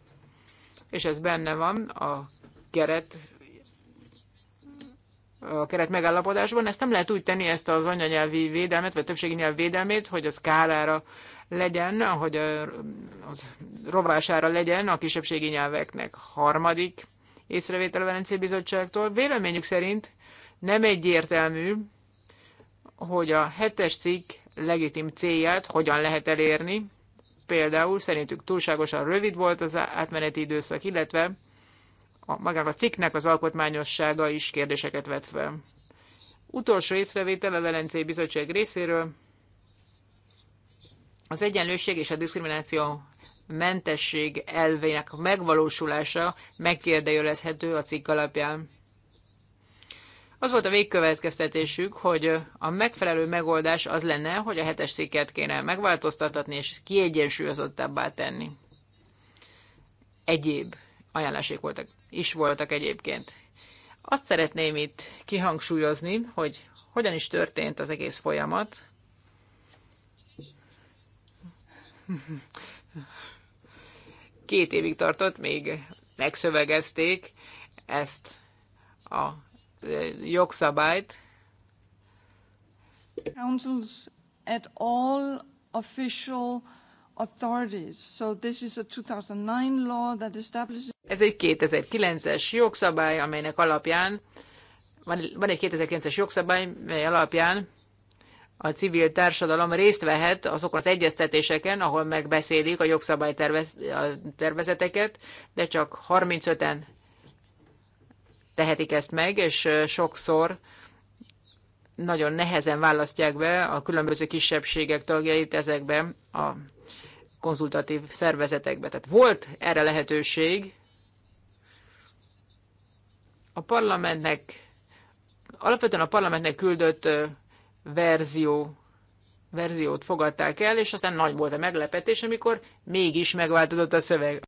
és ez benne van a keret a keret megállapodásban. Ezt nem lehet úgy tenni, ezt az anyanyelvi védelmet, vagy többségi nyelv védelmét, hogy az kárára legyen, hogy az rovására legyen a kisebbségi nyelveknek. Harmadik észrevétel a Velencé Bizottságtól. Véleményük szerint nem egyértelmű, hogy a hetes cikk legitim célját hogyan lehet elérni. Például szerintük túlságosan rövid volt az átmeneti időszak, illetve a, magának a cikknek az alkotmányossága is kérdéseket vet fel. Utolsó észrevétel a Velencei Bizottság részéről. Az egyenlőség és a diszkrimináció mentesség elvének megvalósulása megkérdőjelezhető a cikk alapján. Az volt a végkövetkeztetésük, hogy a megfelelő megoldás az lenne, hogy a hetes cikket kéne megváltoztatni és kiegyensúlyozottabbá tenni. Egyéb ajánlások voltak is voltak egyébként. Azt szeretném itt kihangsúlyozni, hogy hogyan is történt az egész folyamat. Két évig tartott, még megszövegezték ezt a jogszabályt. Councils at all official authorities. So this is a 2009 law that establishes... Ez egy 2009-es jogszabály, amelynek alapján van, egy 2009-es jogszabály, mely alapján a civil társadalom részt vehet azokon az egyeztetéseken, ahol megbeszélik a jogszabálytervezeteket, de csak 35-en tehetik ezt meg, és sokszor nagyon nehezen választják be a különböző kisebbségek tagjait ezekben a konzultatív szervezetekbe. Tehát volt erre lehetőség. A parlamentnek, alapvetően a parlamentnek küldött verzió, verziót fogadták el, és aztán nagy volt a meglepetés, amikor mégis megváltozott a szöveg.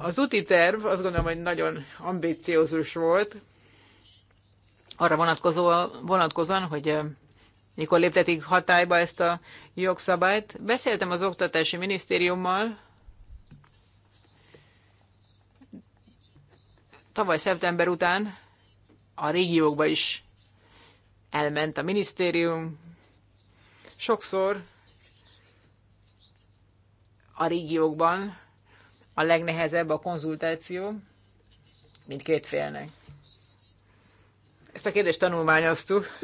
Az úti terv azt gondolom, hogy nagyon ambíciózus volt, arra vonatkozóan, hogy mikor léptetik hatályba ezt a jogszabályt. Beszéltem az Oktatási Minisztériummal, tavaly szeptember után a régiókba is elment a minisztérium. Sokszor a régiókban a legnehezebb a konzultáció mindkét félnek. Ezt a kérdést tanulmányoztuk.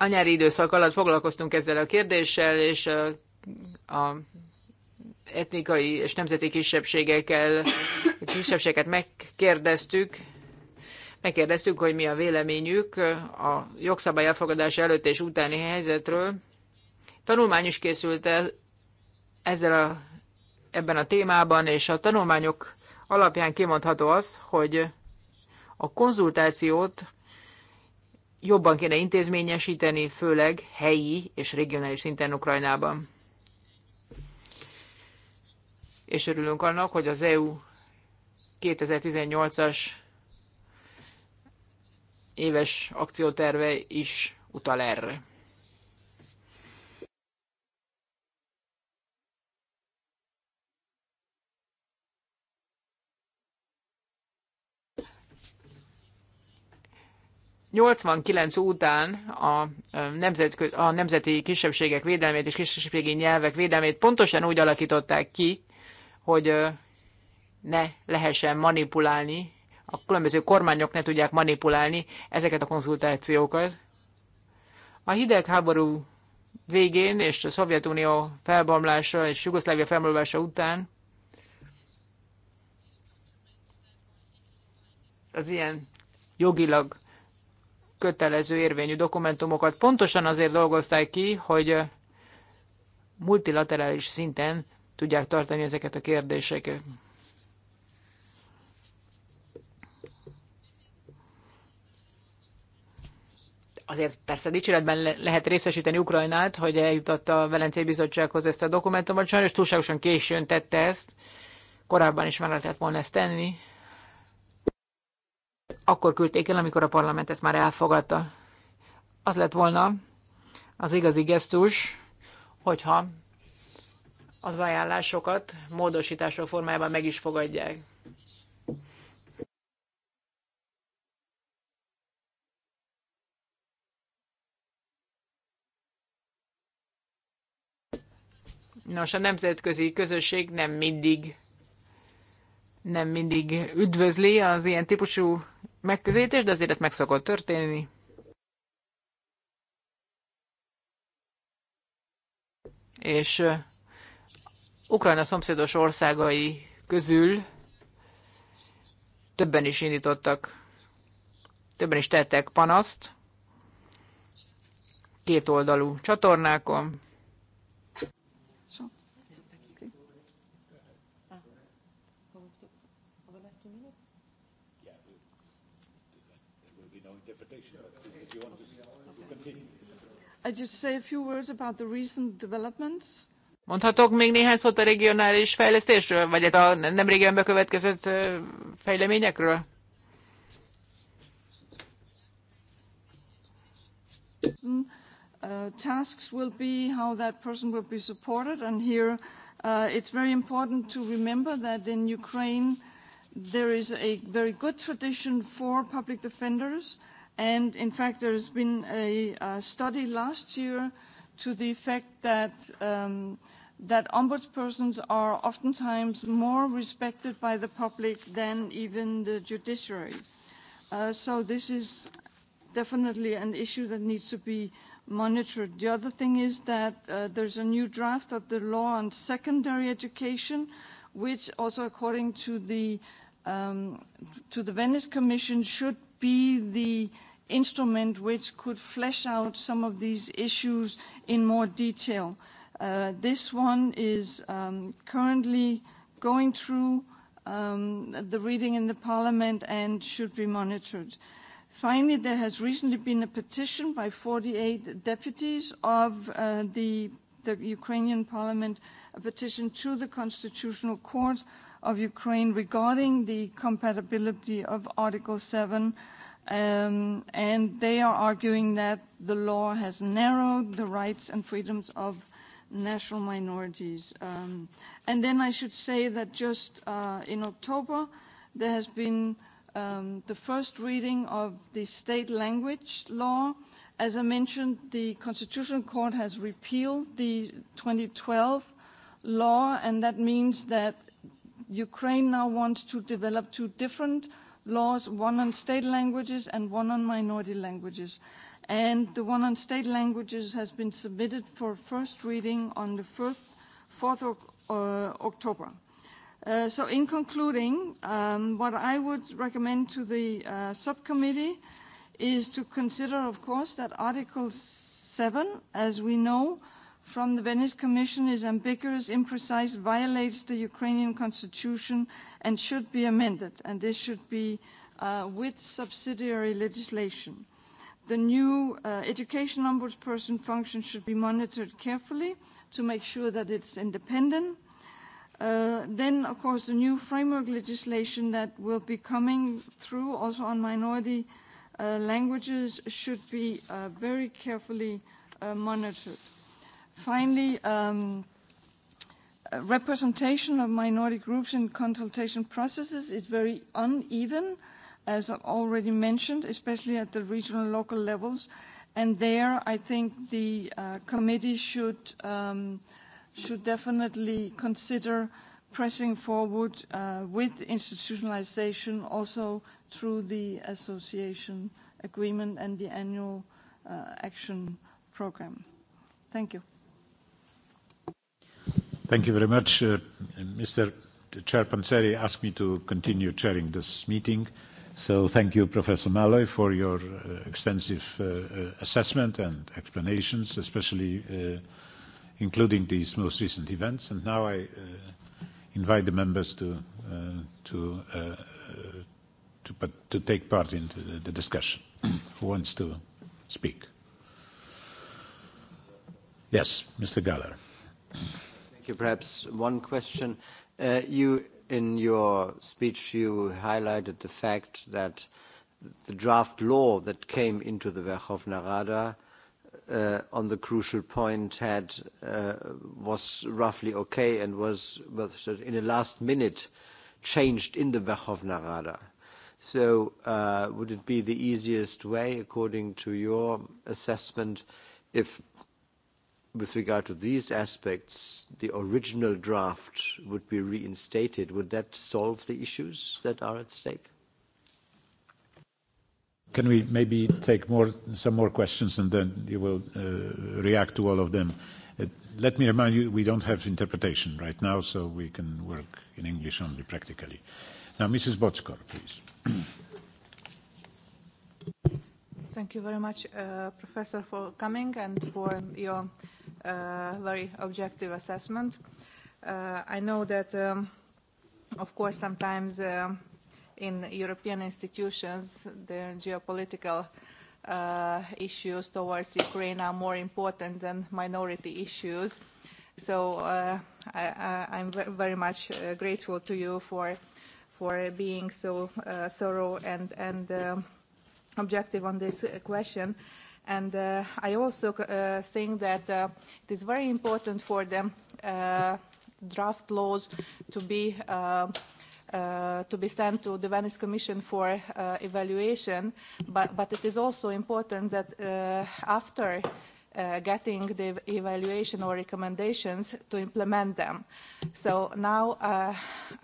a nyári időszak alatt foglalkoztunk ezzel a kérdéssel, és a, a etnikai és nemzeti kisebbségekkel, kisebbséget megkérdeztük, megkérdeztük, hogy mi a véleményük a jogszabály elfogadása előtt és utáni helyzetről. Tanulmány is készült el ezzel a, ebben a témában, és a tanulmányok alapján kimondható az, hogy a konzultációt jobban kéne intézményesíteni, főleg helyi és regionális szinten Ukrajnában. És örülünk annak, hogy az EU 2018-as éves akcióterve is utal erre. 89 után a, nemzet, a nemzeti kisebbségek védelmét és kisebbségi nyelvek védelmét pontosan úgy alakították ki, hogy ne lehessen manipulálni, a különböző kormányok ne tudják manipulálni ezeket a konzultációkat. A hidegháború végén és a Szovjetunió felbomlása és Jugoszlávia felbomlása után az ilyen jogilag kötelező érvényű dokumentumokat pontosan azért dolgozták ki, hogy multilaterális szinten tudják tartani ezeket a kérdéseket. Azért persze dicséretben lehet részesíteni Ukrajnát, hogy eljutott a Velencei Bizottsághoz ezt a dokumentumot. Sajnos túlságosan későn tette ezt, korábban is meg lehetett volna ezt tenni, akkor küldték el, amikor a parlament ezt már elfogadta. Az lett volna az igazi gesztus, hogyha az ajánlásokat módosítások formájában meg is fogadják. Nos, a nemzetközi közösség nem mindig nem mindig üdvözli az ilyen típusú megközelítés, de azért ez meg szokott történni. És Ukrajna szomszédos országai közül többen is indítottak, többen is tettek panaszt kétoldalú csatornákon, Mondhatok még néhány szót a regionális fejlesztésről, vagy hát a nem régen bekövetkezett fejleményekről? Mm, uh, tasks will be how that person will be supported, and here uh, it's very important to remember that in Ukraine there is a very good tradition for public defenders And in fact, there has been a, a study last year to the effect that um, that ombudspersons are oftentimes more respected by the public than even the judiciary. Uh, so this is definitely an issue that needs to be monitored. The other thing is that uh, there's a new draft of the law on secondary education, which also according to the, um, to the Venice Commission should be the instrument which could flesh out some of these issues in more detail. Uh, this one is um, currently going through um, the reading in the parliament and should be monitored. Finally, there has recently been a petition by 48 deputies of uh, the, the Ukrainian parliament, a petition to the Constitutional Court of Ukraine regarding the compatibility of Article 7 Um, and they are arguing that the law has narrowed the rights and freedoms of national minorities. Um, and then I should say that just uh, in October, there has been um, the first reading of the state language law. As I mentioned, the Constitutional Court has repealed the 2012 law, and that means that Ukraine now wants to develop two different laws, one on state languages and one on minority languages. And the one on state languages has been submitted for first reading on the 4th of uh, October. Uh, so in concluding, um, what I would recommend to the uh, subcommittee is to consider, of course, that Article 7, as we know, uh, from the Venice Commission is ambiguous, imprecise, violates the Ukrainian constitution and should be amended, and this should be uh, with subsidiary legislation. The new uh, education ombudsperson function should be monitored carefully to make sure that it's independent. Uh, then, of course, the new framework legislation that will be coming through also on minority uh, languages should be uh, very carefully uh, monitored. Finally, um, uh, representation of minority groups in consultation processes is very uneven, as I've already mentioned, especially at the regional and local levels. And there, I think the uh, committee should, um, should definitely consider pressing forward uh, with institutionalization also through the association agreement and the annual uh, action program. Thank you. Thank you very much. Uh, Mr. Chair Panseri asked me to continue chairing this meeting. So thank you, Professor Malloy, for your uh, extensive uh, uh, assessment and explanations, especially uh, including these most recent events. And now I uh, invite the members to, uh, to, uh, to, but to take part in the, the discussion. Who wants to speak? Yes, Mr. Galler. you. Perhaps one question. Uh, you, in your speech, you highlighted the fact that the draft law that came into the Verkhovna Rada uh, on the crucial point had uh, was roughly okay and was, was in a last minute changed in the Verkhovna Rada. So uh, would it be the easiest way, according to your assessment, if with regard to these aspects, the original draft would be reinstated. Would that solve the issues that are at stake? Can we maybe take more, some more questions and then you will uh, react to all of them? Uh, let me remind you, we don't have interpretation right now, so we can work in English only practically. Now, Mrs. Botskor, please. Thank you very much, uh, Professor, for coming and for your uh, very objective assessment. Uh, I know that, um, of course, sometimes uh, in European institutions, the geopolitical uh, issues towards Ukraine are more important than minority issues. So uh, I, I, I'm very much uh, grateful to you for, for being so uh, thorough and, and uh, objective on this question. Uh, And uh, I also uh, think that uh, it is very important for the uh, draft laws to be uh, uh, to be sent to the Venice Commission for uh, evaluation, but, but it is also important that uh, after uh, getting the evaluation or recommendations to implement them. So now uh,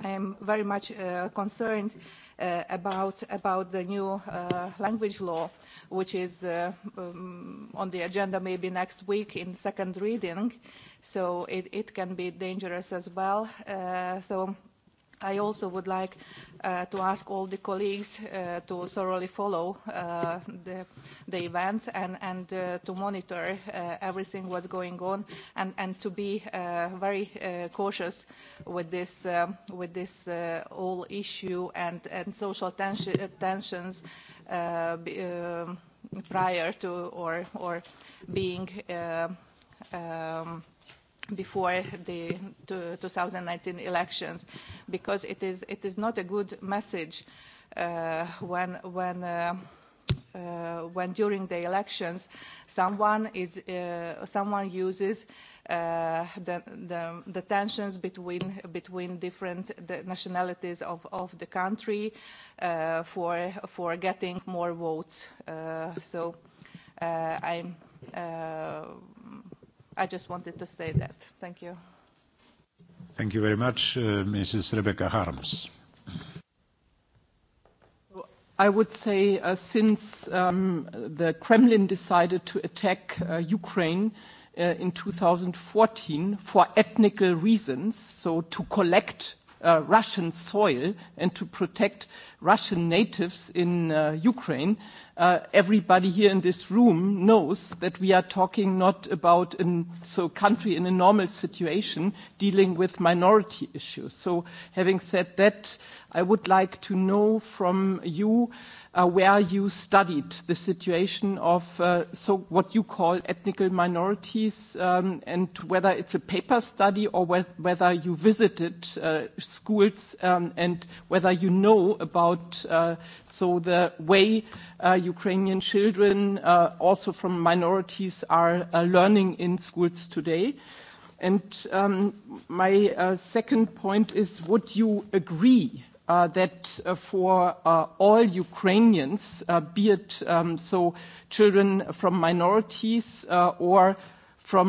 I am very much uh, concerned uh, about, about the new uh, language law uh, which is uh, um, on the agenda maybe next week in second reading. So it, it can be dangerous as well. Uh, so I also would like uh, to ask all the colleagues uh, to thoroughly follow uh, the, the events and, and uh, to monitor uh, everything what's going on and, and to be uh, very uh, cautious with this, um, with this uh, whole issue and, and social tens uh, tensions uh, uh, prior to or, or being uh, um, before the 2019 elections because it is it is not a good message uh, when when uh, uh, when during the elections someone is uh, someone uses uh, the, the, the tensions between between different the nationalities of, of the country uh, for for getting more votes uh, so uh, I'm uh, I just wanted to say that. Thank you. Thank you very much, uh, Mrs. Rebecca Harms. I would say uh, since um, the Kremlin decided to attack uh, Ukraine uh, in 2014 for ethnical reasons, so to collect uh, Russian soil and to protect Russian natives in uh, Ukraine, uh, everybody here in this room knows that we are talking not about a so country in a normal situation dealing with minority issues. So having said that, I would like to know from you uh, where you studied the situation of uh, so what you call ethnic minorities um, and whether it's a paper study or wh whether you visited uh, schools um, and whether you know about about uh, so the way uh, Ukrainian children, uh, also from minorities, are uh, learning in schools today. And um, my uh, second point is, would you agree Uh, that uh, for uh, all Ukrainians, uh, be it um, so children from minorities uh, or from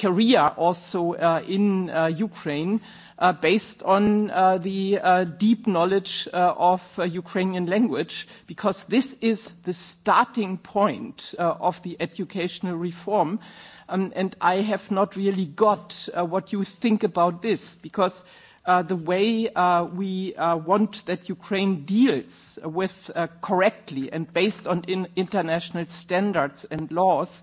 career also uh, in uh, Ukraine uh, based on uh, the uh, deep knowledge uh, of uh, Ukrainian language because this is the starting point uh, of the educational reform. Um, and I have not really got uh, what you think about this because uh, the way uh, we uh, want that Ukraine deals with uh, correctly and based on in international standards and laws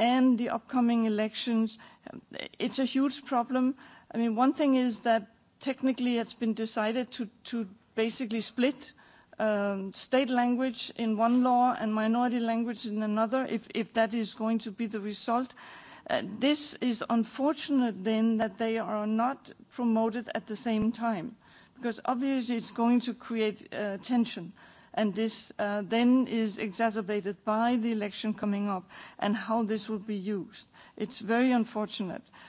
and the upcoming elections. It's a huge problem. I mean, one thing is that technically it's been decided to, to basically split um, state language in one law and minority language in another, if, if that is going to be the result. Uh, this is unfortunate then that they are not promoted at the same time, because obviously it's going to create uh, tension. Uh, and this uh, then is exacerbated by the election coming up and how this will be used. It's very unfortunate. Uh,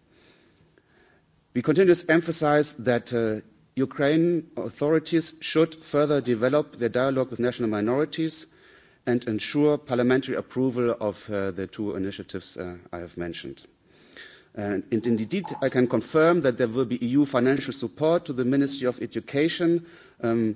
We continue to emphasize that uh, Ukraine authorities should further develop their dialogue with national minorities and ensure parliamentary approval of uh, the two initiatives uh, I have mentioned. And indeed, I can confirm that there will be EU financial support to the Ministry of Education um,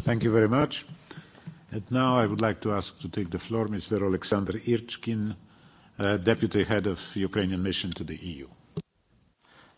Thank you very much. And now I would like to ask to take the floor Mr. Alexander Irchkin, uh, Deputy Head of Ukrainian Mission to the EU.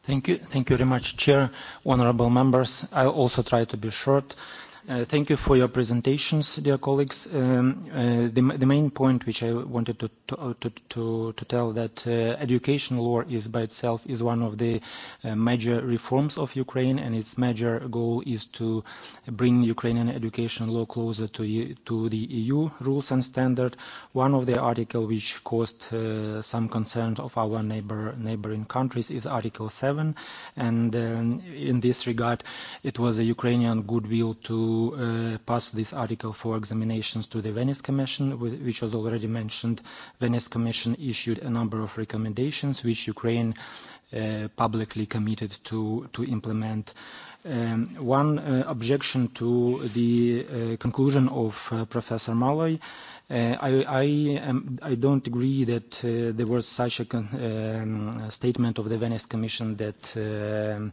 Thank you. Thank you very much, Chair, honorable members. I'll also try to be short. Uh, Uh, thank you for your presentations, dear colleagues. Um, uh, the, the main point which I wanted to, uh, to, to, to tell that uh, education law is by itself is one of the uh, major reforms of Ukraine, and its major goal is to bring Ukrainian education law closer to, to the EU rules and standard. One of the article which caused uh, some concern of our neighbor, neighboring countries is Article 7, and um, in this regard, it was a Ukrainian goodwill to uh, pass this article for examinations to the Venice Commission, which was already mentioned. Venice Commission issued a number of recommendations which Ukraine Uh, publicly committed to, to implement. Um, one uh, objection to the uh, conclusion of uh, Professor Malloy, uh, I, I, am, I don't agree that uh, there was such a um, statement of the Venice Commission that um,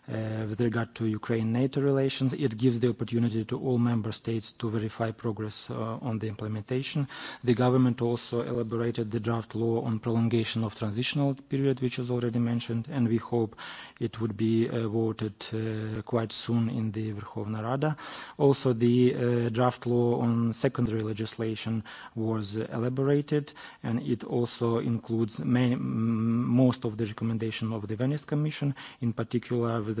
Uh, with regard to Ukraine-NATO relations. It gives the opportunity to all member states to verify progress uh, on the implementation. The government also elaborated the draft law on prolongation of transitional period, which was already mentioned, and we hope it would be uh, voted uh, quite soon in the Verkhovna Rada. Also, the uh, draft law on secondary legislation was elaborated, and it also includes many, most of the recommendation of the Venice Commission, in particular with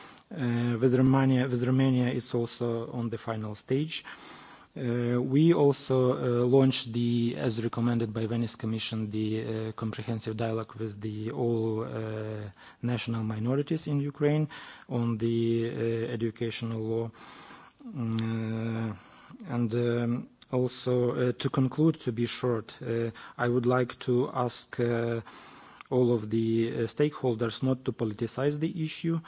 Eh, with Romania, with Romania, it's also on the final stage. Uh, we also uh, launched the, as recommended by Venice Commission, the uh, comprehensive dialogue with the all uh, national minorities in Ukraine on the uh, educational law. Uh, and um, also, uh, to conclude, to be short, uh, I would like to ask uh, all of the uh, stakeholders not to politicize the issue. Uh,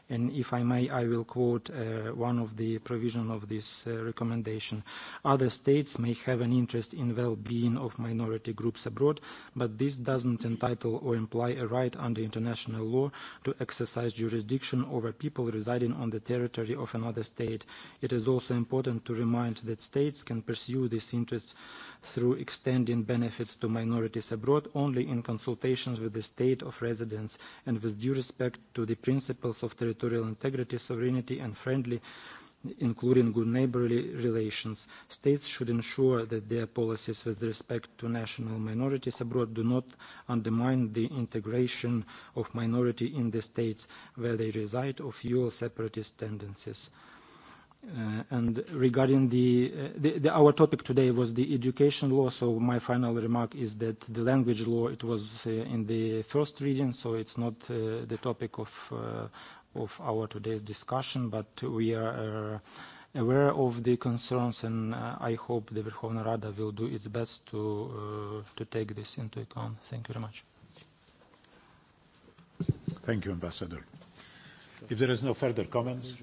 And if I may, I will quote uh, one of the provision of this uh, recommendation. Other states may have an interest in well-being of minority groups abroad, but this doesn't entitle or imply a right under international law to exercise jurisdiction over people residing on the territory of another state. It is also important to remind that states can pursue these interests through extending benefits to minorities abroad only in consultations with the state of residence and with due respect to the principles of territory territorial integrity, sovereignty and friendly including good neighborly relations. States should ensure that their policies with respect to national minorities abroad do not undermine the integration of minority in the states where they reside or fuel separatist tendencies. Uh, and regarding the, uh, the, the, our topic today was the education law, so my final remark is that the language law, it was uh, in the first reading, so it's not uh, the topic of uh, of our today's discussion, but we are uh, aware of the concerns, and uh, I hope the Verkhovna Rada will do its best to, uh, to take this into account. Thank you very much. Thank you, Ambassador. If there is no further comments,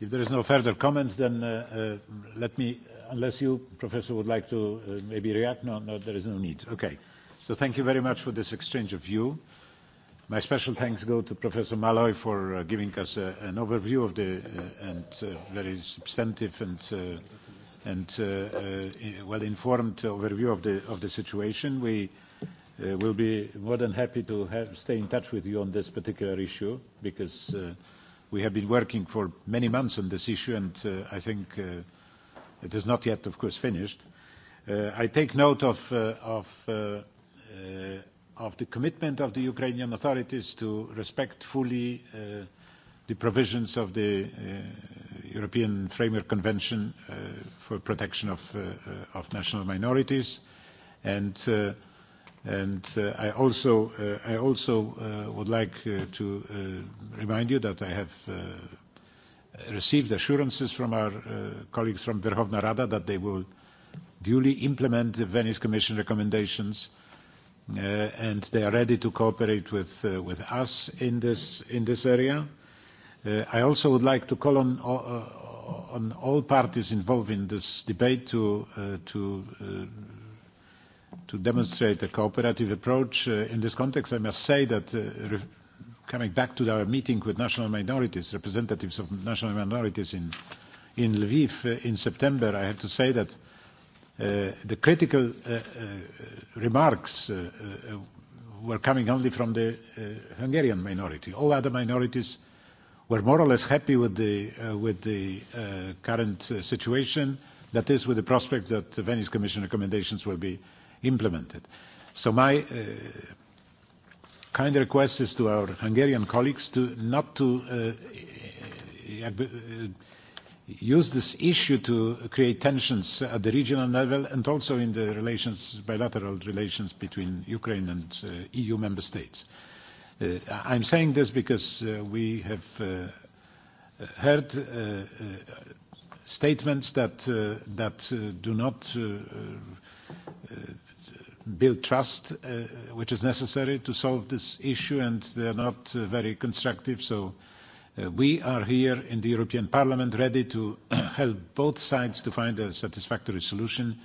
if there is no further comments, then uh, uh, let me, unless you, Professor, would like to uh, maybe react. No, no, there is no need. Okay. So thank you very much for this exchange of view. My special thanks go to Professor Malloy for uh, giving us uh, an overview of the uh, and uh, very substantive and uh, and uh, uh, well-informed overview of the of the situation. We uh, will be more than happy to have, stay in touch with you on this particular issue because uh, we have been working for many months on this issue, and uh, I think uh, it is not yet, of course, finished. Uh, I take note of, uh, of uh, uh, of the commitment of the Ukrainian authorities to respect fully uh, the provisions of the uh, European Framework Convention uh, for Protection of, uh, uh, of National Minorities. And, uh, and uh, I also, uh, I also uh, would like uh, to uh, remind you that I have uh, received assurances from our uh, colleagues from Verkhovna Rada that they will duly implement the Venice Commission recommendations Uh, and they are ready to cooperate with, uh, with us in this, in this area. Uh, I also would like to call on, on all parties involved in this debate to, to, demonstrate a cooperative approach. in this context, I must say that coming back to our meeting with national minorities, representatives of national minorities in, in Lviv in September, I have to say that Uh, the critical uh, uh, remarks uh, uh, were coming only from the uh, Hungarian minority. All other minorities were more or less happy with the, uh, with the uh, current uh, situation, that is, with the prospect that the Venice Commission recommendations will be implemented. So my uh, kind request is to our Hungarian colleagues to not to uh, uh, uh, use this issue to create tensions at the regional level and also in the relations, bilateral relations between Ukraine and uh, EU member states. Uh, I'm saying this because uh, we have uh, heard uh, uh, statements that, uh, that uh, do not uh, uh, build trust, uh, which is necessary to solve this issue, and they are not uh, very constructive. So. Uh, Uh, we are here in the European Parliament ready to help both sides to find a satisfactory solution.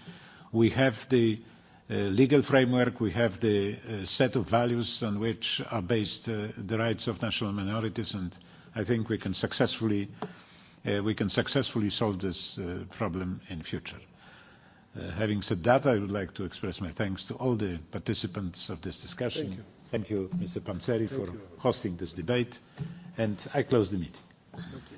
We have the uh, legal framework, we have the uh, set of values on which are based the rights of national minorities, and I think we can successfully, we can successfully solve this problem in future. having said that, I would like to express my thanks to all the participants of this discussion. Thank you Thank you, Mr. Panzeri, for hosting this debate. And I close the meeting. Thank you.